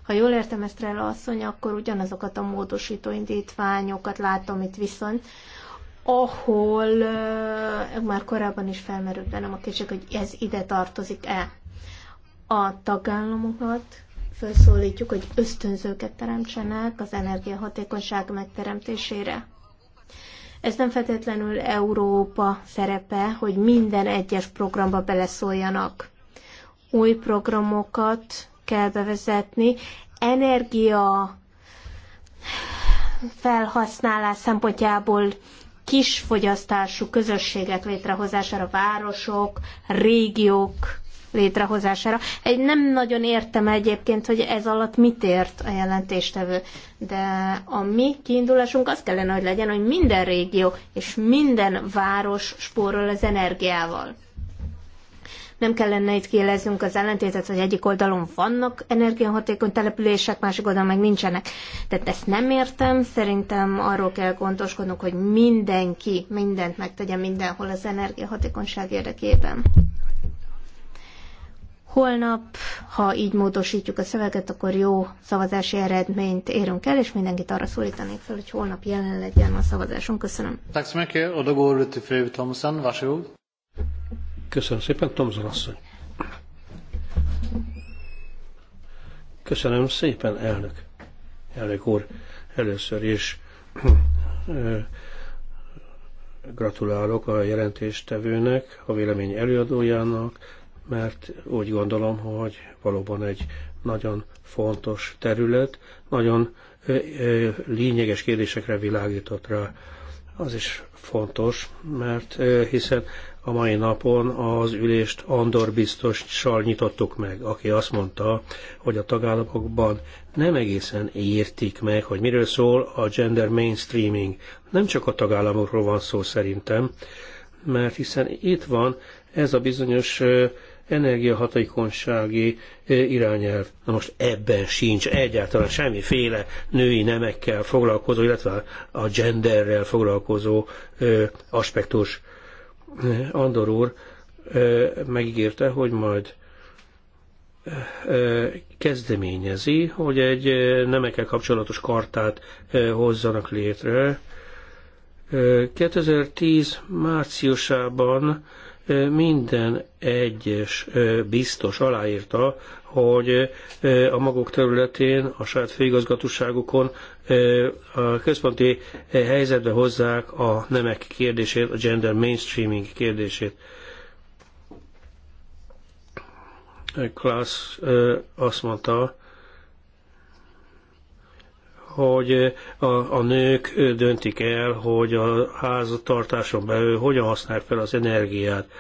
Ha jól értem Esztrella asszony, akkor ugyanazokat a módosító indítványokat látom itt viszont, ahol már korábban is felmerült bennem a kétség, hogy ez ide tartozik-e. A tagállamokat felszólítjuk, hogy ösztönzőket teremtsenek az energiahatékonyság megteremtésére. Ez nem feltétlenül Európa szerepe, hogy minden egyes programba beleszóljanak. Új programokat kell bevezetni, energia felhasználás szempontjából kis fogyasztású közösségek létrehozására, városok, régiók létrehozására. Egy nem nagyon értem egyébként, hogy ez alatt mit ért a jelentéstevő, de a mi kiindulásunk az kellene, hogy legyen, hogy minden régió és minden város spórol az energiával. Nem kellene itt kieleznünk az ellentétet, hogy egyik oldalon vannak energiahatékony települések, másik oldalon meg nincsenek. Tehát ezt nem értem, szerintem arról kell gondoskodnunk, hogy mindenki mindent megtegye mindenhol az energiahatékonyság érdekében. Holnap, ha így módosítjuk a szöveget, akkor jó szavazási eredményt érünk el, és mindenkit arra szólítanék fel, hogy holnap jelen legyen a szavazáson. Köszönöm. Köszönöm szépen, Tomzon asszony. Köszönöm szépen, elnök. Elnök úr, először is gratulálok a jelentéstevőnek, a vélemény előadójának, mert úgy gondolom, hogy valóban egy nagyon fontos terület, nagyon lényeges kérdésekre világított rá. Az is fontos, mert hiszen a mai napon az ülést Andor biztossal nyitottuk meg, aki azt mondta, hogy a tagállamokban nem egészen értik meg, hogy miről szól a gender mainstreaming. Nem csak a tagállamokról van szó szerintem, mert hiszen itt van ez a bizonyos energiahatékonysági irányelv. Na most ebben sincs egyáltalán semmiféle női nemekkel foglalkozó, illetve a genderrel foglalkozó aspektus. Andor úr megígérte, hogy majd kezdeményezi, hogy egy nemekkel kapcsolatos kartát hozzanak létre. 2010 márciusában minden egyes biztos aláírta hogy a maguk területén, a saját főigazgatóságukon a központi helyzetbe hozzák a nemek kérdését, a gender mainstreaming kérdését. Klaus azt mondta, hogy a, a nők döntik el, hogy a háztartáson belül hogyan használják fel az energiát.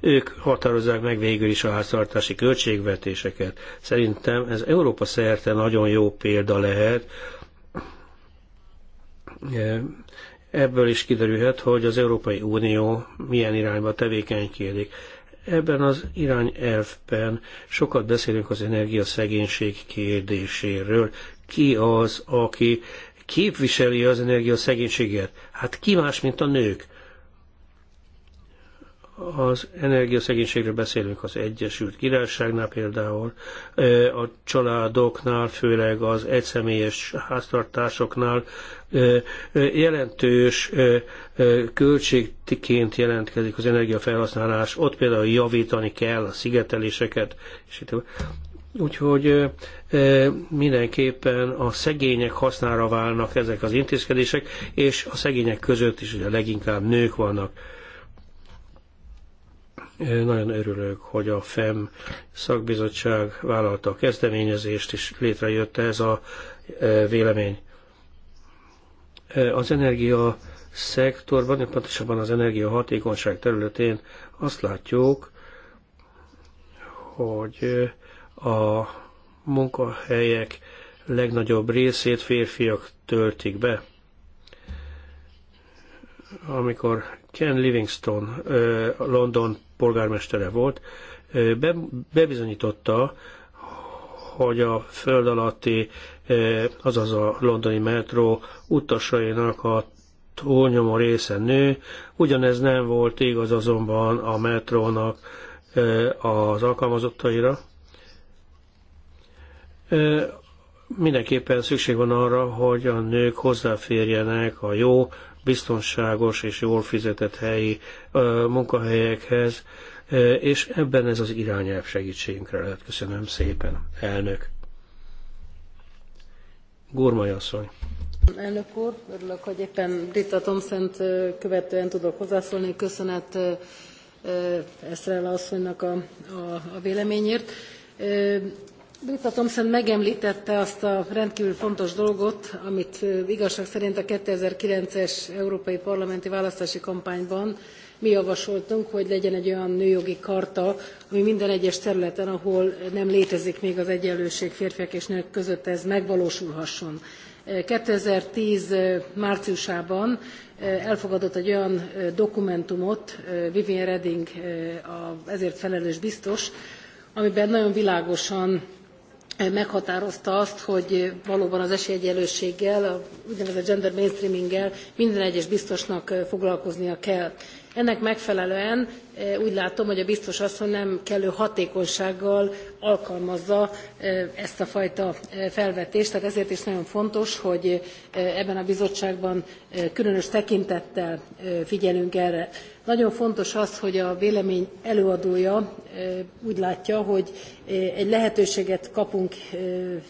Ők határozzák meg végül is a háztartási költségvetéseket. Szerintem ez Európa szerte nagyon jó példa lehet. Ebből is kiderülhet, hogy az Európai Unió milyen irányba tevékenykedik ebben az irányelvben sokat beszélünk az energiaszegénység kérdéséről ki az, aki képviseli az energiaszegénységet? Hát ki más, mint a nők. Az energiaszegénységről beszélünk az Egyesült Királyságnál például, a családoknál, főleg az egyszemélyes háztartásoknál jelentős költségként jelentkezik az energiafelhasználás, ott például javítani kell a szigeteléseket, és itt Úgyhogy mindenképpen a szegények hasznára válnak ezek az intézkedések, és a szegények között is ugye leginkább nők vannak. Nagyon örülök, hogy a FEM szakbizottság vállalta a kezdeményezést, és létrejött ez a vélemény. Az energia szektorban, pontosabban az energia hatékonyság területén azt látjuk, hogy a munkahelyek legnagyobb részét férfiak töltik be. Amikor Ken Livingstone London polgármestere volt, bebizonyította, hogy a föld alatti, azaz a londoni metró utasainak a túlnyomó része nő, ugyanez nem volt igaz azonban a metrónak az alkalmazottaira. Mindenképpen szükség van arra, hogy a nők hozzáférjenek a jó, biztonságos és jól fizetett helyi munkahelyekhez, és ebben ez az irányelv segítségünkre lehet. Köszönöm szépen, elnök. Gurmai asszony. Elnök úr, örülök, hogy éppen Rita Tomszent követően tudok hozzászólni. Köszönet Eszrel asszonynak a, a, a véleményért. Britta Thompson megemlítette azt a rendkívül fontos dolgot, amit igazság szerint a 2009-es európai parlamenti választási kampányban mi javasoltunk, hogy legyen egy olyan nőjogi karta, ami minden egyes területen, ahol nem létezik még az egyenlőség férfiak és nők között, ez megvalósulhasson. 2010 márciusában elfogadott egy olyan dokumentumot Vivian Reding, ezért felelős biztos, amiben nagyon világosan meghatározta azt, hogy valóban az esélyegyenlőséggel, a úgynevezett gender mainstreaminggel minden egyes biztosnak foglalkoznia kell. Ennek megfelelően e, úgy látom, hogy a biztos asszony nem kellő hatékonysággal alkalmazza e, ezt a fajta e, felvetést, tehát ezért is nagyon fontos, hogy ebben a bizottságban különös tekintettel figyelünk erre. Nagyon fontos az, hogy a vélemény előadója úgy látja, hogy egy lehetőséget kapunk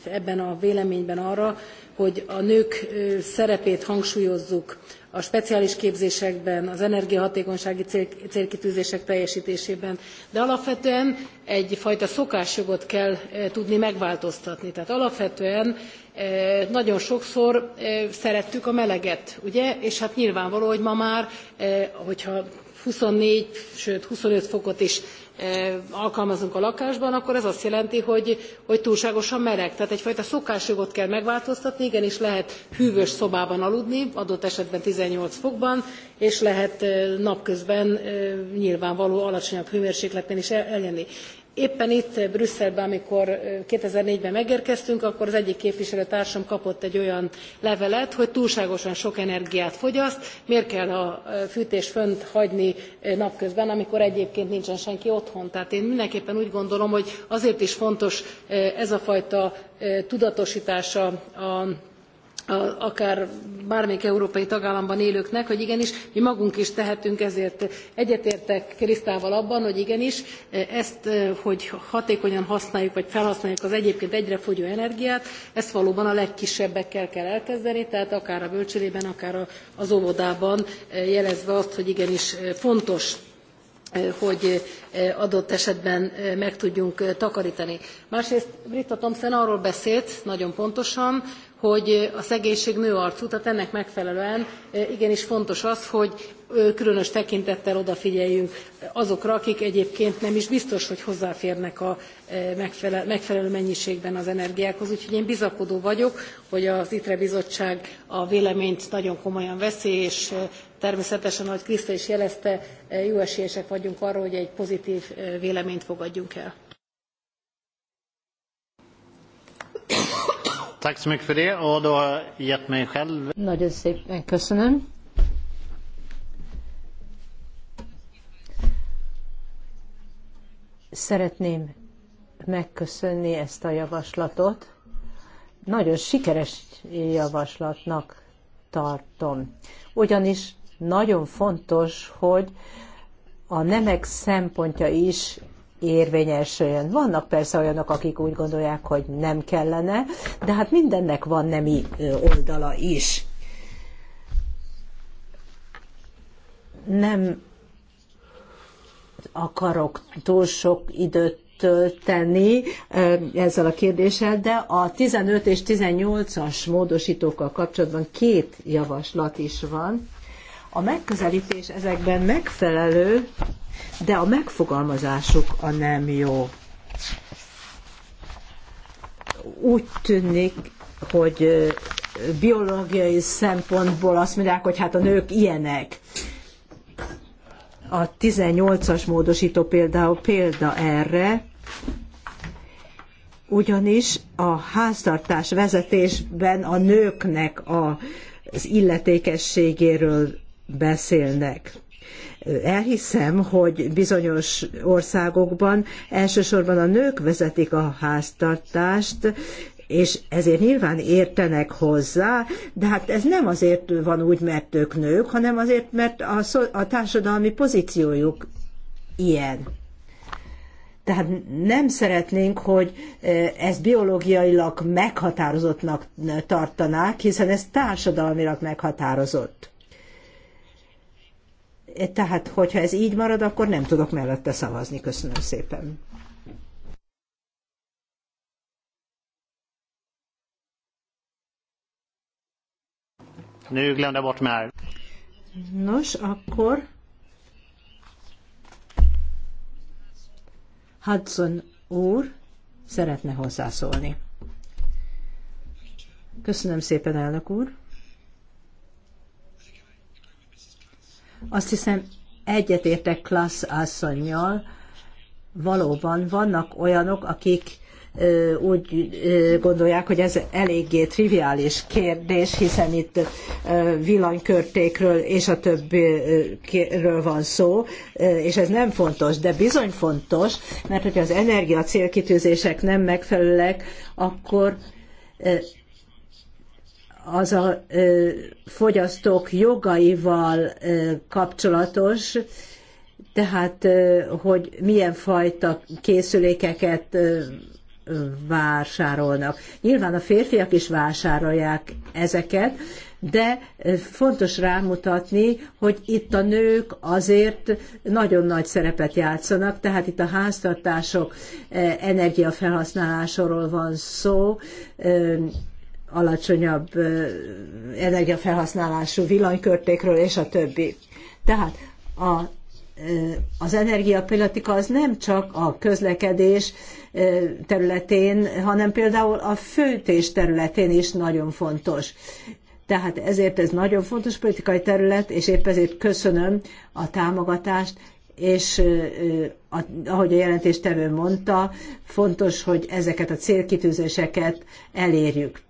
ebben a véleményben arra, hogy a nők szerepét hangsúlyozzuk a speciális képzésekben, az energiahatékonysági célkitűzések teljesítésében, de alapvetően egyfajta szokásjogot kell e, tudni megváltoztatni. Tehát alapvetően e, nagyon sokszor e, szerettük a meleget, ugye? És hát nyilvánvaló, hogy ma már, hogyha 24, sőt 25 fokot is eh, alkalmazunk a lakásban, akkor ez azt jelenti, hogy, hogy túlságosan meleg. Tehát egyfajta szokásjogot kell megváltoztatni, igenis lehet hűvös szobában aludni, adott esetben 18 fokban, és lehet eh, napközben eh, nyilvánvaló alacsonyabb hőmérsékleten is eljenni. Éppen itt eh, Brüsszelben, amikor 2004-ben eh, megérkeztünk, akkor az egyik képviselőtársam kapott egy olyan levelet, hogy túlságosan sok energiát fogyaszt, miért kell a eh, fűtést fönt hagyni napközben, amikor egyébként nincsen senki otthon. Tehát én mindenképpen úgy gondolom, hogy azért is fontos ez a fajta tudatosítása a akár bármelyik európai tagállamban élőknek, hogy igenis mi magunk is tehetünk, ezért egyetértek Krisztával abban, hogy igenis e, ezt, e, hogy hatékonyan használjuk, vagy felhasználjuk az egyébként egyre fogyó energiát, ezt valóban a legkisebbekkel kell elkezdeni, tehát akár a bölcsődében, akár az óvodában e, jelezve azt, hogy igenis fontos hogy adott esetben meg tudjunk takarítani. Másrészt Britta Thompson arról beszélt nagyon pontosan, hogy a szegénység arcú, tehát ennek megfelelően igenis fontos az, hogy különös tekintettel odafigyeljünk azokra, akik egyébként nem is biztos, hogy hozzáférnek a megfelelő mennyiségben az energiákhoz. Úgyhogy én bizakodó vagyok, hogy az ITRE bizottság a véleményt nagyon komolyan veszi, és természetesen, ahogy Kriszta is jelezte, jó esélyesek vagyunk arra, hogy egy pozitív véleményt fogadjunk el. Tack så mycket för det och då har jag gett mig själv... Nagyon szépen köszönöm. Szeretném megköszönni ezt a javaslatot. Nagyon sikeres javaslatnak tartom. Ugyanis nagyon fontos, hogy a nemek szempontja is érvényesüljön. Vannak persze olyanok, akik úgy gondolják, hogy nem kellene, de hát mindennek van nemi oldala is. Nem akarok túl sok időt tölteni ezzel a kérdéssel, de a 15 és 18-as módosítókkal kapcsolatban két javaslat is van. A megközelítés ezekben megfelelő, de a megfogalmazásuk a nem jó. Úgy tűnik, hogy biológiai szempontból azt mondják, hogy hát a nők ilyenek. A 18-as módosító például példa erre, ugyanis a háztartás vezetésben a nőknek a, az illetékességéről beszélnek. Elhiszem, hogy bizonyos országokban elsősorban a nők vezetik a háztartást, és ezért nyilván értenek hozzá, de hát ez nem azért van úgy, mert ők nők, hanem azért, mert a, szó, a társadalmi pozíciójuk ilyen. Tehát nem szeretnénk, hogy e, ezt biológiailag meghatározottnak tartanák, hiszen ez társadalmilag meghatározott. Tehát, hogyha ez így marad, akkor nem tudok mellette szavazni. Köszönöm szépen. Nu glömde bort mig Nos, akkor Hudson úr szeretne hozzászólni. Köszönöm szépen, elnök úr. Azt hiszem, egyetértek klassz asszonynal, valóban vannak olyanok, akik úgy gondolják, hogy ez eléggé triviális kérdés, hiszen itt villanykörtékről és a többiről van szó, és ez nem fontos, de bizony fontos, mert hogyha az energia célkitűzések nem megfelelnek, akkor az a fogyasztók jogaival kapcsolatos, tehát hogy milyen fajta készülékeket vásárolnak. Nyilván a férfiak is vásárolják ezeket, de fontos rámutatni, hogy itt a nők azért nagyon nagy szerepet játszanak, tehát itt a háztartások energiafelhasználásáról van szó, alacsonyabb energiafelhasználású villanykörtékről, és a többi. Tehát a, az energiapolitika az nem csak a közlekedés területén, hanem például a főtés területén is nagyon fontos. Tehát ezért ez nagyon fontos politikai terület, és épp ezért köszönöm a támogatást, és ahogy a jelentéstevő mondta, fontos, hogy ezeket a célkitűzéseket elérjük.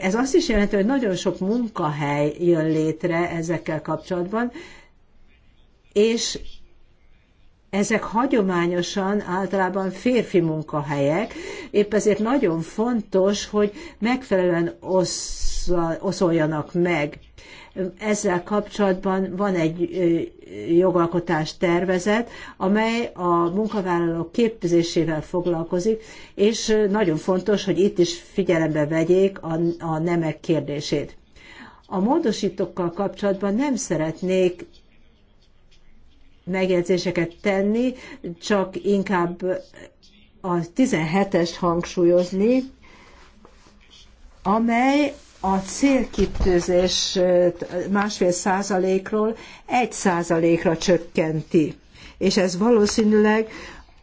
Ez azt is jelenti, hogy nagyon sok munkahely jön létre ezekkel kapcsolatban, és ezek hagyományosan általában férfi munkahelyek, épp ezért nagyon fontos, hogy megfelelően osz, oszoljanak meg ezzel kapcsolatban van egy jogalkotás tervezet, amely a munkavállalók képzésével foglalkozik, és nagyon fontos, hogy itt is figyelembe vegyék a, a nemek kérdését. A módosítókkal kapcsolatban nem szeretnék megjegyzéseket tenni, csak inkább a 17-est hangsúlyozni, amely a célkitűzés másfél százalékról egy százalékra csökkenti. És ez valószínűleg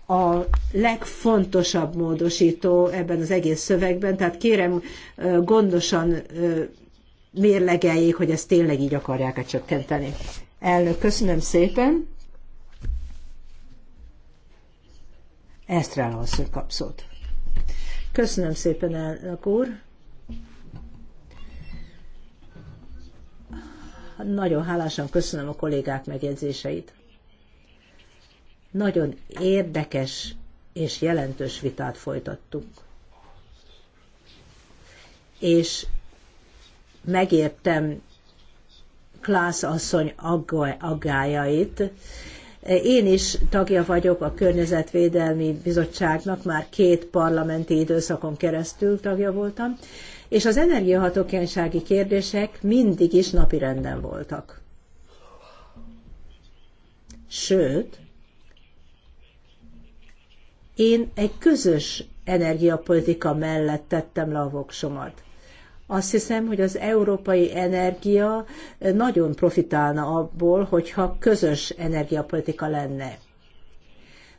a legfontosabb módosító ebben az egész szövegben, tehát kérem gondosan mérlegeljék, hogy ezt tényleg így akarják-e csökkenteni. Elnök, köszönöm szépen. Ezt rá kap Köszönöm szépen, elnök úr. nagyon hálásan köszönöm a kollégák megjegyzéseit. Nagyon érdekes és jelentős vitát folytattunk. És megértem Klász asszony aggájait. Én is tagja vagyok a Környezetvédelmi Bizottságnak, már két parlamenti időszakon keresztül tagja voltam, és az energiahatókánysági kérdések mindig is napirenden voltak. Sőt, én egy közös energiapolitika mellett tettem le a voksomat. Azt hiszem, hogy az európai energia nagyon profitálna abból, hogyha közös energiapolitika lenne.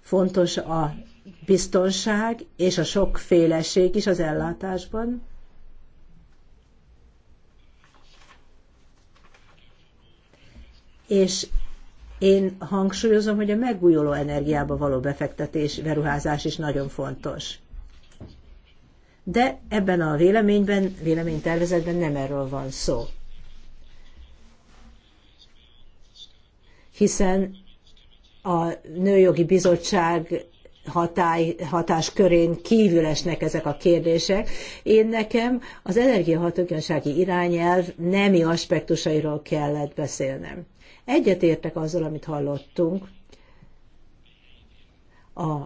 Fontos a biztonság és a sokféleség is az ellátásban, és én hangsúlyozom, hogy a megújuló energiába való befektetés, beruházás is nagyon fontos. De ebben a véleményben, véleménytervezetben nem erről van szó. Hiszen a Nőjogi Bizottság hatály, hatáskörén kívül esnek ezek a kérdések. Én nekem az energiahatékonysági irányelv nemi aspektusairól kellett beszélnem. Egyetértek azzal, amit hallottunk, a,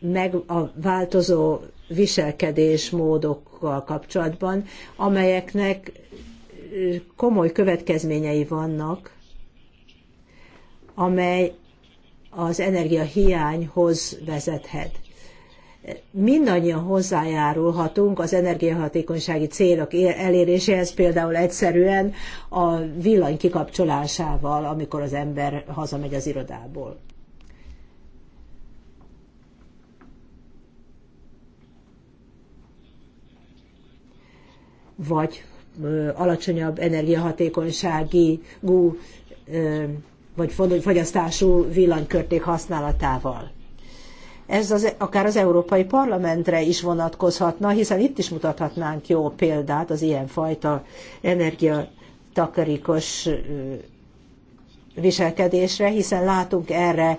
meg, a változó viselkedésmódokkal kapcsolatban, amelyeknek komoly következményei vannak, amely az energiahiányhoz vezethet mindannyian hozzájárulhatunk az energiahatékonysági célok eléréséhez, például egyszerűen a villany kikapcsolásával, amikor az ember hazamegy az irodából. Vagy ö, alacsonyabb energiahatékonysági gú, ö, vagy fogyasztású villanykörték használatával ez az, akár az Európai Parlamentre is vonatkozhatna, hiszen itt is mutathatnánk jó példát az ilyenfajta energiatakarékos viselkedésre, hiszen látunk erre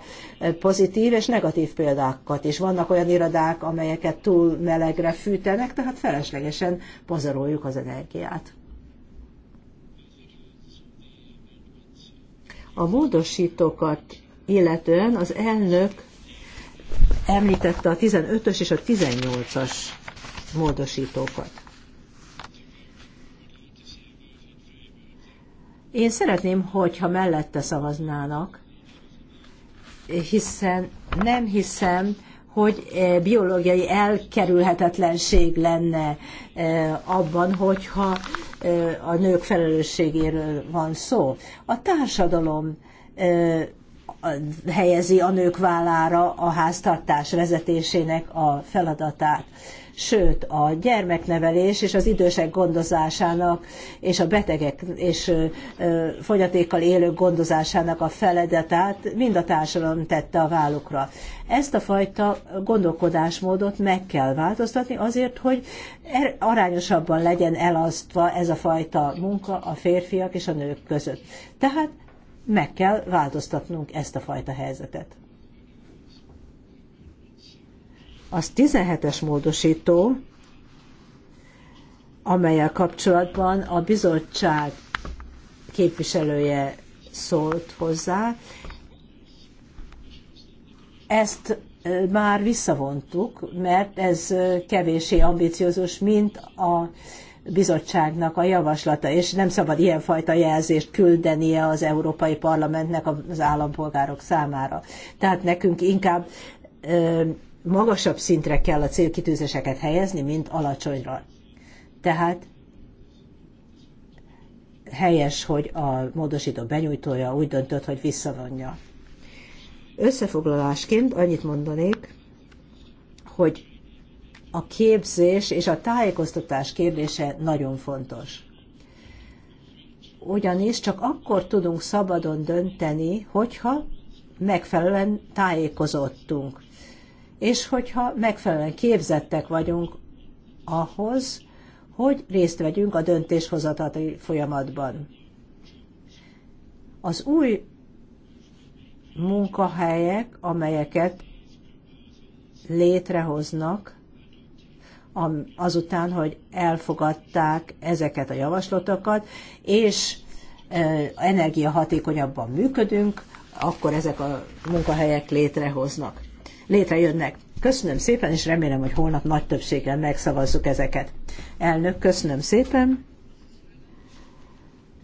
pozitív és negatív példákat is. Vannak olyan irodák, amelyeket túl melegre fűtenek, tehát feleslegesen pazaroljuk az energiát. A módosítókat illetően az elnök említette a 15-ös és a 18-as módosítókat. Én szeretném, hogyha mellette szavaznának, hiszen nem hiszem, hogy e, biológiai elkerülhetetlenség lenne e, abban, hogyha e, a nők felelősségéről van szó. A társadalom helyezi a nők vállára a háztartás vezetésének a feladatát. Sőt, a gyermeknevelés és az idősek gondozásának és a betegek és fogyatékkal élők gondozásának a feladatát mind a társadalom tette a vállukra. Ezt a fajta gondolkodásmódot meg kell változtatni azért, hogy er, arányosabban legyen elasztva ez a fajta munka a férfiak és a nők között. Tehát meg kell változtatnunk ezt a fajta helyzetet. Az 17-es módosító, amelyel kapcsolatban a bizottság képviselője szólt hozzá, ezt már visszavontuk, mert ez kevésé ambiciózus, mint a bizottságnak a javaslata, és nem szabad ilyenfajta jelzést küldenie az Európai Parlamentnek az állampolgárok számára. Tehát nekünk inkább magasabb szintre kell a célkitűzéseket helyezni, mint alacsonyra. Tehát helyes, hogy a módosító benyújtója úgy döntött, hogy visszavonja. Összefoglalásként annyit mondanék, hogy a képzés és a tájékoztatás kérdése nagyon fontos. Ugyanis csak akkor tudunk szabadon dönteni, hogyha megfelelően tájékozottunk, és hogyha megfelelően képzettek vagyunk ahhoz, hogy részt vegyünk a döntéshozatati folyamatban. Az új munkahelyek, amelyeket létrehoznak, azután, hogy elfogadták ezeket a javaslatokat, és energiahatékonyabban működünk, akkor ezek a munkahelyek létrehoznak, létrejönnek. Köszönöm szépen, és remélem, hogy holnap nagy többséggel megszavazzuk ezeket. Elnök, köszönöm szépen.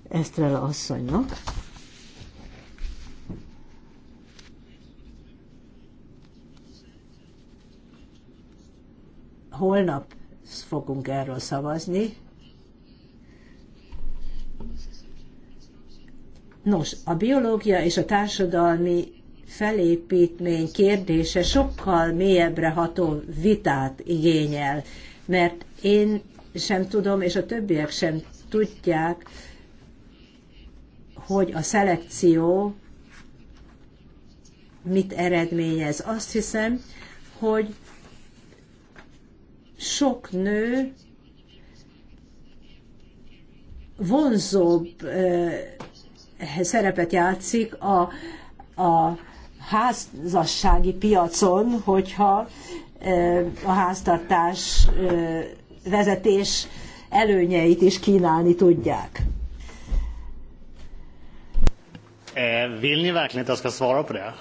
Estrella asszonynak. Holnap fogunk erről szavazni. Nos, a biológia és a társadalmi felépítmény kérdése sokkal mélyebbre ható vitát igényel, mert én sem tudom, és a többiek sem tudják, hogy a szelekció mit eredményez. Azt hiszem, hogy sok nő vonzóbb eh, szerepet játszik a, a házassági piacon, hogyha eh, a háztartás eh, vezetés előnyeit is kínálni tudják. Vill ni verkligen att jag ska svara på det?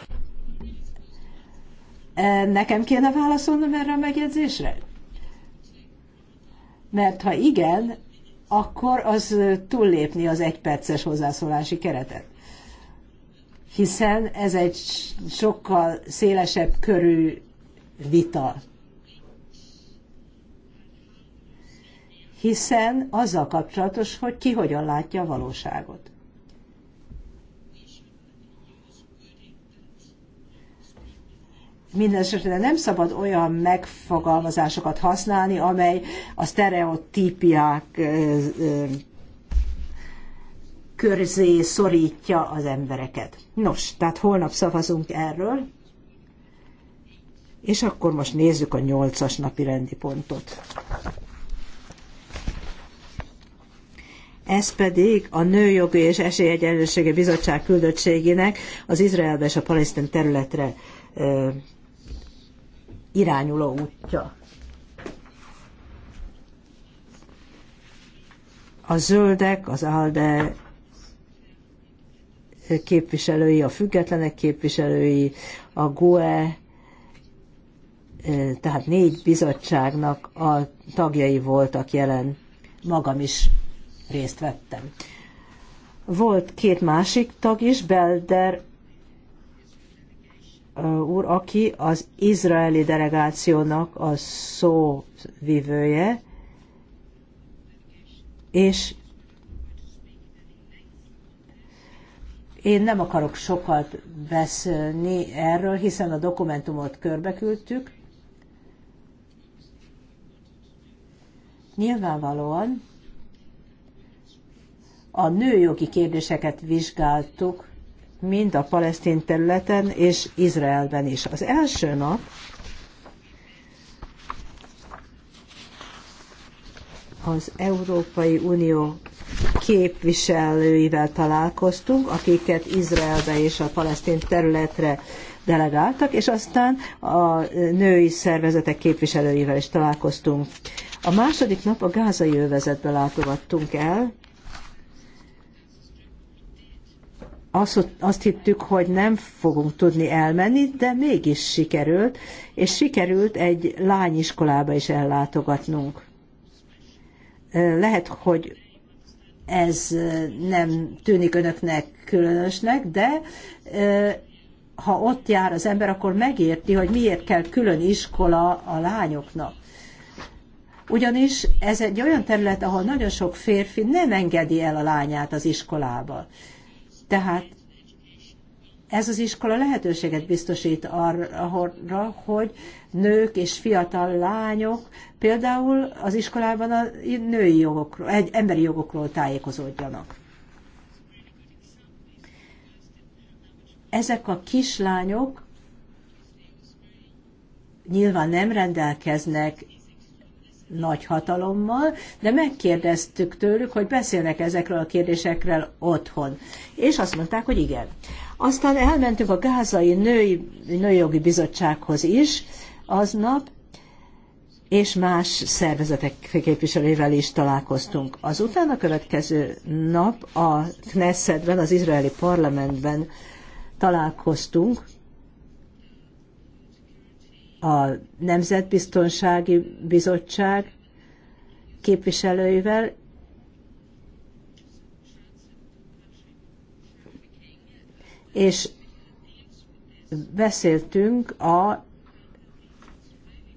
Nekem kéne válaszolnom erre a megjegyzésre? Mert ha igen, akkor az túllépni az egyperces hozzászólási keretet. Hiszen ez egy sokkal szélesebb körű vita. Hiszen azzal kapcsolatos, hogy ki hogyan látja a valóságot. Mindenesetre nem szabad olyan megfogalmazásokat használni, amely a sztereotípiák körzé szorítja az embereket. Nos, tehát holnap szavazunk erről, és akkor most nézzük a nyolcas napi rendi pontot. Ez pedig a Nőjogi és esélyegyenlősége Bizottság küldöttségének az Izraelbe és a palesztin területre irányuló útja. A zöldek, az ALDE képviselői, a függetlenek képviselői, a GOE, tehát négy bizottságnak a tagjai voltak jelen. Magam is részt vettem. Volt két másik tag is, Belder úr, aki az izraeli delegációnak a szóvivője, és én nem akarok sokat beszélni erről, hiszen a dokumentumot körbeküldtük. Nyilvánvalóan a nőjogi kérdéseket vizsgáltuk, mind a palesztin területen és Izraelben is. Az első nap az Európai Unió képviselőivel találkoztunk, akiket Izraelbe és a palesztin területre delegáltak, és aztán a női szervezetek képviselőivel is találkoztunk. A második nap a gázai övezetbe látogattunk el, azt, azt hittük, hogy nem fogunk tudni elmenni, de mégis sikerült, és sikerült egy lányiskolába is ellátogatnunk. Lehet, hogy ez nem tűnik önöknek különösnek, de ha ott jár az ember, akkor megérti, hogy miért kell külön iskola a lányoknak. Ugyanis ez egy olyan terület, ahol nagyon sok férfi nem engedi el a lányát az iskolába. Tehát ez az iskola lehetőséget biztosít arra, hogy nők és fiatal lányok például az iskolában a női jogokról, egy emberi jogokról tájékozódjanak. Ezek a kislányok nyilván nem rendelkeznek nagy hatalommal, de megkérdeztük tőlük, hogy beszélnek ezekről a kérdésekről otthon. És azt mondták, hogy igen. Aztán elmentünk a Gázai Női, Nőjogi Bizottsághoz is aznap, és más szervezetek képviselővel is találkoztunk. Azután a következő nap a Knessetben, az izraeli parlamentben találkoztunk a Nemzetbiztonsági Bizottság képviselőivel, és beszéltünk a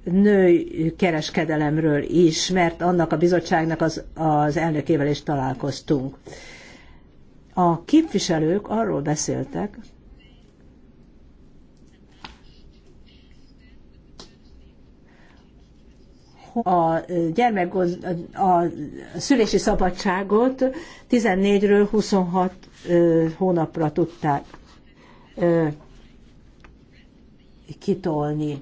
női kereskedelemről is, mert annak a bizottságnak az, az elnökével is találkoztunk. A képviselők arról beszéltek, a, gyermek, a szülési szabadságot 14-ről 26 hónapra tudták kitolni.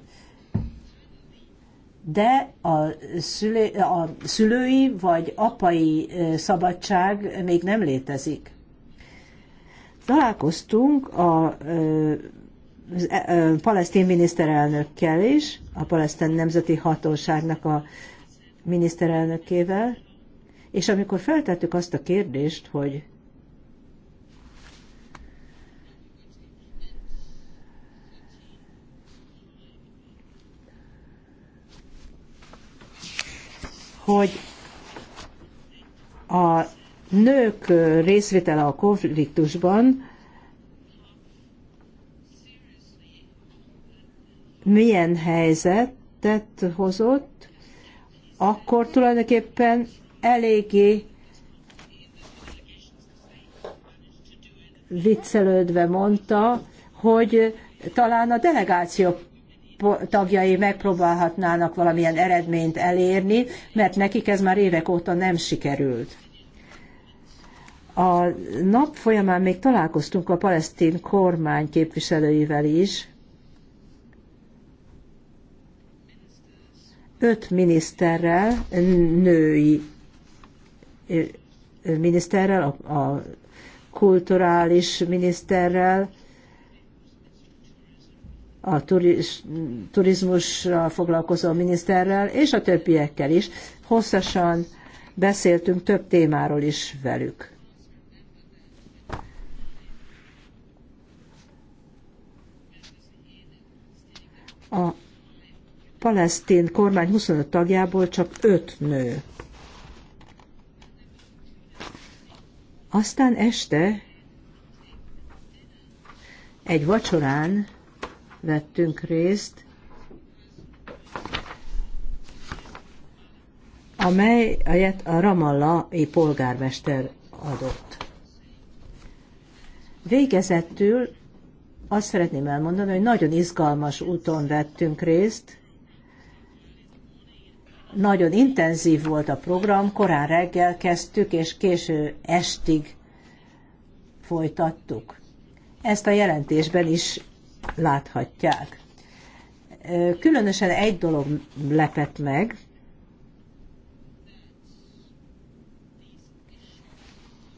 De a, szülő, a szülői vagy apai szabadság még nem létezik. Találkoztunk a E, palesztin miniszterelnökkel is, a palesztin nemzeti hatóságnak a miniszterelnökével, és amikor feltettük azt a kérdést, hogy hogy a nők részvétele a konfliktusban milyen helyzetet hozott, akkor tulajdonképpen eléggé viccelődve mondta, hogy talán a delegáció tagjai megpróbálhatnának valamilyen eredményt elérni, mert nekik ez már évek óta nem sikerült. A nap folyamán még találkoztunk a palesztin kormány képviselőivel is, öt miniszterrel, női miniszterrel, a, a kulturális miniszterrel, a turiz, turizmusra foglalkozó miniszterrel, és a többiekkel is. Hosszasan beszéltünk több témáról is velük. A palesztin kormány 25 tagjából csak 5 nő. Aztán este egy vacsorán vettünk részt, amelyet a Ramallai polgármester adott. Végezettül azt szeretném elmondani, hogy nagyon izgalmas úton vettünk részt, nagyon intenzív volt a program, korán reggel kezdtük, és késő estig folytattuk. Ezt a jelentésben is láthatják. Különösen egy dolog lepett meg,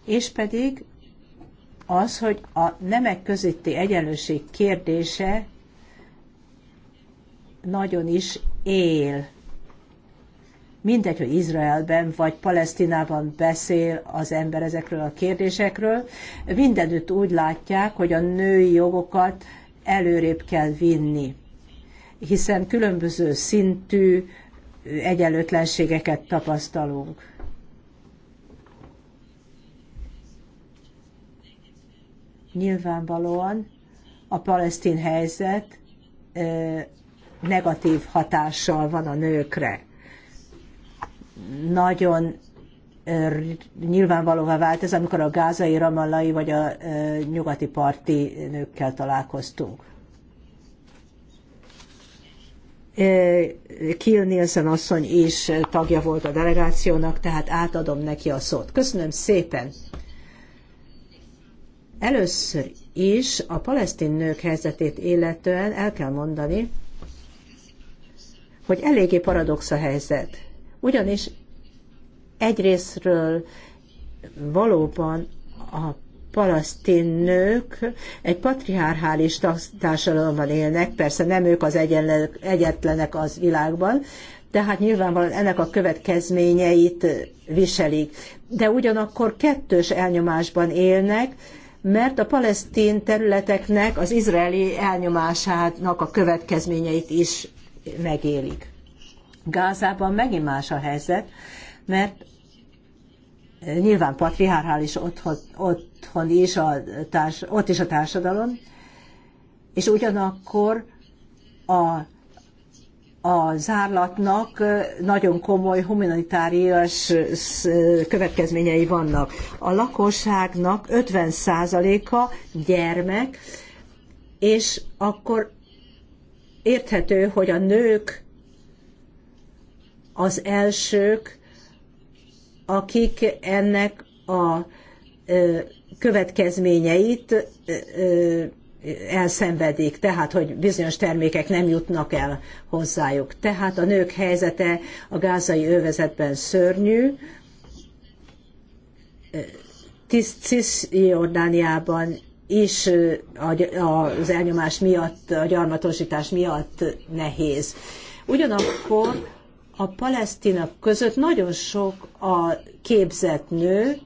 és pedig az, hogy a nemek közötti egyenlőség kérdése nagyon is él Mindegy, hogy Izraelben vagy Palesztinában beszél az ember ezekről a kérdésekről, mindenütt úgy látják, hogy a női jogokat előrébb kell vinni, hiszen különböző szintű egyenlőtlenségeket tapasztalunk. Nyilvánvalóan a palesztin helyzet negatív hatással van a nőkre nagyon nyilvánvalóvá vált ez, amikor a gázai, ramallai vagy a nyugati parti nőkkel találkoztunk. Kill Nielsen asszony is tagja volt a delegációnak, tehát átadom neki a szót. Köszönöm szépen! Először is a palesztin nők helyzetét illetően el kell mondani, hogy eléggé paradox a helyzet ugyanis egyrésztről valóban a palasztin nők egy patriarchális társadalomban élnek, persze nem ők az egyetlenek az világban, de hát nyilvánvalóan ennek a következményeit viselik. De ugyanakkor kettős elnyomásban élnek, mert a palesztin területeknek az izraeli elnyomásának a következményeit is megélik. Gázában megint más a helyzet, mert eh, nyilván patriarchális otthon, otthon is a társ, ott is a társadalom, és ugyanakkor a, a zárlatnak eh, nagyon komoly humanitárias eh, következményei vannak. A lakosságnak 50%-a gyermek, és akkor érthető, hogy a nők az elsők, akik ennek a következményeit elszenvedik, tehát hogy bizonyos termékek nem jutnak el hozzájuk. Tehát a nők helyzete a gázai övezetben szörnyű, Cisjordániában is az elnyomás miatt, a gyarmatosítás miatt nehéz. Ugyanakkor a palesztinak között nagyon sok a képzett nő,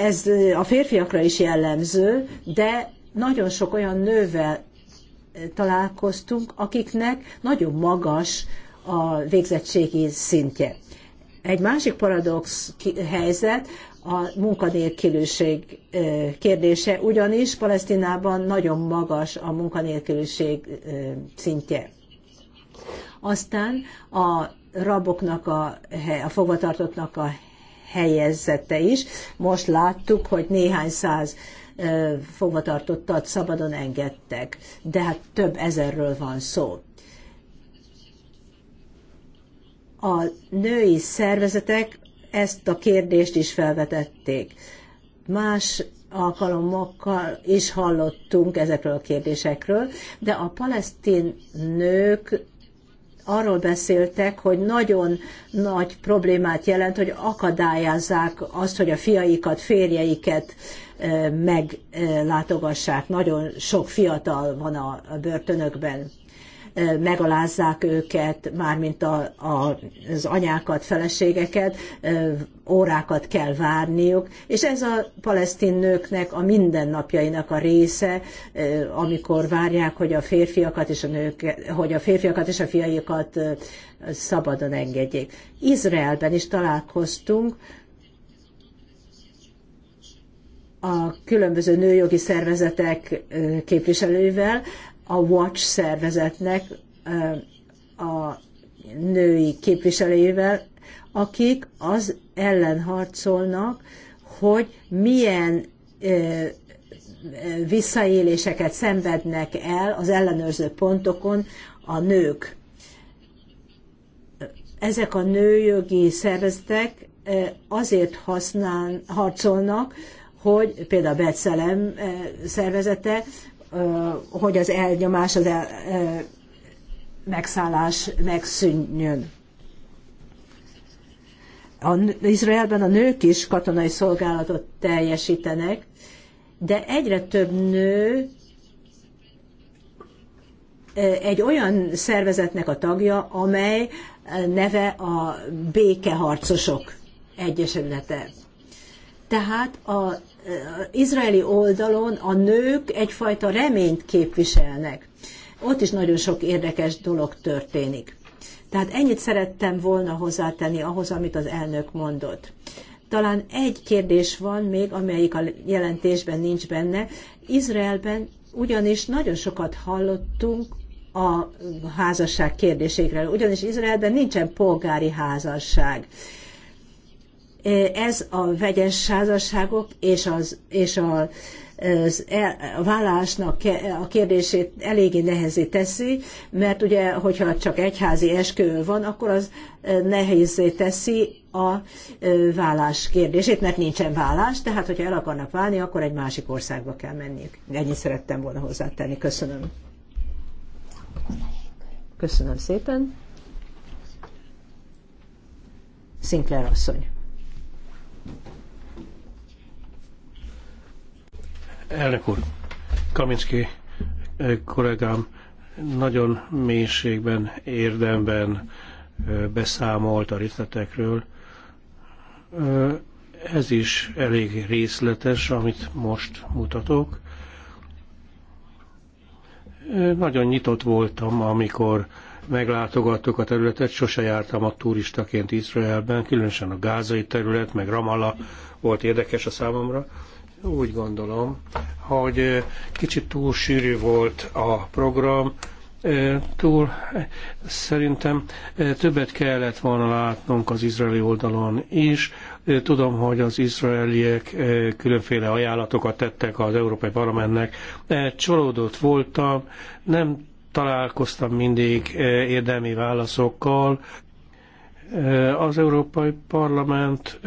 ez a férfiakra is jellemző, de nagyon sok olyan nővel találkoztunk, akiknek nagyon magas a végzettségi szintje. Egy másik paradox helyzet a munkanélküliség kérdése, ugyanis Palesztinában nagyon magas a munkanélküliség szintje. Aztán a raboknak, a, a fogvatartottnak a helyezette is. Most láttuk, hogy néhány száz fogvatartottat szabadon engedtek, de hát több ezerről van szó. A női szervezetek ezt a kérdést is felvetették. Más alkalommal is hallottunk ezekről a kérdésekről, de a palesztin nők arról beszéltek, hogy nagyon nagy problémát jelent, hogy akadályázzák azt, hogy a fiaikat, férjeiket meglátogassák. Nagyon sok fiatal van a börtönökben megalázzák őket, mármint a, a, az anyákat, feleségeket, órákat kell várniuk, és ez a palesztin nőknek a mindennapjainak a része, amikor várják, hogy a férfiakat és a nők, hogy a férfiakat és a fiaikat szabadon engedjék. Izraelben is találkoztunk, a különböző nőjogi szervezetek képviselőivel, a Watch szervezetnek a női képviselőivel, akik az ellen harcolnak, hogy milyen visszaéléseket szenvednek el az ellenőrző pontokon a nők. Ezek a nőjogi szervezetek azért használ, harcolnak, hogy például a Betszelem szervezete, hogy az elnyomás, az el, megszállás megszűnjön. A, Izraelben a nők is katonai szolgálatot teljesítenek, de egyre több nő egy olyan szervezetnek a tagja, amely neve a békeharcosok egyesülete. Tehát a izraeli oldalon a nők egyfajta reményt képviselnek. Ott is nagyon sok érdekes dolog történik. Tehát ennyit szerettem volna hozzátenni ahhoz, amit az elnök mondott. Talán egy kérdés van még, amelyik a jelentésben nincs benne. Izraelben ugyanis nagyon sokat hallottunk a házasság kérdésékről, ugyanis Izraelben nincsen polgári házasság. Ez a vegyes házasságok és, az, és a, az el, a vállásnak a kérdését eléggé nehezé teszi, mert ugye, hogyha csak egyházi eskő van, akkor az e, nehézé teszi a e, vállás kérdését, mert nincsen vállás, tehát hogyha el akarnak válni, akkor egy másik országba kell menniük. Ennyit szerettem volna hozzátenni. Köszönöm. Köszönöm szépen. Sinclair asszony. Elnök úr, Kaminski kollégám nagyon mélységben, érdemben beszámolt a részletekről. Ez is elég részletes, amit most mutatok. Nagyon nyitott voltam, amikor meglátogattuk a területet, sose jártam a turistaként Izraelben, különösen a gázai terület, meg Ramallah volt érdekes a számomra. Úgy gondolom, hogy kicsit túl sűrű volt a program, túl szerintem többet kellett volna látnunk az izraeli oldalon is. Tudom, hogy az izraeliek különféle ajánlatokat tettek az Európai Parlamentnek. Csalódott voltam, nem találkoztam mindig érdemi válaszokkal, az Európai Parlament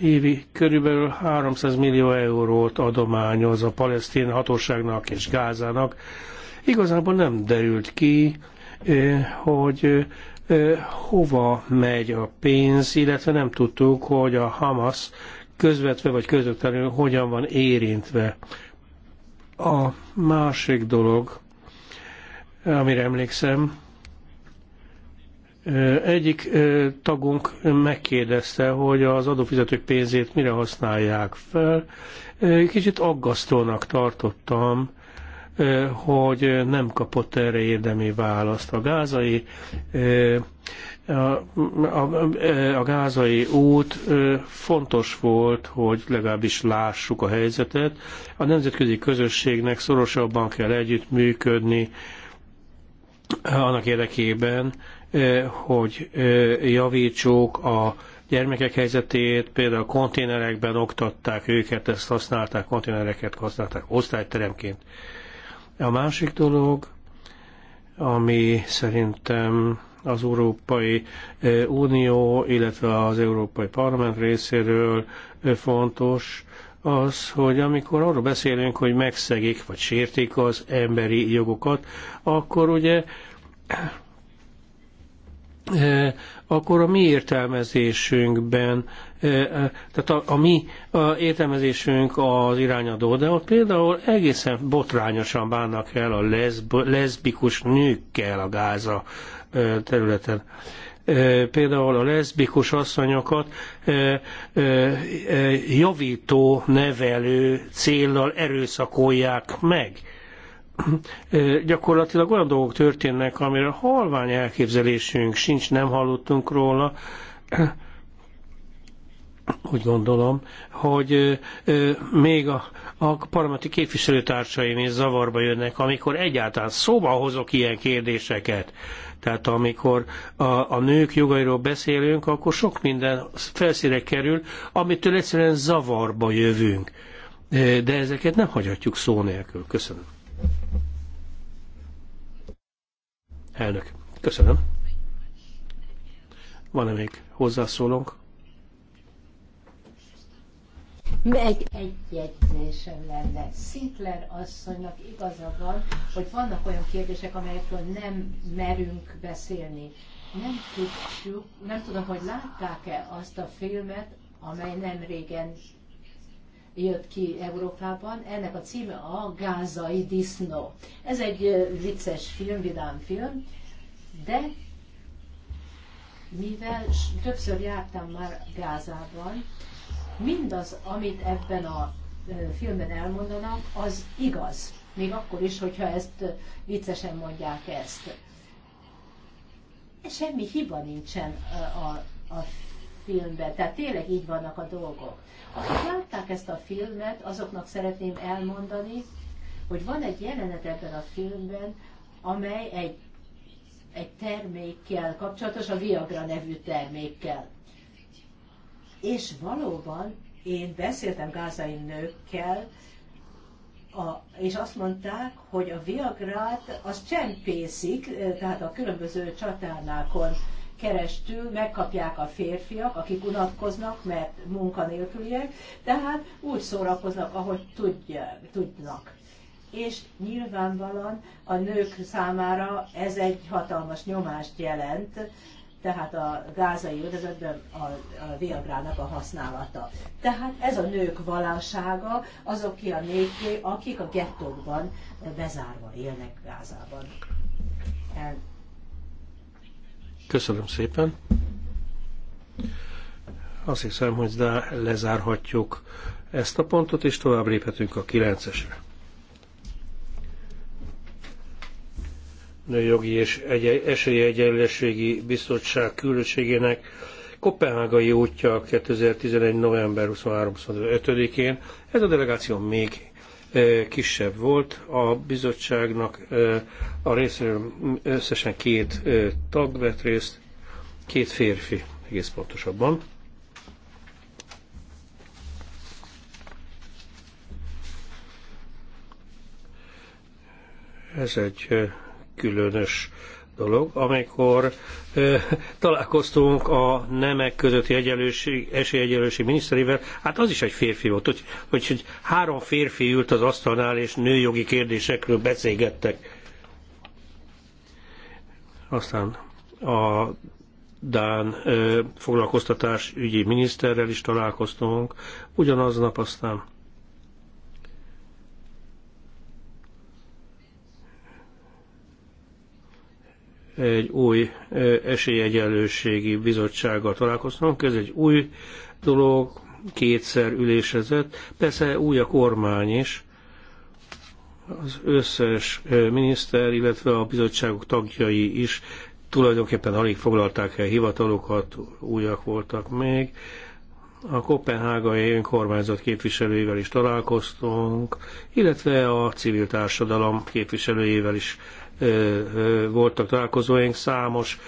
évi körülbelül 300 millió eurót adományoz a palesztin hatóságnak és Gázának. Igazából nem derült ki, hogy hova megy a pénz, illetve nem tudtuk, hogy a Hamas közvetve vagy közvetlenül hogyan van érintve. A másik dolog, amire emlékszem, egyik tagunk megkérdezte, hogy az adófizetők pénzét mire használják fel. Kicsit aggasztónak tartottam, hogy nem kapott erre érdemi választ. A gázai, a, a, a gázai út fontos volt, hogy legalábbis lássuk a helyzetet. A nemzetközi közösségnek szorosabban kell együttműködni annak érdekében, hogy javítsuk a gyermekek helyzetét, például konténerekben oktatták őket, ezt használták, konténereket használták osztályteremként. A másik dolog, ami szerintem az Európai Unió, illetve az Európai Parlament részéről fontos, az, hogy amikor arról beszélünk, hogy megszegik vagy sértik az emberi jogokat, akkor ugye Eh, akkor a mi értelmezésünkben, eh, eh, tehát a, a mi a értelmezésünk az irányadó, de ott például egészen botrányosan bánnak el a leszb, leszbikus nőkkel a Gáza területen. Például a leszbikus asszonyokat javító, nevelő céllal erőszakolják meg gyakorlatilag olyan dolgok történnek, amire halvány elképzelésünk sincs, nem hallottunk róla. Úgy gondolom, hogy még a, a parlamenti képviselőtársaim is zavarba jönnek, amikor egyáltalán szóba hozok ilyen kérdéseket. Tehát amikor a, a nők jogairól beszélünk, akkor sok minden felszíre kerül, amitől egyszerűen zavarba jövünk. De ezeket nem hagyhatjuk szó nélkül. Köszönöm. Elnök, köszönöm. Van-e még hozzászólónk? Egy egyjegyzésem lenne. Szintler asszonynak igaza van, hogy vannak olyan kérdések, amelyekről nem merünk beszélni. Nem tudjuk, nem tudom, hogy látták-e azt a filmet, amely nem régen jött ki Európában. Ennek a címe a Gázai Disznó. Ez egy vicces film, vidám film, de mivel többször jártam már Gázában, mindaz, amit ebben a filmben elmondanak, az igaz. Még akkor is, hogyha ezt viccesen mondják ezt. Semmi hiba nincsen a, a filmben. Tehát tényleg így vannak a dolgok. Akik látták ezt a filmet, azoknak szeretném elmondani, hogy van egy jelenet ebben a filmben, amely egy, egy termékkel kapcsolatos, a Viagra nevű termékkel. És valóban én beszéltem gázai nőkkel, a, és azt mondták, hogy a Viagrát az csempészik, eh, tehát a különböző csatornákon keresztül megkapják a férfiak, akik unatkoznak, mert munkanélküliek, tehát úgy szórakoznak, ahogy tudja, tudnak. És nyilvánvalóan a nők számára ez egy hatalmas nyomást jelent, tehát a gázai övezetben a, a viagrának a használata. Tehát ez a nők valósága, azok ki a népké, akik a gettókban bezárva élnek Gázában. And Köszönöm szépen. Azt hiszem, hogy lezárhatjuk ezt a pontot, és tovább léphetünk a 9-esre. Nőjogi és Esélyegyenlőségi Bizottság különbségének Kopenhágai útja 2011. november 23-25-én. Ez a delegáció még kisebb volt. A bizottságnak a részéről összesen két tag vett részt, két férfi egész pontosabban. Ez egy különös dolog, amikor ö, találkoztunk a nemek közötti egyenlőség, esélyegyenlőség miniszterével, hát az is egy férfi volt, úgyhogy három férfi ült az asztalnál, és nőjogi kérdésekről beszélgettek. Aztán a Dán ö, foglalkoztatás ügyi miniszterrel is találkoztunk, ugyanaznap aztán egy új esélyegyenlőségi bizottsággal találkoztunk. Ez egy új dolog, kétszer ülésezett. Persze új a kormány is. Az összes miniszter, illetve a bizottságok tagjai is tulajdonképpen alig foglalták el hivatalokat, újak voltak még. A Kopenhágai önkormányzat képviselőivel is találkoztunk, illetve a civil társadalom képviselőjével is voltak találkozóink, számos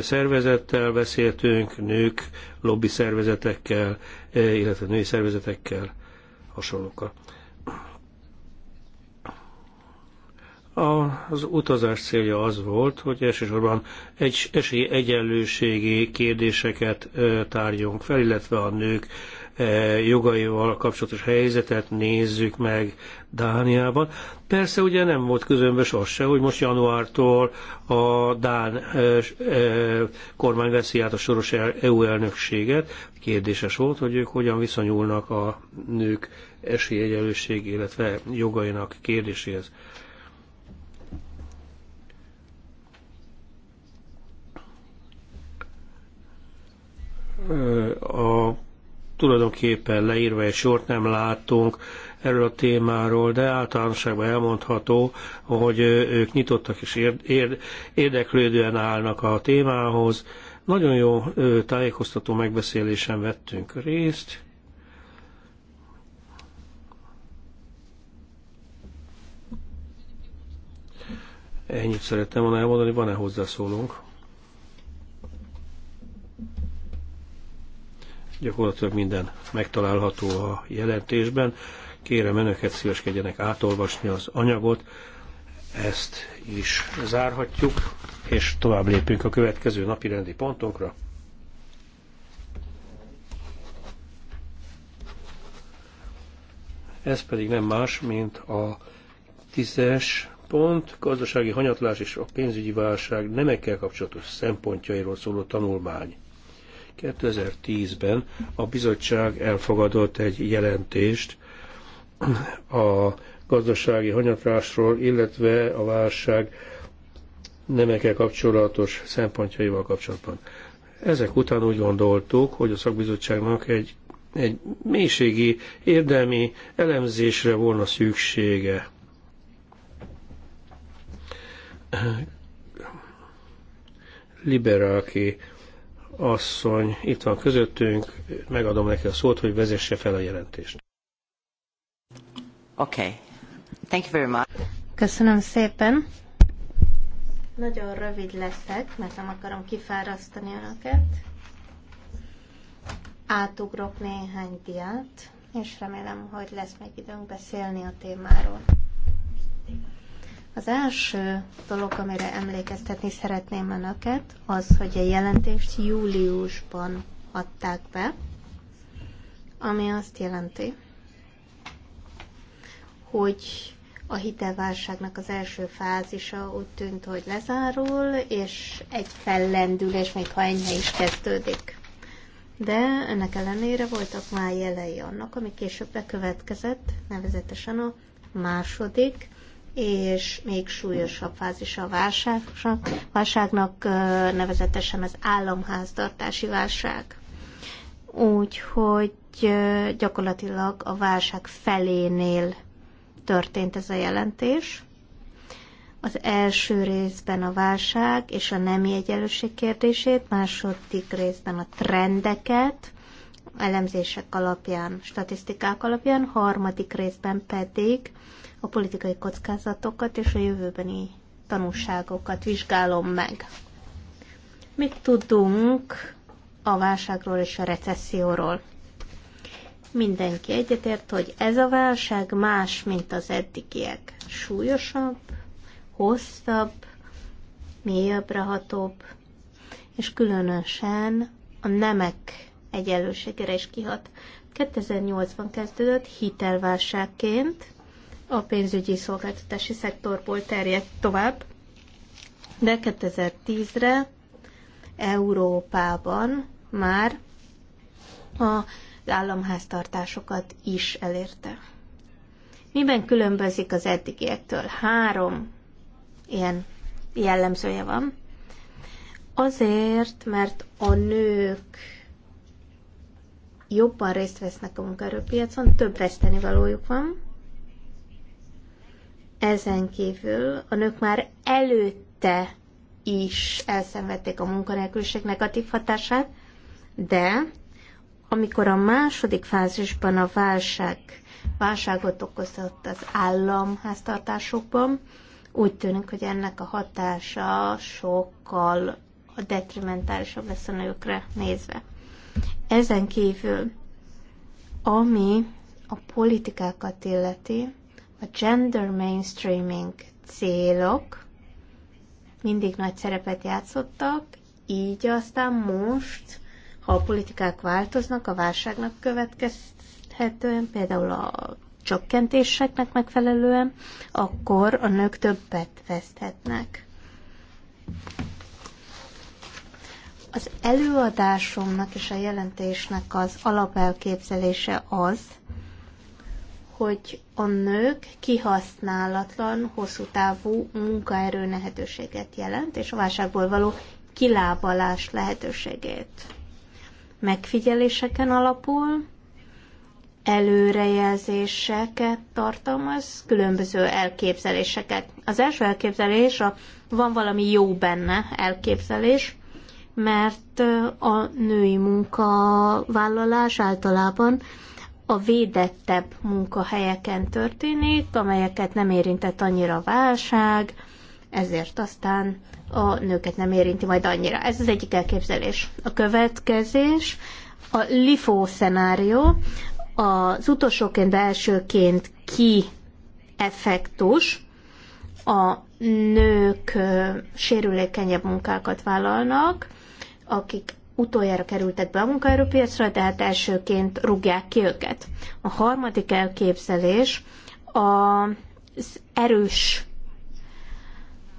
szervezettel beszéltünk, nők, lobby szervezetekkel, illetve női szervezetekkel, hasonlókkal. az utazás célja az volt, hogy elsősorban egy esélyegyenlőségi kérdéseket tárjunk fel, illetve a nők E, jogaival kapcsolatos helyzetet nézzük meg Dániában. Persze ugye nem volt közömbös az se, hogy most januártól a Dán e, e, kormány veszi át a soros EU elnökséget. Kérdéses volt, hogy ők hogyan viszonyulnak a nők esélyegyenlőség, illetve jogainak kérdéséhez. a tulajdonképpen leírva egy sort nem látunk erről a témáról, de általánosságban elmondható, hogy ők nyitottak és érdeklődően állnak a témához. Nagyon jó tájékoztató megbeszélésen vettünk részt. Ennyit szerettem volna elmondani, van-e hozzászólónk? gyakorlatilag minden megtalálható a jelentésben. Kérem önöket szíveskedjenek átolvasni az anyagot, ezt is zárhatjuk, és tovább lépünk a következő napi rendi pontokra. Ez pedig nem más, mint a tízes pont, gazdasági hanyatlás és a pénzügyi válság nemekkel kapcsolatos szempontjairól szóló tanulmány. 2010-ben a bizottság elfogadott egy jelentést a gazdasági hanyatlásról, illetve a válság nemekkel kapcsolatos szempontjaival kapcsolatban. Ezek után úgy gondoltuk, hogy a szakbizottságnak egy, egy mélységi, érdemi elemzésre volna szüksége. Liberáki asszony itt van közöttünk, megadom neki a szót, hogy vezesse fel a jelentést. Okay. Thank you very much. Köszönöm szépen. Nagyon rövid leszek, mert nem akarom kifárasztani önöket. Átugrok néhány diát, és remélem, hogy lesz még időnk beszélni a témáról. Az első dolog, amire emlékeztetni szeretném önöket, az, hogy a jelentést júliusban adták be, ami azt jelenti, hogy a hitelválságnak az első fázisa úgy tűnt, hogy lezárul, és egy fellendülés, még ha enyhe is kezdődik. De ennek ellenére voltak már jelei annak, ami később bekövetkezett, nevezetesen a második és még súlyosabb fázis a válság, válságnak nevezetesen az államháztartási válság. Úgyhogy gyakorlatilag a válság felénél történt ez a jelentés. Az első részben a válság és a nemi egyenlőség kérdését, második részben a trendeket, elemzések alapján, statisztikák alapján, harmadik részben pedig a politikai kockázatokat és a jövőbeni tanulságokat vizsgálom meg. Mit tudunk a válságról és a recesszióról? Mindenki egyetért, hogy ez a válság más, mint az eddigiek. Súlyosabb, hosszabb, mélyebbre hatóbb, és különösen a nemek egyenlőségére is kihat. 2008-ban kezdődött hitelválságként, a pénzügyi szolgáltatási szektorból terjedt tovább, de 2010-re Európában már az államháztartásokat is elérte. Miben különbözik az eddigiektől? Három ilyen jellemzője van. Azért, mert a nők jobban részt vesznek a munkaerőpiacon, több vesztenivalójuk van, ezen kívül a nők már előtte is elszenvedték a munkanélküliség negatív hatását, de amikor a második fázisban a válság válságot okozott az államháztartásokban, úgy tűnik, hogy ennek a hatása sokkal detrimentálisabb lesz a nőkre nézve. Ezen kívül, ami a politikákat illeti, a gender mainstreaming célok mindig nagy szerepet játszottak, így aztán most, ha a politikák változnak, a válságnak következhetően, például a csökkentéseknek megfelelően, akkor a nők többet veszthetnek. Az előadásomnak és a jelentésnek az alapelképzelése az, hogy a nők kihasználatlan, hosszú távú munkaerő lehetőséget jelent, és a válságból való kilábalás lehetőségét. Megfigyeléseken alapul, előrejelzéseket tartalmaz, különböző elképzeléseket. Az első elképzelés a van valami jó benne elképzelés, mert a női munkavállalás általában a védettebb munkahelyeken történik, amelyeket nem érintett annyira a válság, ezért aztán a nőket nem érinti majd annyira. Ez az egyik elképzelés. A következés a LIFO szenárió, az utolsóként, de elsőként ki effektus, a nők sérülékenyebb munkákat vállalnak, akik utoljára kerültek be a munkaerőpiacra, tehát elsőként rúgják ki őket. A harmadik elképzelés az erős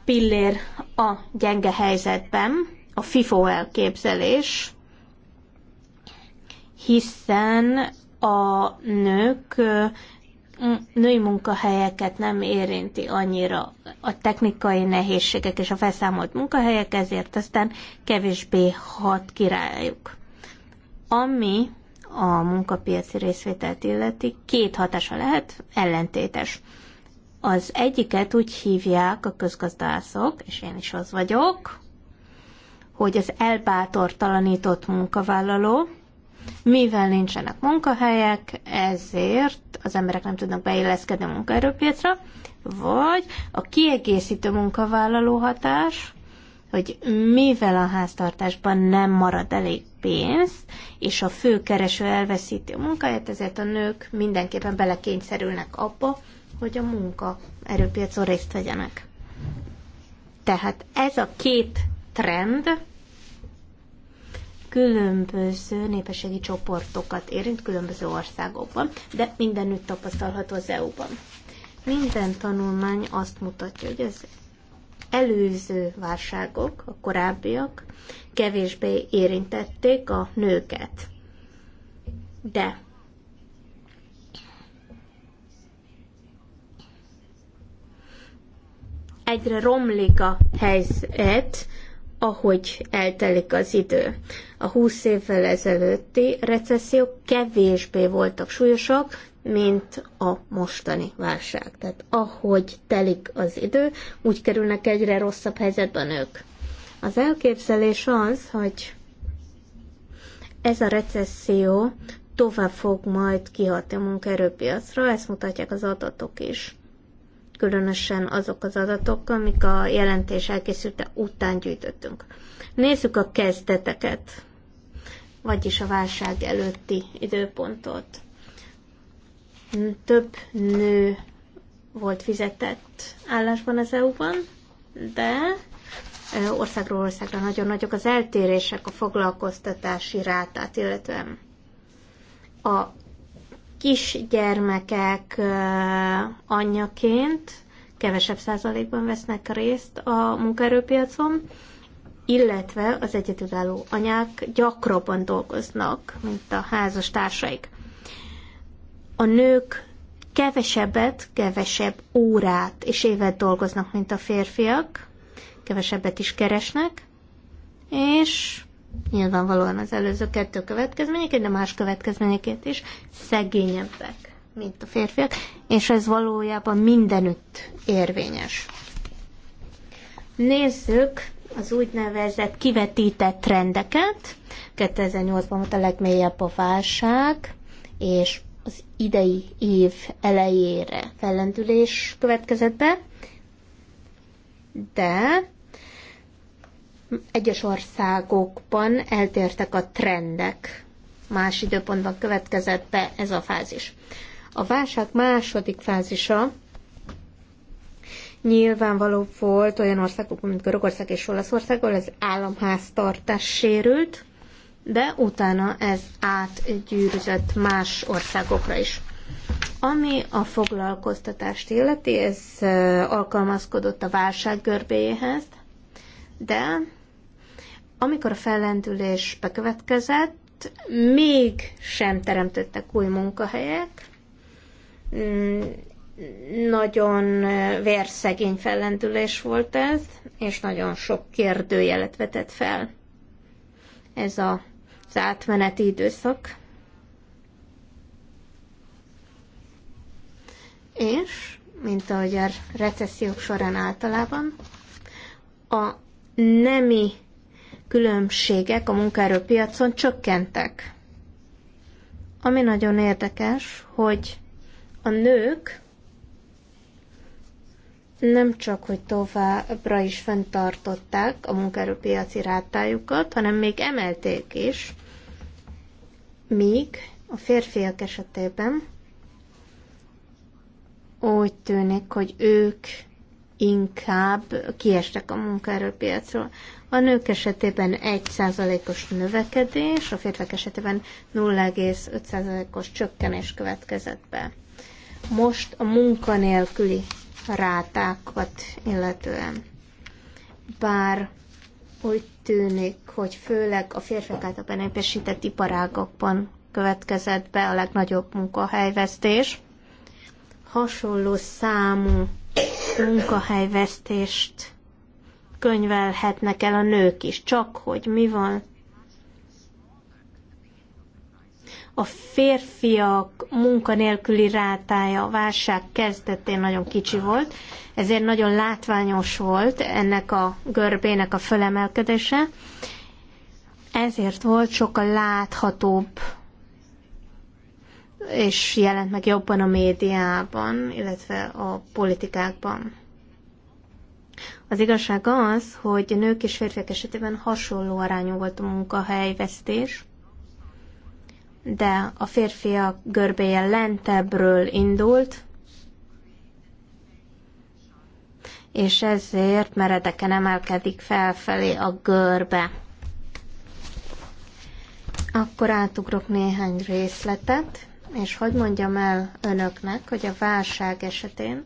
pillér a gyenge helyzetben, a FIFO elképzelés, hiszen a nők női munkahelyeket nem érinti annyira a technikai nehézségek és a felszámolt munkahelyek, ezért aztán kevésbé hat királyuk. Ami a munkapiaci részvételt illeti, két hatása lehet, ellentétes. Az egyiket úgy hívják a közgazdászok, és én is az vagyok, hogy az elbátortalanított munkavállaló, mivel nincsenek munkahelyek, ezért az emberek nem tudnak beilleszkedni a munkaerőpiacra, vagy a kiegészítő munkavállaló hatás, hogy mivel a háztartásban nem marad elég pénz, és a főkereső elveszíti a munkáját, ezért a nők mindenképpen belekényszerülnek abba, hogy a erőpiacon részt vegyenek. Tehát ez a két trend, különböző népességi csoportokat érint különböző országokban, de mindenütt tapasztalható az EU-ban. Minden tanulmány azt mutatja, hogy az előző válságok, a korábbiak kevésbé érintették a nőket. De egyre romlik a helyzet, ahogy eltelik az idő a 20 évvel ezelőtti recessziók kevésbé voltak súlyosak, mint a mostani válság. Tehát ahogy telik az idő, úgy kerülnek egyre rosszabb helyzetben ők. Az elképzelés az, hogy ez a recesszió tovább fog majd kihatni a munkaerőpiacra, ezt mutatják az adatok is. Különösen azok az adatok, amik a jelentés elkészülte után gyűjtöttünk. Nézzük a kezdeteket vagyis a válság előtti időpontot. Több nő volt fizetett állásban az EU-ban, de országról országra nagyon nagyok az eltérések a foglalkoztatási rátát, illetve a kisgyermekek anyjaként kevesebb százalékban vesznek részt a munkaerőpiacon, illetve az egyedülálló anyák gyakrabban dolgoznak, mint a házas társaik. A nők kevesebbet, kevesebb órát és évet dolgoznak, mint a férfiak, kevesebbet is keresnek, és nyilvánvalóan az előző kettő következményeket, de más következményeket is szegényebbek, mint a férfiak, és ez valójában mindenütt érvényes. Nézzük az úgynevezett kivetített trendeket. 2008-ban volt a legmélyebb a válság, és az idei év elejére fellendülés következett be, de egyes országokban eltértek a trendek. Más időpontban következett be ez a fázis. A válság második fázisa Nyilvánvaló volt olyan országok, mint Görögország és Olaszország, ahol az államháztartás sérült, de utána ez átgyűrűzött más országokra is. Ami a foglalkoztatást illeti, ez alkalmazkodott a válság görbéjéhez, de amikor a fellendülés bekövetkezett, még sem teremtettek új munkahelyek, mm, nagyon eh, vérszegény fellendülés volt ez, és nagyon sok kérdőjelet vetett fel ez a, az átmeneti időszak. És, mint ahogy a recessziók során általában, a nemi különbségek a munkaerőpiacon csökkentek. Ami nagyon érdekes, hogy a nők nem csak, hogy továbbra is fenntartották a munkaerőpiaci rátájukat, hanem még emelték is, míg a férfiak esetében úgy tűnik, hogy ők inkább kiestek a munkaerőpiacról. A nők esetében 1%-os növekedés, a férfiak esetében 0,5%-os csökkenés következett be. Most a munkanélküli rátákat illetően. Bár úgy tűnik, hogy főleg a férfiak által benépesített iparágokban következett be a legnagyobb munkahelyvesztés. Hasonló számú munkahelyvesztést könyvelhetnek el a nők is, csak hogy mi van a férfiak munkanélküli rátája a válság kezdetén nagyon kicsi volt, ezért nagyon látványos volt ennek a görbének a fölemelkedése, ezért volt sokkal láthatóbb és jelent meg jobban a médiában, illetve a politikákban. Az igazság az, hogy nők és férfiak esetében hasonló arányú volt a munkahelyvesztés, de a férfi a görbéje lentebbről indult, és ezért meredeken emelkedik felfelé a görbe. Akkor átugrok néhány részletet, és hogy mondjam el önöknek, hogy a válság esetén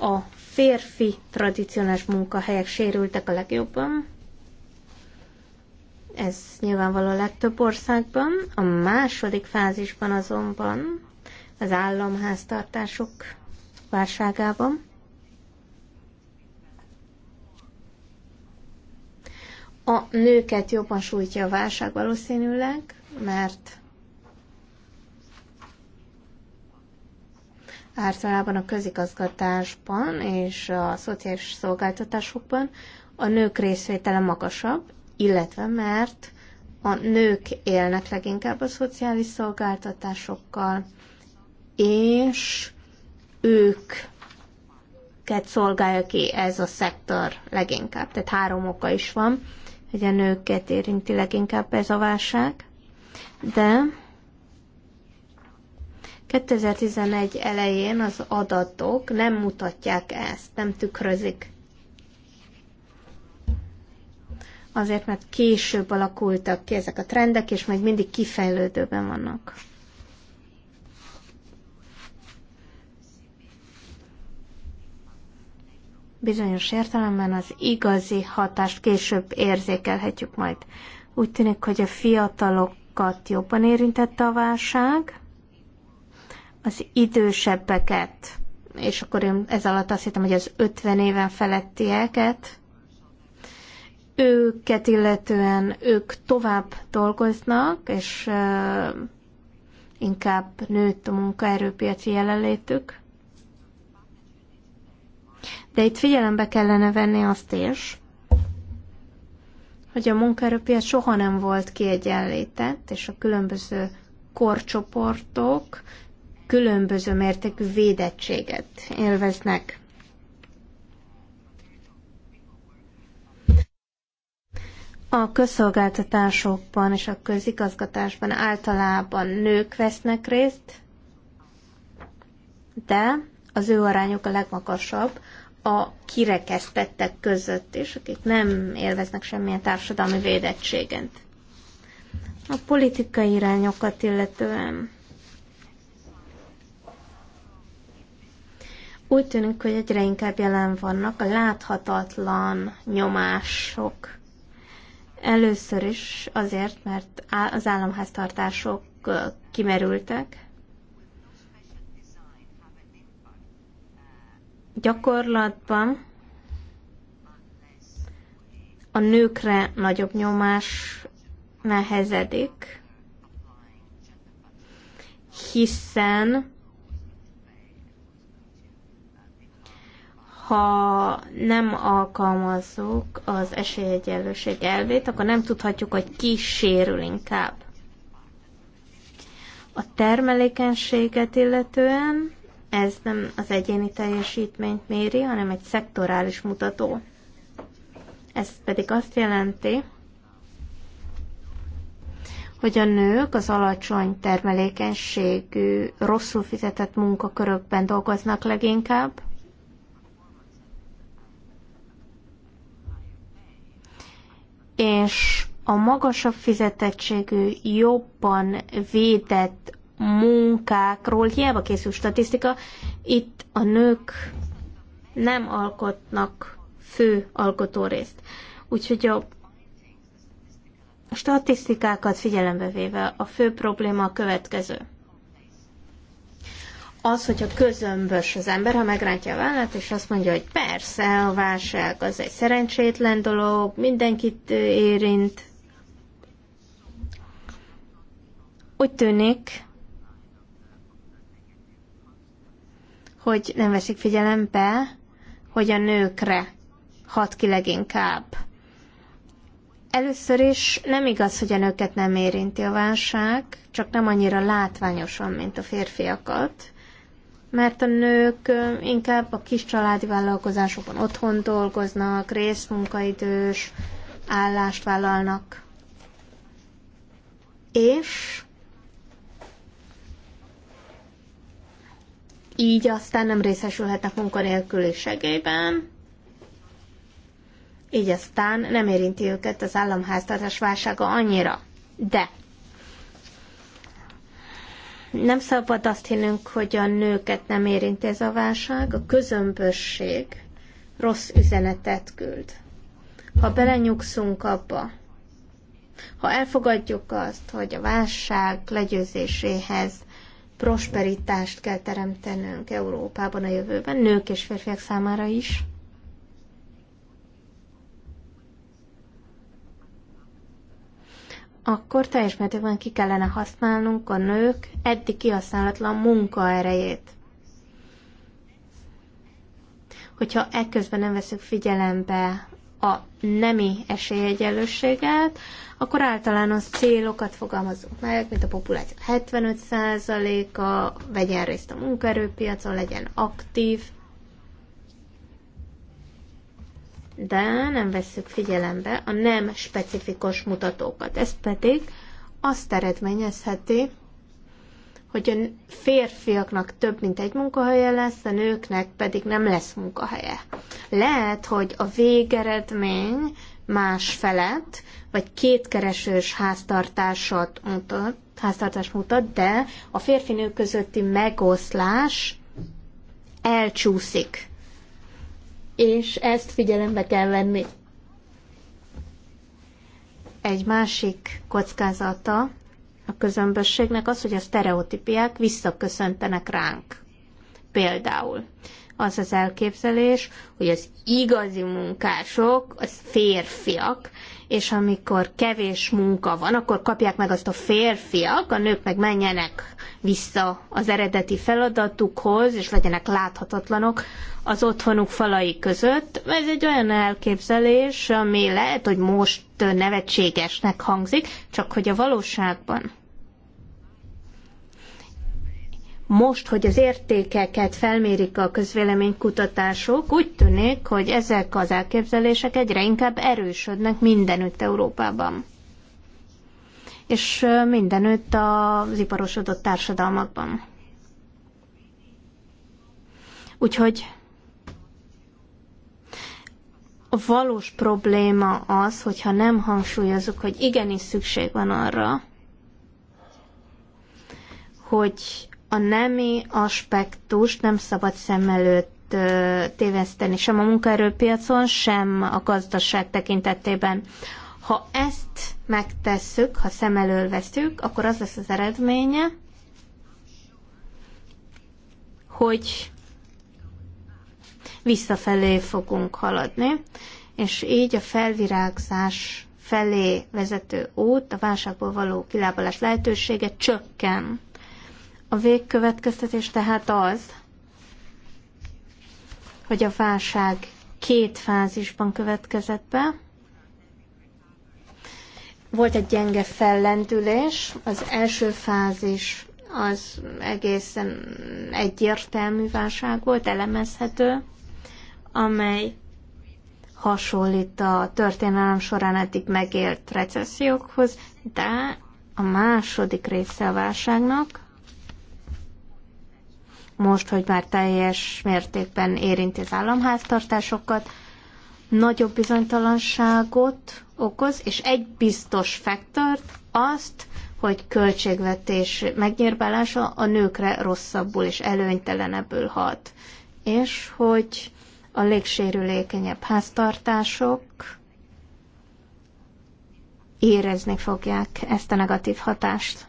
a férfi tradicionális munkahelyek sérültek a legjobban, ez nyilvánvaló a legtöbb országban. A második fázisban azonban az államháztartások válságában a nőket jobban sújtja a válság valószínűleg, mert általában a közigazgatásban és a szociális szolgáltatásokban a nők részvétele magasabb, illetve mert a nők élnek leginkább a szociális szolgáltatásokkal, és ők őket szolgálja ki ez a szektor leginkább. Tehát három oka is van, hogy a nőket érinti leginkább ez a válság. De 2011 elején az adatok nem mutatják ezt, nem tükrözik. azért mert később alakultak ki ezek a trendek, és még mindig kifejlődőben vannak. Bizonyos értelemben az igazi hatást később érzékelhetjük majd. Úgy tűnik, hogy a fiatalokat jobban érintette a válság, az idősebbeket, és akkor én ez alatt azt hittem, hogy az 50 éven felettieket, őket illetően ők tovább dolgoznak, és inkább nőtt a munkaerőpiaci jelenlétük. De itt figyelembe kellene venni azt is, hogy a munkaerőpiac soha nem volt kiegyenlített, és a különböző korcsoportok különböző mértékű védettséget élveznek. A közszolgáltatásokban és a közigazgatásban általában nők vesznek részt, de az ő arányuk a legmagasabb a kirekesztettek között is, akik nem élveznek semmilyen társadalmi védettséget. A politikai irányokat illetően úgy tűnik, hogy egyre inkább jelen vannak a láthatatlan nyomások Először is azért, mert az államháztartások kimerültek. Gyakorlatban a nőkre nagyobb nyomás nehezedik, hiszen ha nem alkalmazzuk az esélyegyenlőség elvét, akkor nem tudhatjuk, hogy ki sérül inkább. A termelékenységet illetően ez nem az egyéni teljesítményt méri, hanem egy szektorális mutató. Ez pedig azt jelenti, hogy a nők az alacsony termelékenységű, rosszul fizetett munkakörökben dolgoznak leginkább, és a magasabb fizetettségű, jobban védett munkákról hiába készül statisztika, itt a nők nem alkotnak fő részt. Úgyhogy a statisztikákat figyelembe véve a fő probléma a következő az, hogyha közömbös az ember, ha megrántja a vállát, és azt mondja, hogy persze, a válság az egy szerencsétlen dolog, mindenkit érint. Úgy tűnik, hogy nem veszik figyelembe, hogy a nőkre hat ki leginkább. Először is nem igaz, hogy a nőket nem érinti a válság, csak nem annyira látványosan, mint a férfiakat mert a nők inkább a kis családi vállalkozásokban otthon dolgoznak, részmunkaidős állást vállalnak. És így aztán nem részesülhetnek munkanélküli segélyben, így aztán nem érinti őket az államháztartás válsága annyira. De nem szabad azt hinnünk, hogy a nőket nem érinti ez a válság. A közömbösség rossz üzenetet küld. Ha belenyugszunk abba, ha elfogadjuk azt, hogy a válság legyőzéséhez prosperitást kell teremtenünk Európában a jövőben, nők és férfiak számára is, akkor teljes mértékben ki kellene használnunk a nők eddig kihasználatlan munkaerejét. Hogyha ekközben nem veszük figyelembe a nemi esélyegyenlőséget, akkor általános célokat fogalmazunk meg, mint a populáció 75%-a vegyen részt a munkaerőpiacon, legyen aktív, de nem vesszük figyelembe a nem specifikus mutatókat. Ez pedig azt eredményezheti, hogy a férfiaknak több mint egy munkahelye lesz, a nőknek pedig nem lesz munkahelye. Lehet, hogy a végeredmény más felett, vagy kétkeresős háztartásot mutat, háztartás mutat, de a férfi-nő közötti megoszlás elcsúszik és ezt figyelembe kell venni. Egy másik kockázata a közömbösségnek az, hogy a sztereotípiák visszaköszöntenek ránk. Például az az elképzelés, hogy az igazi munkások, az férfiak, és amikor kevés munka van, akkor kapják meg azt a férfiak, a nők meg menjenek vissza az eredeti feladatukhoz, és legyenek láthatatlanok az otthonuk falai között. Ez egy olyan elképzelés, ami lehet, hogy most nevetségesnek hangzik, csak hogy a valóságban most, hogy az értékeket felmérik a közvéleménykutatások, úgy tűnik, hogy ezek az elképzelések egyre inkább erősödnek mindenütt Európában és mindenütt az iparosodott társadalmakban. Úgyhogy a valós probléma az, hogyha nem hangsúlyozunk, hogy igenis szükség van arra, hogy a nemi aspektust nem szabad szem előtt téveszteni, sem a munkaerőpiacon, sem a gazdaság tekintetében. Ha ezt megtesszük, ha szem elől veszük, akkor az lesz az eredménye, hogy visszafelé fogunk haladni, és így a felvirágzás felé vezető út, a válságból való kilábalás lehetősége csökken. A végkövetkeztetés tehát az, hogy a válság két fázisban következett be, volt egy gyenge fellendülés, az első fázis az egészen egyértelmű válság volt, elemezhető, amely hasonlít a történelem során eddig megélt recessziókhoz, de a második része a válságnak, most, hogy már teljes mértékben érinti az államháztartásokat, nagyobb bizonytalanságot okoz, és egy biztos faktort, azt, hogy költségvetés megnyírbálása a nőkre rosszabbul és előnytelenebbül hat, és hogy a légsérülékenyebb háztartások érezni fogják ezt a negatív hatást.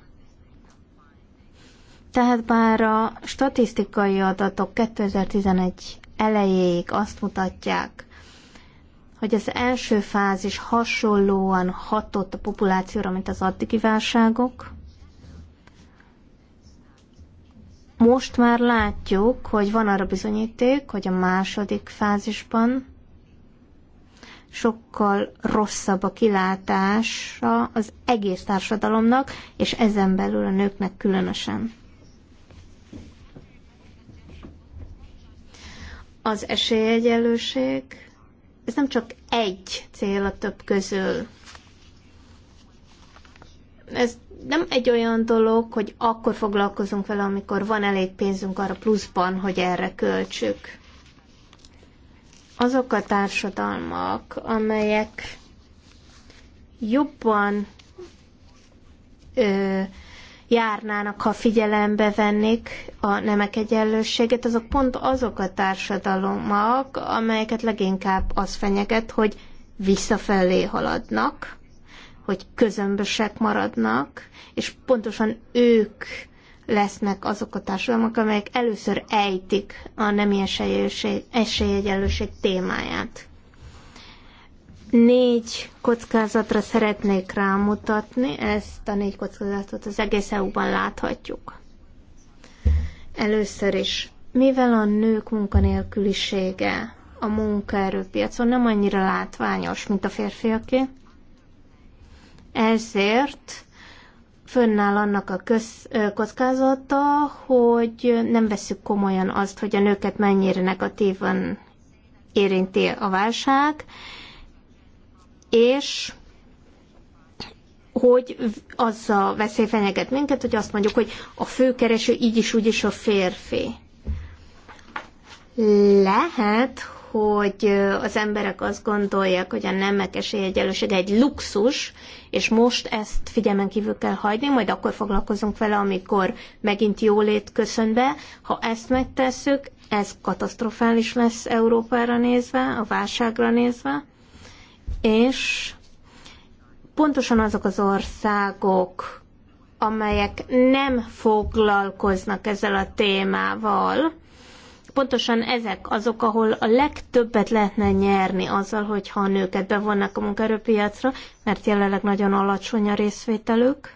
Tehát bár a statisztikai adatok 2011 elejéig azt mutatják, hogy az első fázis hasonlóan hatott a populációra, mint az addigi válságok. Most már látjuk, hogy van arra bizonyíték, hogy a második fázisban sokkal rosszabb a kilátása az egész társadalomnak, és ezen belül a nőknek különösen. Az esélyegyelőség ez nem csak egy cél a több közül. Ez nem egy olyan dolog, hogy akkor foglalkozunk vele, amikor van elég pénzünk arra pluszban, hogy erre költsük. Azok a társadalmak, amelyek jobban ö, járnának, ha figyelembe vennék a nemek egyenlőségét, azok pont azok a társadalomak, amelyeket leginkább az fenyeget, hogy visszafelé haladnak, hogy közömbösek maradnak, és pontosan ők lesznek azok a társadalmak, amelyek először ejtik a nemi esélyegyenlőség témáját négy kockázatra szeretnék rámutatni, ezt a négy kockázatot az egész EU-ban láthatjuk. Először is, mivel a nők munkanélkülisége a munkaerőpiacon nem annyira látványos, mint a férfiaké, ezért fönnáll annak a köz, kockázata, hogy nem veszük komolyan azt, hogy a nőket mennyire negatívan érinti a válság, és hogy az a veszély fenyeget minket, hogy azt mondjuk, hogy a főkereső így is úgy is a férfi. Lehet, hogy az emberek azt gondolják, hogy a nemek esélyegyelőség egy luxus, és most ezt figyelmen kívül kell hagyni, majd akkor foglalkozunk vele, amikor megint jólét köszön be. Ha ezt megtesszük, ez katasztrofális lesz Európára nézve, a válságra nézve, és pontosan azok az országok, amelyek nem foglalkoznak ezzel a témával, pontosan ezek azok, ahol a legtöbbet lehetne nyerni azzal, hogyha a nőket bevonnak a munkaerőpiacra, mert jelenleg nagyon alacsony a részvételük,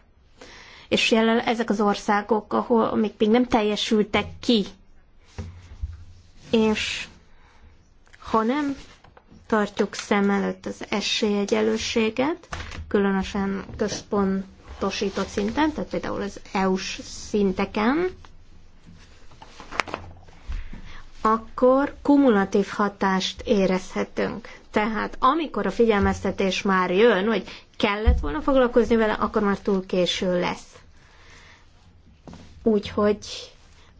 és jelenleg ezek az országok, ahol, amik még nem teljesültek ki, és ha nem tartjuk szem előtt az esélyegyelősséget, különösen központosított szinten, tehát például az EU-s szinteken, akkor kumulatív hatást érezhetünk. Tehát amikor a figyelmeztetés már jön, hogy kellett volna foglalkozni vele, akkor már túl késő lesz. Úgyhogy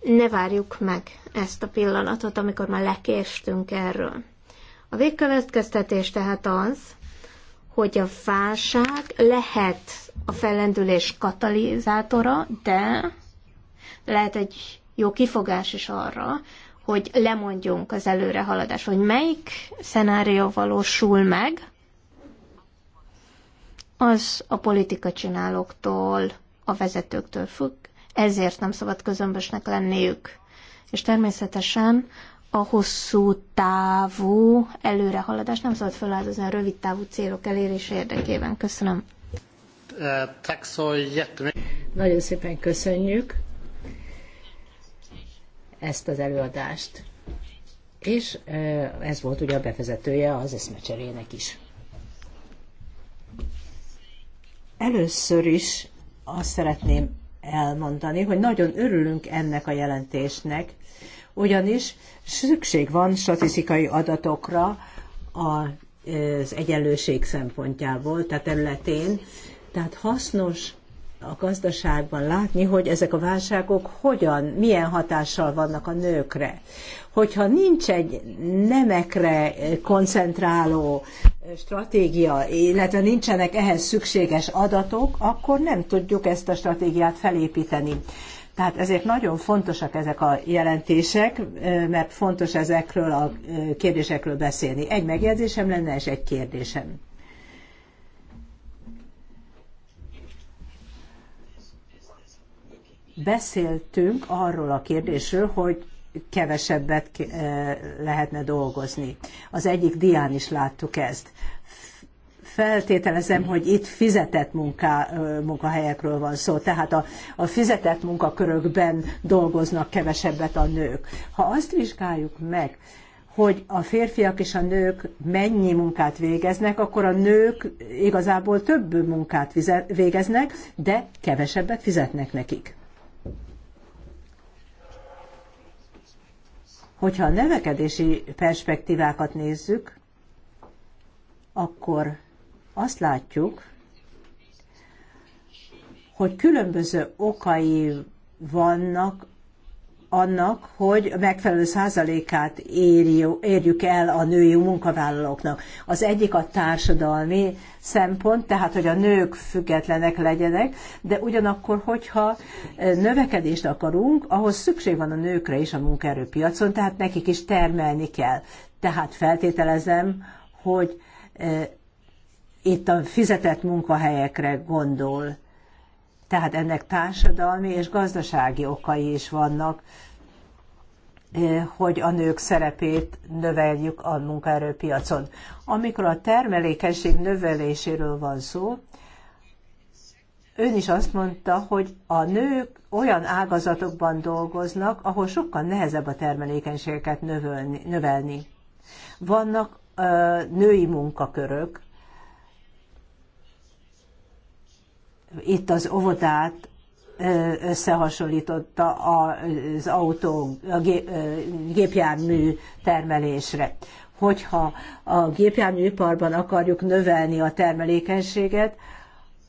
ne várjuk meg ezt a pillanatot, amikor már lekéstünk erről. A végkövetkeztetés tehát az, hogy a válság lehet a fellendülés katalizátora, de lehet egy jó kifogás is arra, hogy lemondjunk az előrehaladás, hogy melyik szenárió valósul meg, az a politika csinálóktól, a vezetőktől függ, ezért nem szabad közömbösnek lenniük. És természetesen a hosszú távú előrehaladás. Nem szabad feláldozni a rövid távú célok elérése érdekében. Köszönöm. Nagyon szépen köszönjük ezt az előadást. És ez volt ugye a bevezetője az eszmecserének is. Először is azt szeretném elmondani, hogy nagyon örülünk ennek a jelentésnek, ugyanis Szükség van statisztikai adatokra az egyenlőség szempontjából, tehát területén. Tehát hasznos a gazdaságban látni, hogy ezek a válságok hogyan, milyen hatással vannak a nőkre. Hogyha nincs egy nemekre koncentráló stratégia, illetve nincsenek ehhez szükséges adatok, akkor nem tudjuk ezt a stratégiát felépíteni. Tehát ezért nagyon fontosak ezek a jelentések, mert fontos ezekről a kérdésekről beszélni. Egy megjegyzésem lenne, és egy kérdésem. Beszéltünk arról a kérdésről, hogy kevesebbet lehetne dolgozni. Az egyik dián is láttuk ezt feltételezem, hogy itt fizetett munká, munkahelyekről van szó, tehát a, a fizetett munkakörökben dolgoznak kevesebbet a nők. Ha azt vizsgáljuk meg, hogy a férfiak és a nők mennyi munkát végeznek, akkor a nők igazából több munkát végeznek, de kevesebbet fizetnek nekik. Hogyha a nevekedési perspektívákat nézzük, akkor azt látjuk, hogy különböző okai vannak annak, hogy megfelelő százalékát érjük el a női munkavállalóknak. Az egyik a társadalmi szempont, tehát hogy a nők függetlenek legyenek, de ugyanakkor, hogyha eh, növekedést akarunk, ahhoz szükség van a nőkre is a munkaerőpiacon, tehát nekik is termelni kell. Tehát feltételezem, hogy eh, itt a fizetett munkahelyekre gondol. Tehát ennek társadalmi és gazdasági okai is vannak, eh, hogy a nők szerepét növeljük a munkaerőpiacon. Amikor a termelékenység növeléséről van szó, ön is azt mondta, hogy a nők olyan ágazatokban dolgoznak, ahol sokkal nehezebb a termelékenységeket növelni. Vannak női munkakörök, itt az óvodát összehasonlította az autó, a gépjármű termelésre. Hogyha a gépjárműiparban akarjuk növelni a termelékenységet,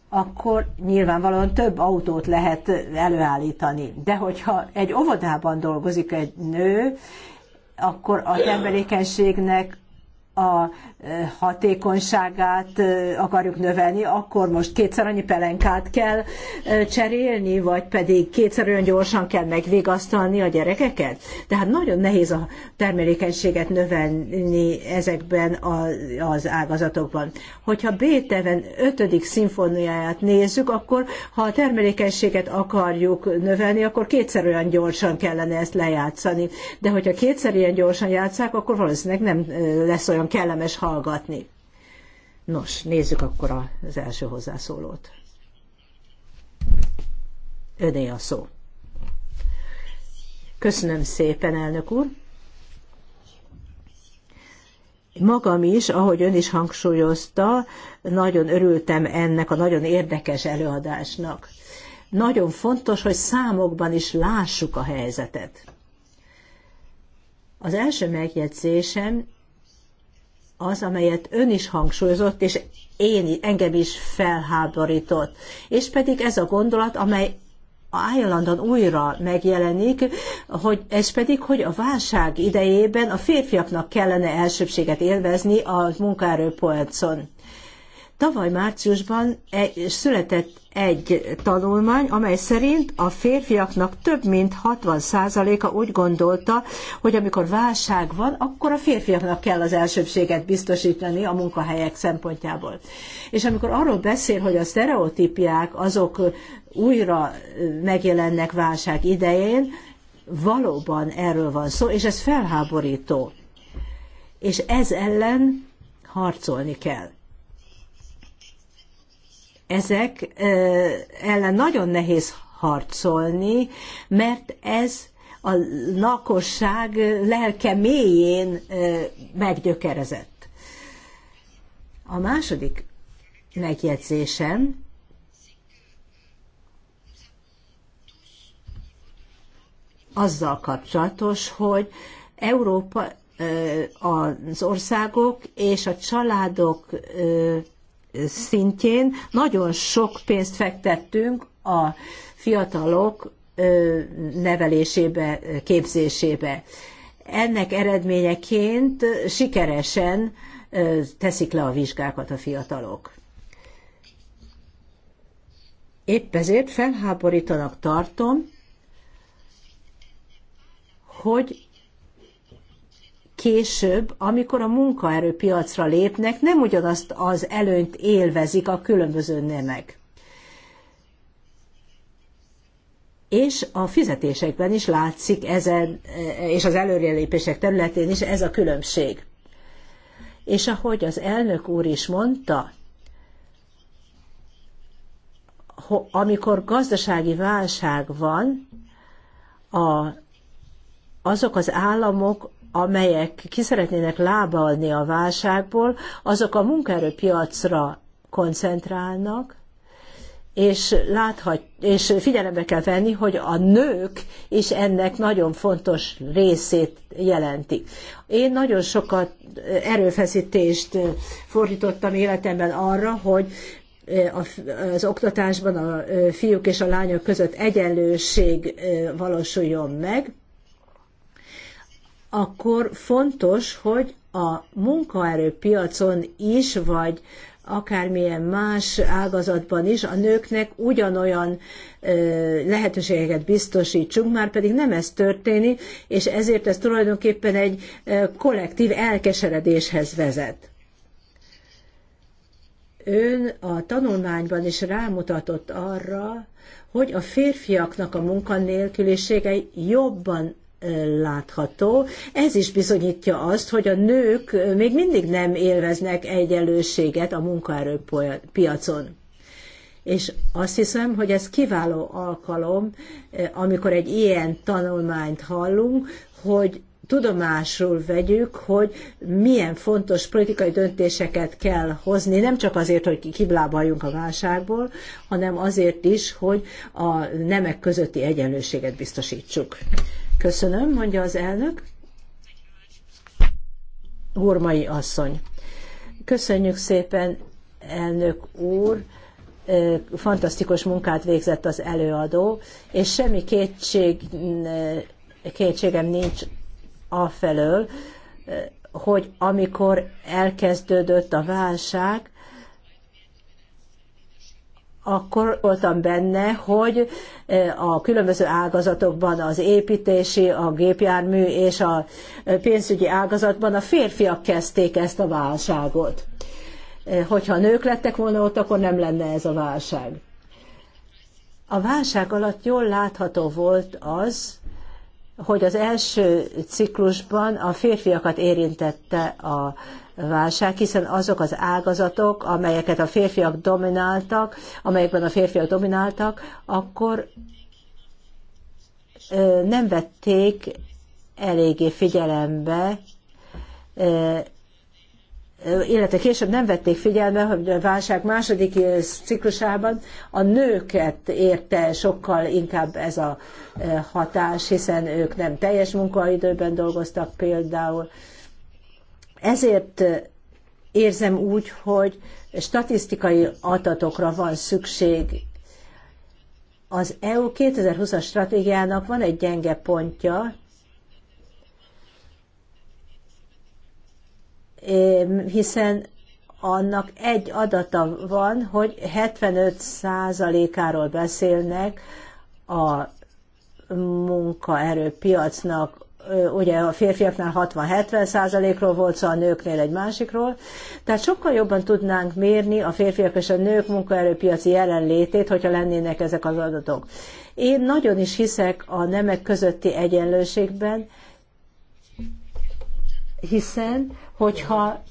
akkor nyilvánvalóan több autót lehet előállítani. De hogyha egy óvodában dolgozik egy nő, akkor a termelékenységnek a eh, hatékonyságát eh, akarjuk növelni, akkor most kétszer annyi pelenkát kell eh, cserélni, vagy pedig kétszer olyan gyorsan kell megvigasztalni a gyerekeket. Tehát nagyon nehéz a termelékenységet növelni ezekben az ágazatokban. Hogyha Beethoven 5. szimfóniáját nézzük, akkor ha a termelékenységet akarjuk növelni, akkor kétszer olyan gyorsan kellene ezt lejátszani. De hogyha kétszer ilyen gyorsan játszák, akkor valószínűleg nem lesz olyan kellemes hallgatni. Nos, nézzük akkor az első hozzászólót. Öné a szó. Köszönöm szépen, elnök úr. Magam is, ahogy ön is hangsúlyozta, nagyon örültem ennek a nagyon érdekes előadásnak. Nagyon fontos, hogy számokban is lássuk a helyzetet. Az első megjegyzésem az, amelyet ön is hangsúlyozott, és én engem is felháborított. És pedig ez a gondolat, amely állandóan újra megjelenik, hogy, ez pedig, hogy a válság idejében a férfiaknak kellene elsőbséget élvezni a munkaerőpolcon. Tavaly márciusban született egy tanulmány, amely szerint a férfiaknak több mint 60%-a úgy gondolta, hogy amikor válság van, akkor a férfiaknak kell az elsőbséget biztosítani a munkahelyek szempontjából. És amikor arról beszél, hogy a sztereotípiák azok újra megjelennek válság idején, valóban erről van szó, és ez felháborító. És ez ellen harcolni kell ezek ellen nagyon nehéz harcolni, mert ez a lakosság lelke mélyén meggyökerezett. A második megjegyzésem, azzal kapcsolatos, hogy Európa az országok és a családok szintjén nagyon sok pénzt fektettünk a fiatalok nevelésébe, képzésébe. Ennek eredményeként sikeresen teszik le a vizsgákat a fiatalok. Épp ezért felháborítanak tartom, hogy később, amikor a munkaerőpiacra lépnek, nem ugyanazt az előnyt élvezik a különböző nemek. És a fizetésekben is látszik ezen, eh, és az előrelépések területén is ez a különbség. És ahogy az elnök úr is mondta, amikor gazdasági válság van, a, azok az államok, amelyek ki szeretnének lábalni a válságból, azok a munkaerőpiacra koncentrálnak, és, láthat, és figyelembe kell venni, hogy a nők is ennek nagyon fontos részét jelentik. Én nagyon sokat erőfeszítést fordítottam életemben arra, hogy az oktatásban a fiúk és a lányok között egyenlőség valósuljon meg, akkor fontos, hogy a munkaerőpiacon is, vagy akármilyen más ágazatban is a nőknek ugyanolyan lehetőségeket biztosítsunk, már pedig nem ez történik, és ezért ez tulajdonképpen egy kollektív elkeseredéshez vezet. Ön a tanulmányban is rámutatott arra, hogy a férfiaknak a munkanélkülisége jobban látható. Ez is bizonyítja azt, hogy a nők még mindig nem élveznek egyenlőséget a munkaerőpiacon. És azt hiszem, hogy ez kiváló alkalom, eh, amikor egy ilyen tanulmányt hallunk, hogy tudomásul vegyük, hogy milyen fontos politikai döntéseket kell hozni, nem csak azért, hogy kiblábaljunk a válságból, hanem azért is, hogy a nemek közötti egyenlőséget biztosítsuk. Köszönöm, mondja az elnök. Hormai asszony. Köszönjük szépen, elnök úr. Fantasztikus munkát végzett az előadó, és semmi kétség, kétségem nincs afelől, hogy amikor elkezdődött a válság, akkor voltam benne, hogy e, a különböző ágazatokban, az építési, a gépjármű és a e, pénzügyi ágazatban a férfiak kezdték ezt a válságot. E, hogyha nők lettek volna ott, akkor nem lenne ez a válság. A válság alatt jól látható volt az, hogy az első ciklusban a férfiakat érintette a válság, hiszen azok az ágazatok, amelyeket a férfiak domináltak, amelyekben a férfiak domináltak, akkor nem vették eléggé figyelembe, illetve később nem vették figyelme, hogy a válság második ciklusában a nőket érte sokkal inkább ez a hatás, hiszen ők nem teljes munkaidőben dolgoztak például, ezért érzem úgy, hogy statisztikai adatokra van szükség. Az EU 2020-as stratégiának van egy gyenge pontja, hiszen annak egy adata van, hogy 75%-áról beszélnek a munkaerőpiacnak ugye a férfiaknál 60-70 százalékról volt szó, a nőknél egy másikról. Tehát sokkal jobban tudnánk mérni a férfiak és a nők munkaerőpiaci jelenlétét, hogyha lennének ezek az adatok. Én nagyon is hiszek a nemek közötti egyenlőségben, hiszen hogyha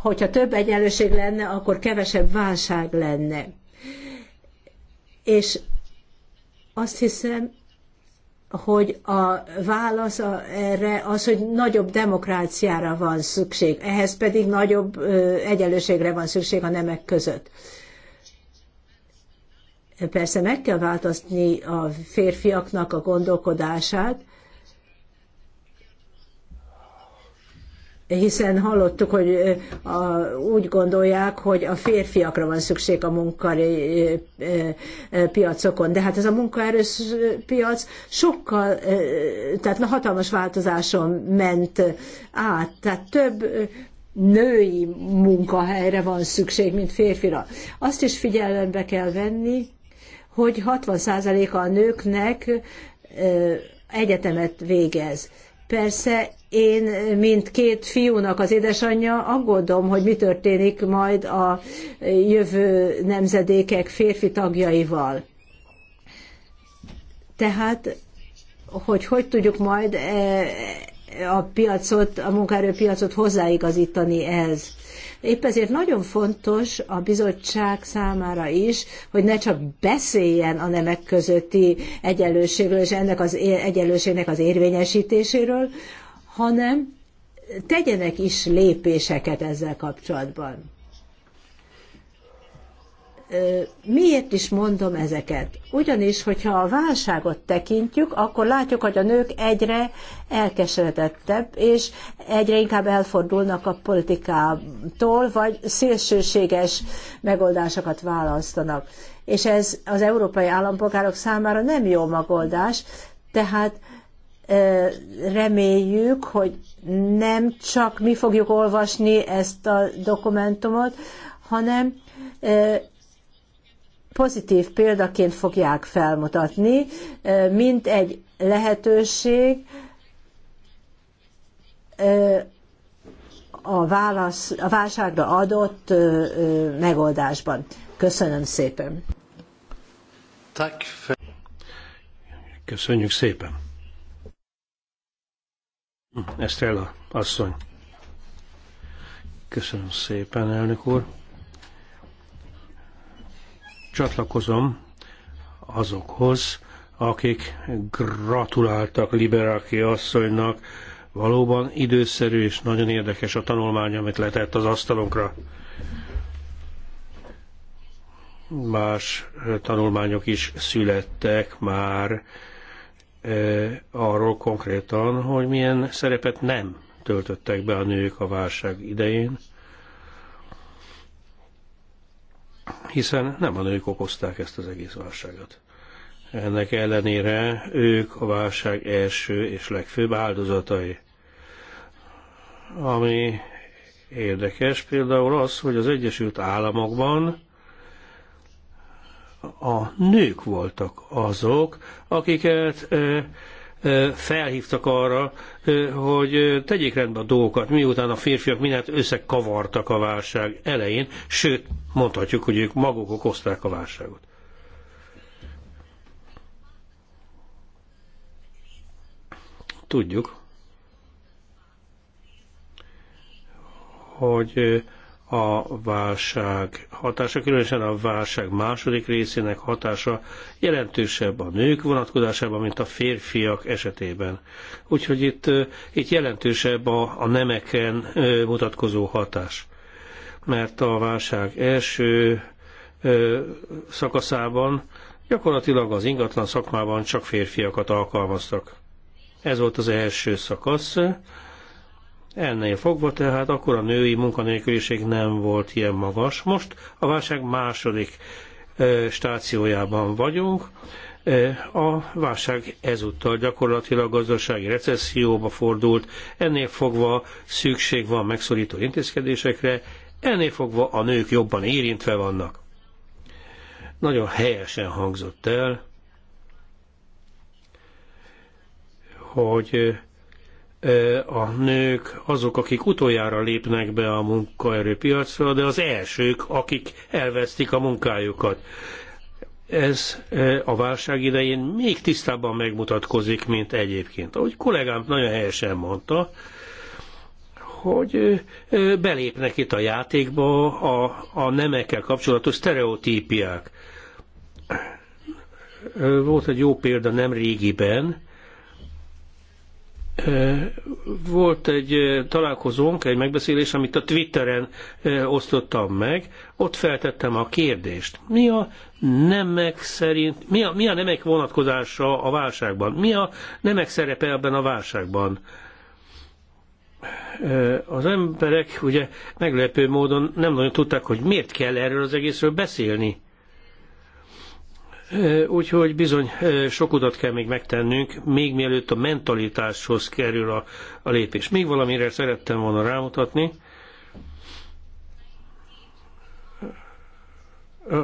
hogyha több egyenlőség lenne, akkor kevesebb válság lenne. És azt hiszem, hogy a válasz erre az, hogy nagyobb demokráciára van szükség, ehhez pedig nagyobb egyenlőségre van szükség a nemek között. Persze meg kell változtatni a férfiaknak a gondolkodását, hiszen hallottuk, hogy a, úgy gondolják, hogy a férfiakra van szükség a munkai piacokon, de hát ez a munkaerőpiac sokkal, tehát hatalmas változáson ment át, tehát több női munkahelyre van szükség, mint férfira. Azt is figyelembe kell venni, hogy 60%-a a nőknek egyetemet végez. Persze én, mint két fiúnak az édesanyja, aggódom, hogy mi történik majd a jövő nemzedékek férfi tagjaival. Tehát, hogy hogy tudjuk majd e, a piacot, a munkaerőpiacot hozzáigazítani ez. Épp ezért nagyon fontos a bizottság számára is, hogy ne csak beszéljen a nemek közötti egyenlőségről és ennek az egyenlőségnek az érvényesítéséről, hanem tegyenek is lépéseket ezzel kapcsolatban. Miért is mondom ezeket? Ugyanis, hogyha a válságot tekintjük, akkor látjuk, hogy a nők egyre elkeseredettebb, és egyre inkább elfordulnak a politikától, vagy szélsőséges megoldásokat választanak. És ez az európai állampolgárok számára nem jó megoldás, tehát reméljük, hogy nem csak mi fogjuk olvasni ezt a dokumentumot, hanem pozitív példaként fogják felmutatni, mint egy lehetőség a, válasz, a válságra adott megoldásban. Köszönöm szépen. Köszönjük szépen. Estrella asszony. Köszönöm szépen, elnök úr. Csatlakozom azokhoz, akik gratuláltak Liberáki asszonynak. Valóban időszerű és nagyon érdekes a tanulmány, amit letett az asztalunkra. Más tanulmányok is születtek már arról konkrétan, hogy milyen szerepet nem töltöttek be a nők a válság idején, hiszen nem a nők okozták ezt az egész válságot. Ennek ellenére ők a válság első és legfőbb áldozatai. Ami érdekes például az, hogy az Egyesült Államokban a nők voltak azok, akiket felhívtak arra, hogy tegyék rendbe a dolgokat, miután a férfiak mindent összekavartak a válság elején, sőt, mondhatjuk, hogy ők maguk okozták a válságot. Tudjuk, hogy a válság hatása, különösen a válság második részének hatása jelentősebb a nők vonatkozásában, mint a férfiak esetében. Úgyhogy itt, itt jelentősebb a, a nemeken mutatkozó hatás. Mert a válság első szakaszában gyakorlatilag az ingatlan szakmában csak férfiakat alkalmaztak. Ez volt az első szakasz, Ennél fogva tehát akkor a női munkanélküliség nem volt ilyen magas. Most a válság második stációjában vagyunk. A válság ezúttal gyakorlatilag gazdasági recesszióba fordult, ennél fogva szükség van megszorító intézkedésekre, ennél fogva a nők jobban érintve vannak. Nagyon helyesen hangzott el, hogy a nők azok, akik utoljára lépnek be a munkaerőpiacra, de az elsők, akik elvesztik a munkájukat. Ez e, a válság idején még tisztábban megmutatkozik, mint egyébként. Ahogy kollégám nagyon helyesen mondta, hogy e, e, belépnek itt a játékba a, a nemekkel kapcsolatos sztereotípiák. Volt egy jó példa nem régiben, volt egy találkozónk, egy megbeszélés, amit a Twitteren osztottam meg, ott feltettem a kérdést. Mi a nemek szerint, mi a, mi a nemek vonatkozása a válságban? Mi a nemek szerepe ebben a válságban? Az emberek ugye meglepő módon nem nagyon tudták, hogy miért kell erről az egészről beszélni. Úgyhogy bizony sok utat kell még megtennünk, még mielőtt a mentalitáshoz kerül a, a lépés. Még valamire szerettem volna rámutatni.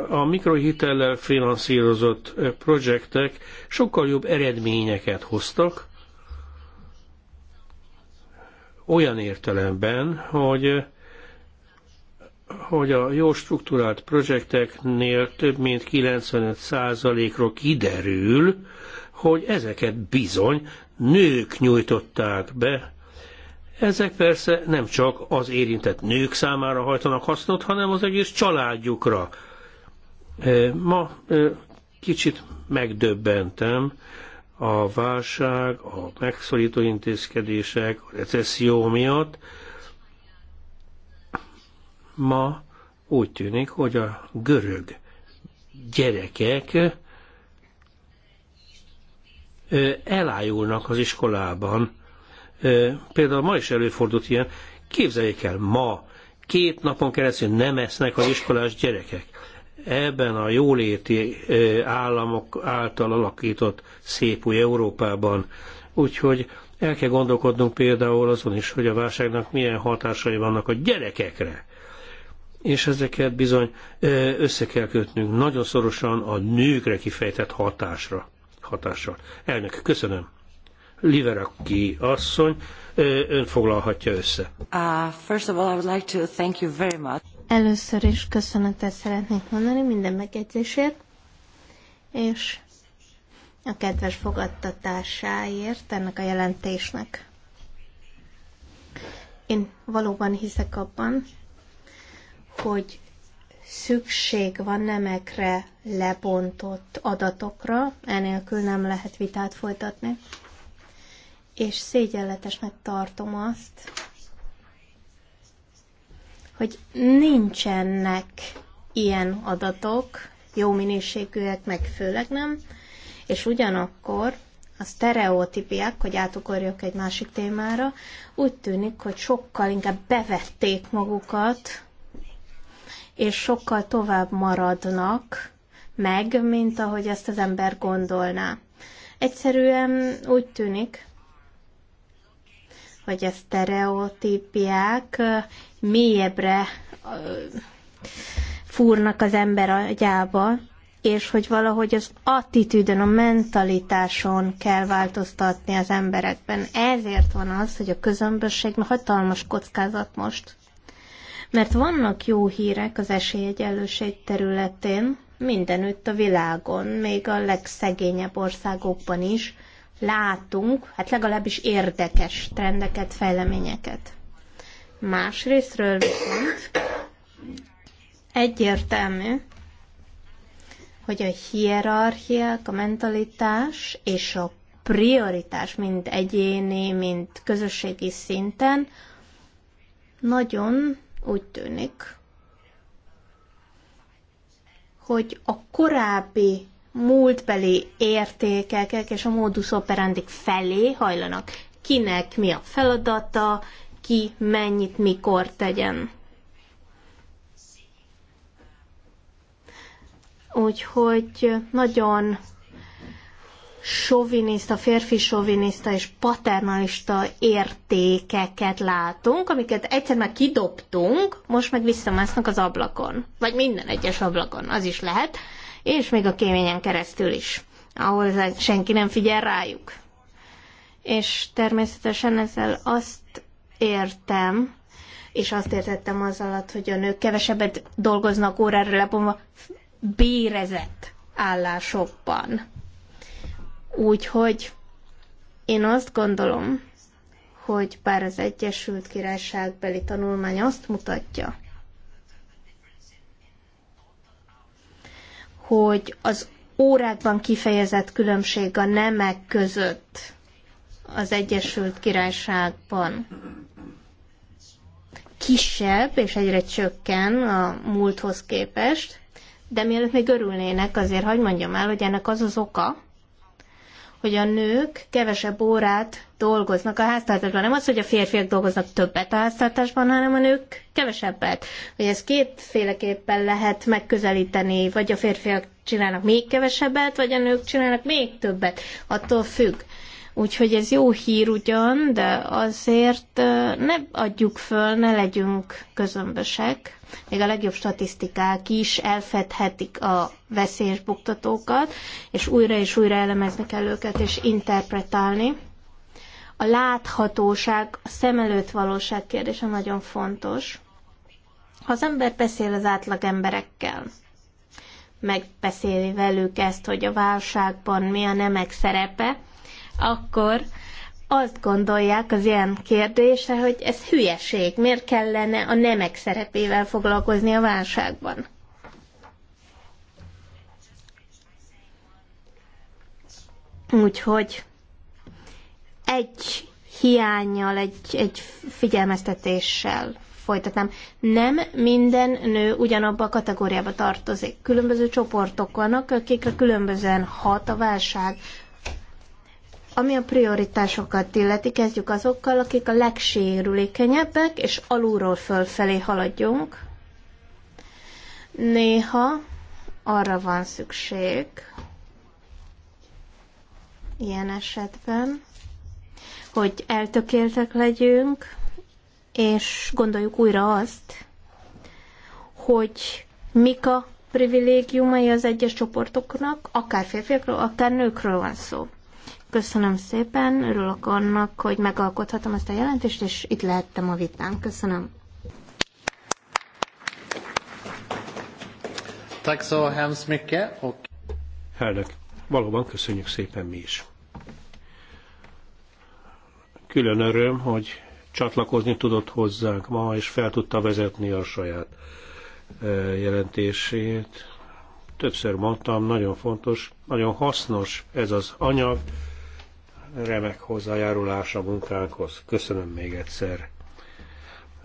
A mikrohitellel finanszírozott projektek sokkal jobb eredményeket hoztak, olyan értelemben, hogy hogy a jó struktúrált projekteknél több mint 95%-ról kiderül, hogy ezeket bizony nők nyújtották be. Ezek persze nem csak az érintett nők számára hajtanak hasznot, hanem az egész családjukra. Ma kicsit megdöbbentem, a válság, a megszorító intézkedések, a recesszió miatt, Ma úgy tűnik, hogy a görög gyerekek elájulnak az iskolában. Például ma is előfordult ilyen, képzeljék el, ma két napon keresztül nem esznek az iskolás gyerekek. Ebben a jóléti államok által alakított szép új Európában. Úgyhogy el kell gondolkodnunk például azon is, hogy a válságnak milyen hatásai vannak a gyerekekre és ezeket bizony össze kell kötnünk nagyon szorosan a nőkre kifejtett hatásra, hatással. Elnök, köszönöm. Liveraki asszony, ön foglalhatja össze. Uh, Először is köszönetet szeretnék mondani minden megjegyzésért, és a kedves fogadtatásáért ennek a jelentésnek. Én valóban hiszek abban, hogy szükség van nemekre lebontott adatokra, enélkül nem lehet vitát folytatni. És szégyenletesnek tartom azt, hogy nincsenek ilyen adatok, jó minőségűek, meg főleg nem, és ugyanakkor a sztereotípiák, hogy átugorjak egy másik témára, úgy tűnik, hogy sokkal inkább bevették magukat és sokkal tovább maradnak meg, mint ahogy ezt az ember gondolná. Egyszerűen úgy tűnik, hogy a sztereotípiák mélyebbre fúrnak az ember agyába, és hogy valahogy az attitűden, a mentalitáson kell változtatni az emberekben. Ezért van az, hogy a közömbösség hatalmas kockázat most. Mert vannak jó hírek az esélyegyenlőség területén, mindenütt a világon, még a legszegényebb országokban is látunk, hát legalábbis érdekes trendeket, fejleményeket. Másrésztről viszont egyértelmű, hogy a hierarchiák, a mentalitás és a prioritás mind egyéni, mind közösségi szinten nagyon úgy tűnik, hogy a korábbi múltbeli értékek és a modus operandik felé hajlanak. Kinek mi a feladata, ki mennyit mikor tegyen. Úgyhogy nagyon soviniszta, férfi soviniszta és paternalista értékeket látunk, amiket egyszer már kidobtunk, most meg visszamásznak az ablakon. Vagy minden egyes ablakon, az is lehet, és még a kéményen keresztül is, ahol senki nem figyel rájuk. És természetesen ezzel azt értem, és azt értettem az alatt, hogy a nők kevesebbet dolgoznak órára lebomva bérezett állásokban Úgyhogy én azt gondolom, hogy bár az Egyesült beli tanulmány azt mutatja, hogy az órákban kifejezett különbség a nemek között az Egyesült Királyságban kisebb, és egyre csökken a múlthoz képest, de mielőtt még örülnének, azért hagyd mondjam el, hogy ennek az az oka, hogy a nők kevesebb órát dolgoznak a háztartásban. Nem az, hogy a férfiak dolgoznak többet a háztartásban, hanem a nők kevesebbet. Hogy ezt kétféleképpen lehet megközelíteni, vagy a férfiak csinálnak még kevesebbet, vagy a nők csinálnak még többet. Attól függ. Úgyhogy ez jó hír ugyan, de azért ne adjuk föl, ne legyünk közömbösek. Még a legjobb statisztikák is elfedhetik a veszélyes buktatókat, és újra és újra elemezni kell őket, és interpretálni. A láthatóság, a szem előtt valóság kérdése nagyon fontos. Ha az ember beszél az átlag emberekkel, megbeszéli velük ezt, hogy a válságban mi a nemek szerepe, akkor azt gondolják az ilyen kérdésre, hogy ez hülyeség, miért kellene a nemek szerepével foglalkozni a válságban. Úgyhogy egy hiányjal, egy, egy figyelmeztetéssel folytatnám. Nem minden nő ugyanabba a kategóriába tartozik. Különböző csoportok vannak, akikre különbözően hat a válság. Ami a prioritásokat illeti, kezdjük azokkal, akik a legsérülékenyebbek, és alulról fölfelé haladjunk. Néha arra van szükség, ilyen esetben, hogy eltökéltek legyünk, és gondoljuk újra azt, hogy mik a privilégiumai az egyes csoportoknak, akár férfiakról, akár nőkről van szó. Köszönöm szépen, örülök annak, hogy megalkothatom ezt a jelentést, és itt lehettem a vitán. Köszönöm. Tack så hemskt mycket. Och... Elnök, valóban köszönjük szépen mi is. Külön öröm, hogy csatlakozni tudott hozzánk ma, és fel tudta vezetni a saját e, jelentését. Többször mondtam, nagyon fontos, nagyon hasznos ez az anyag, remek hozzájárulás a munkánkhoz. Köszönöm még egyszer.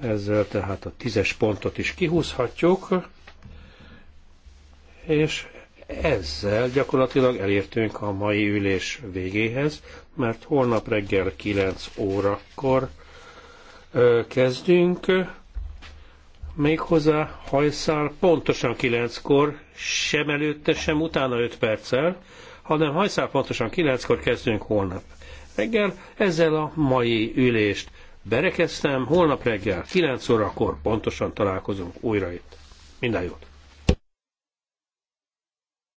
Ezzel tehát a tízes pontot is kihúzhatjuk, és ezzel gyakorlatilag elértünk a mai ülés végéhez, mert holnap reggel 9 órakor kezdünk, méghozzá hajszál pontosan 9-kor, sem előtte, sem utána 5 perccel, hanem hajszál pontosan 9-kor kezdünk holnap reggel. Ezzel a mai ülést berekeztem. Holnap reggel 9 órakor pontosan találkozunk újra itt. Minden jót!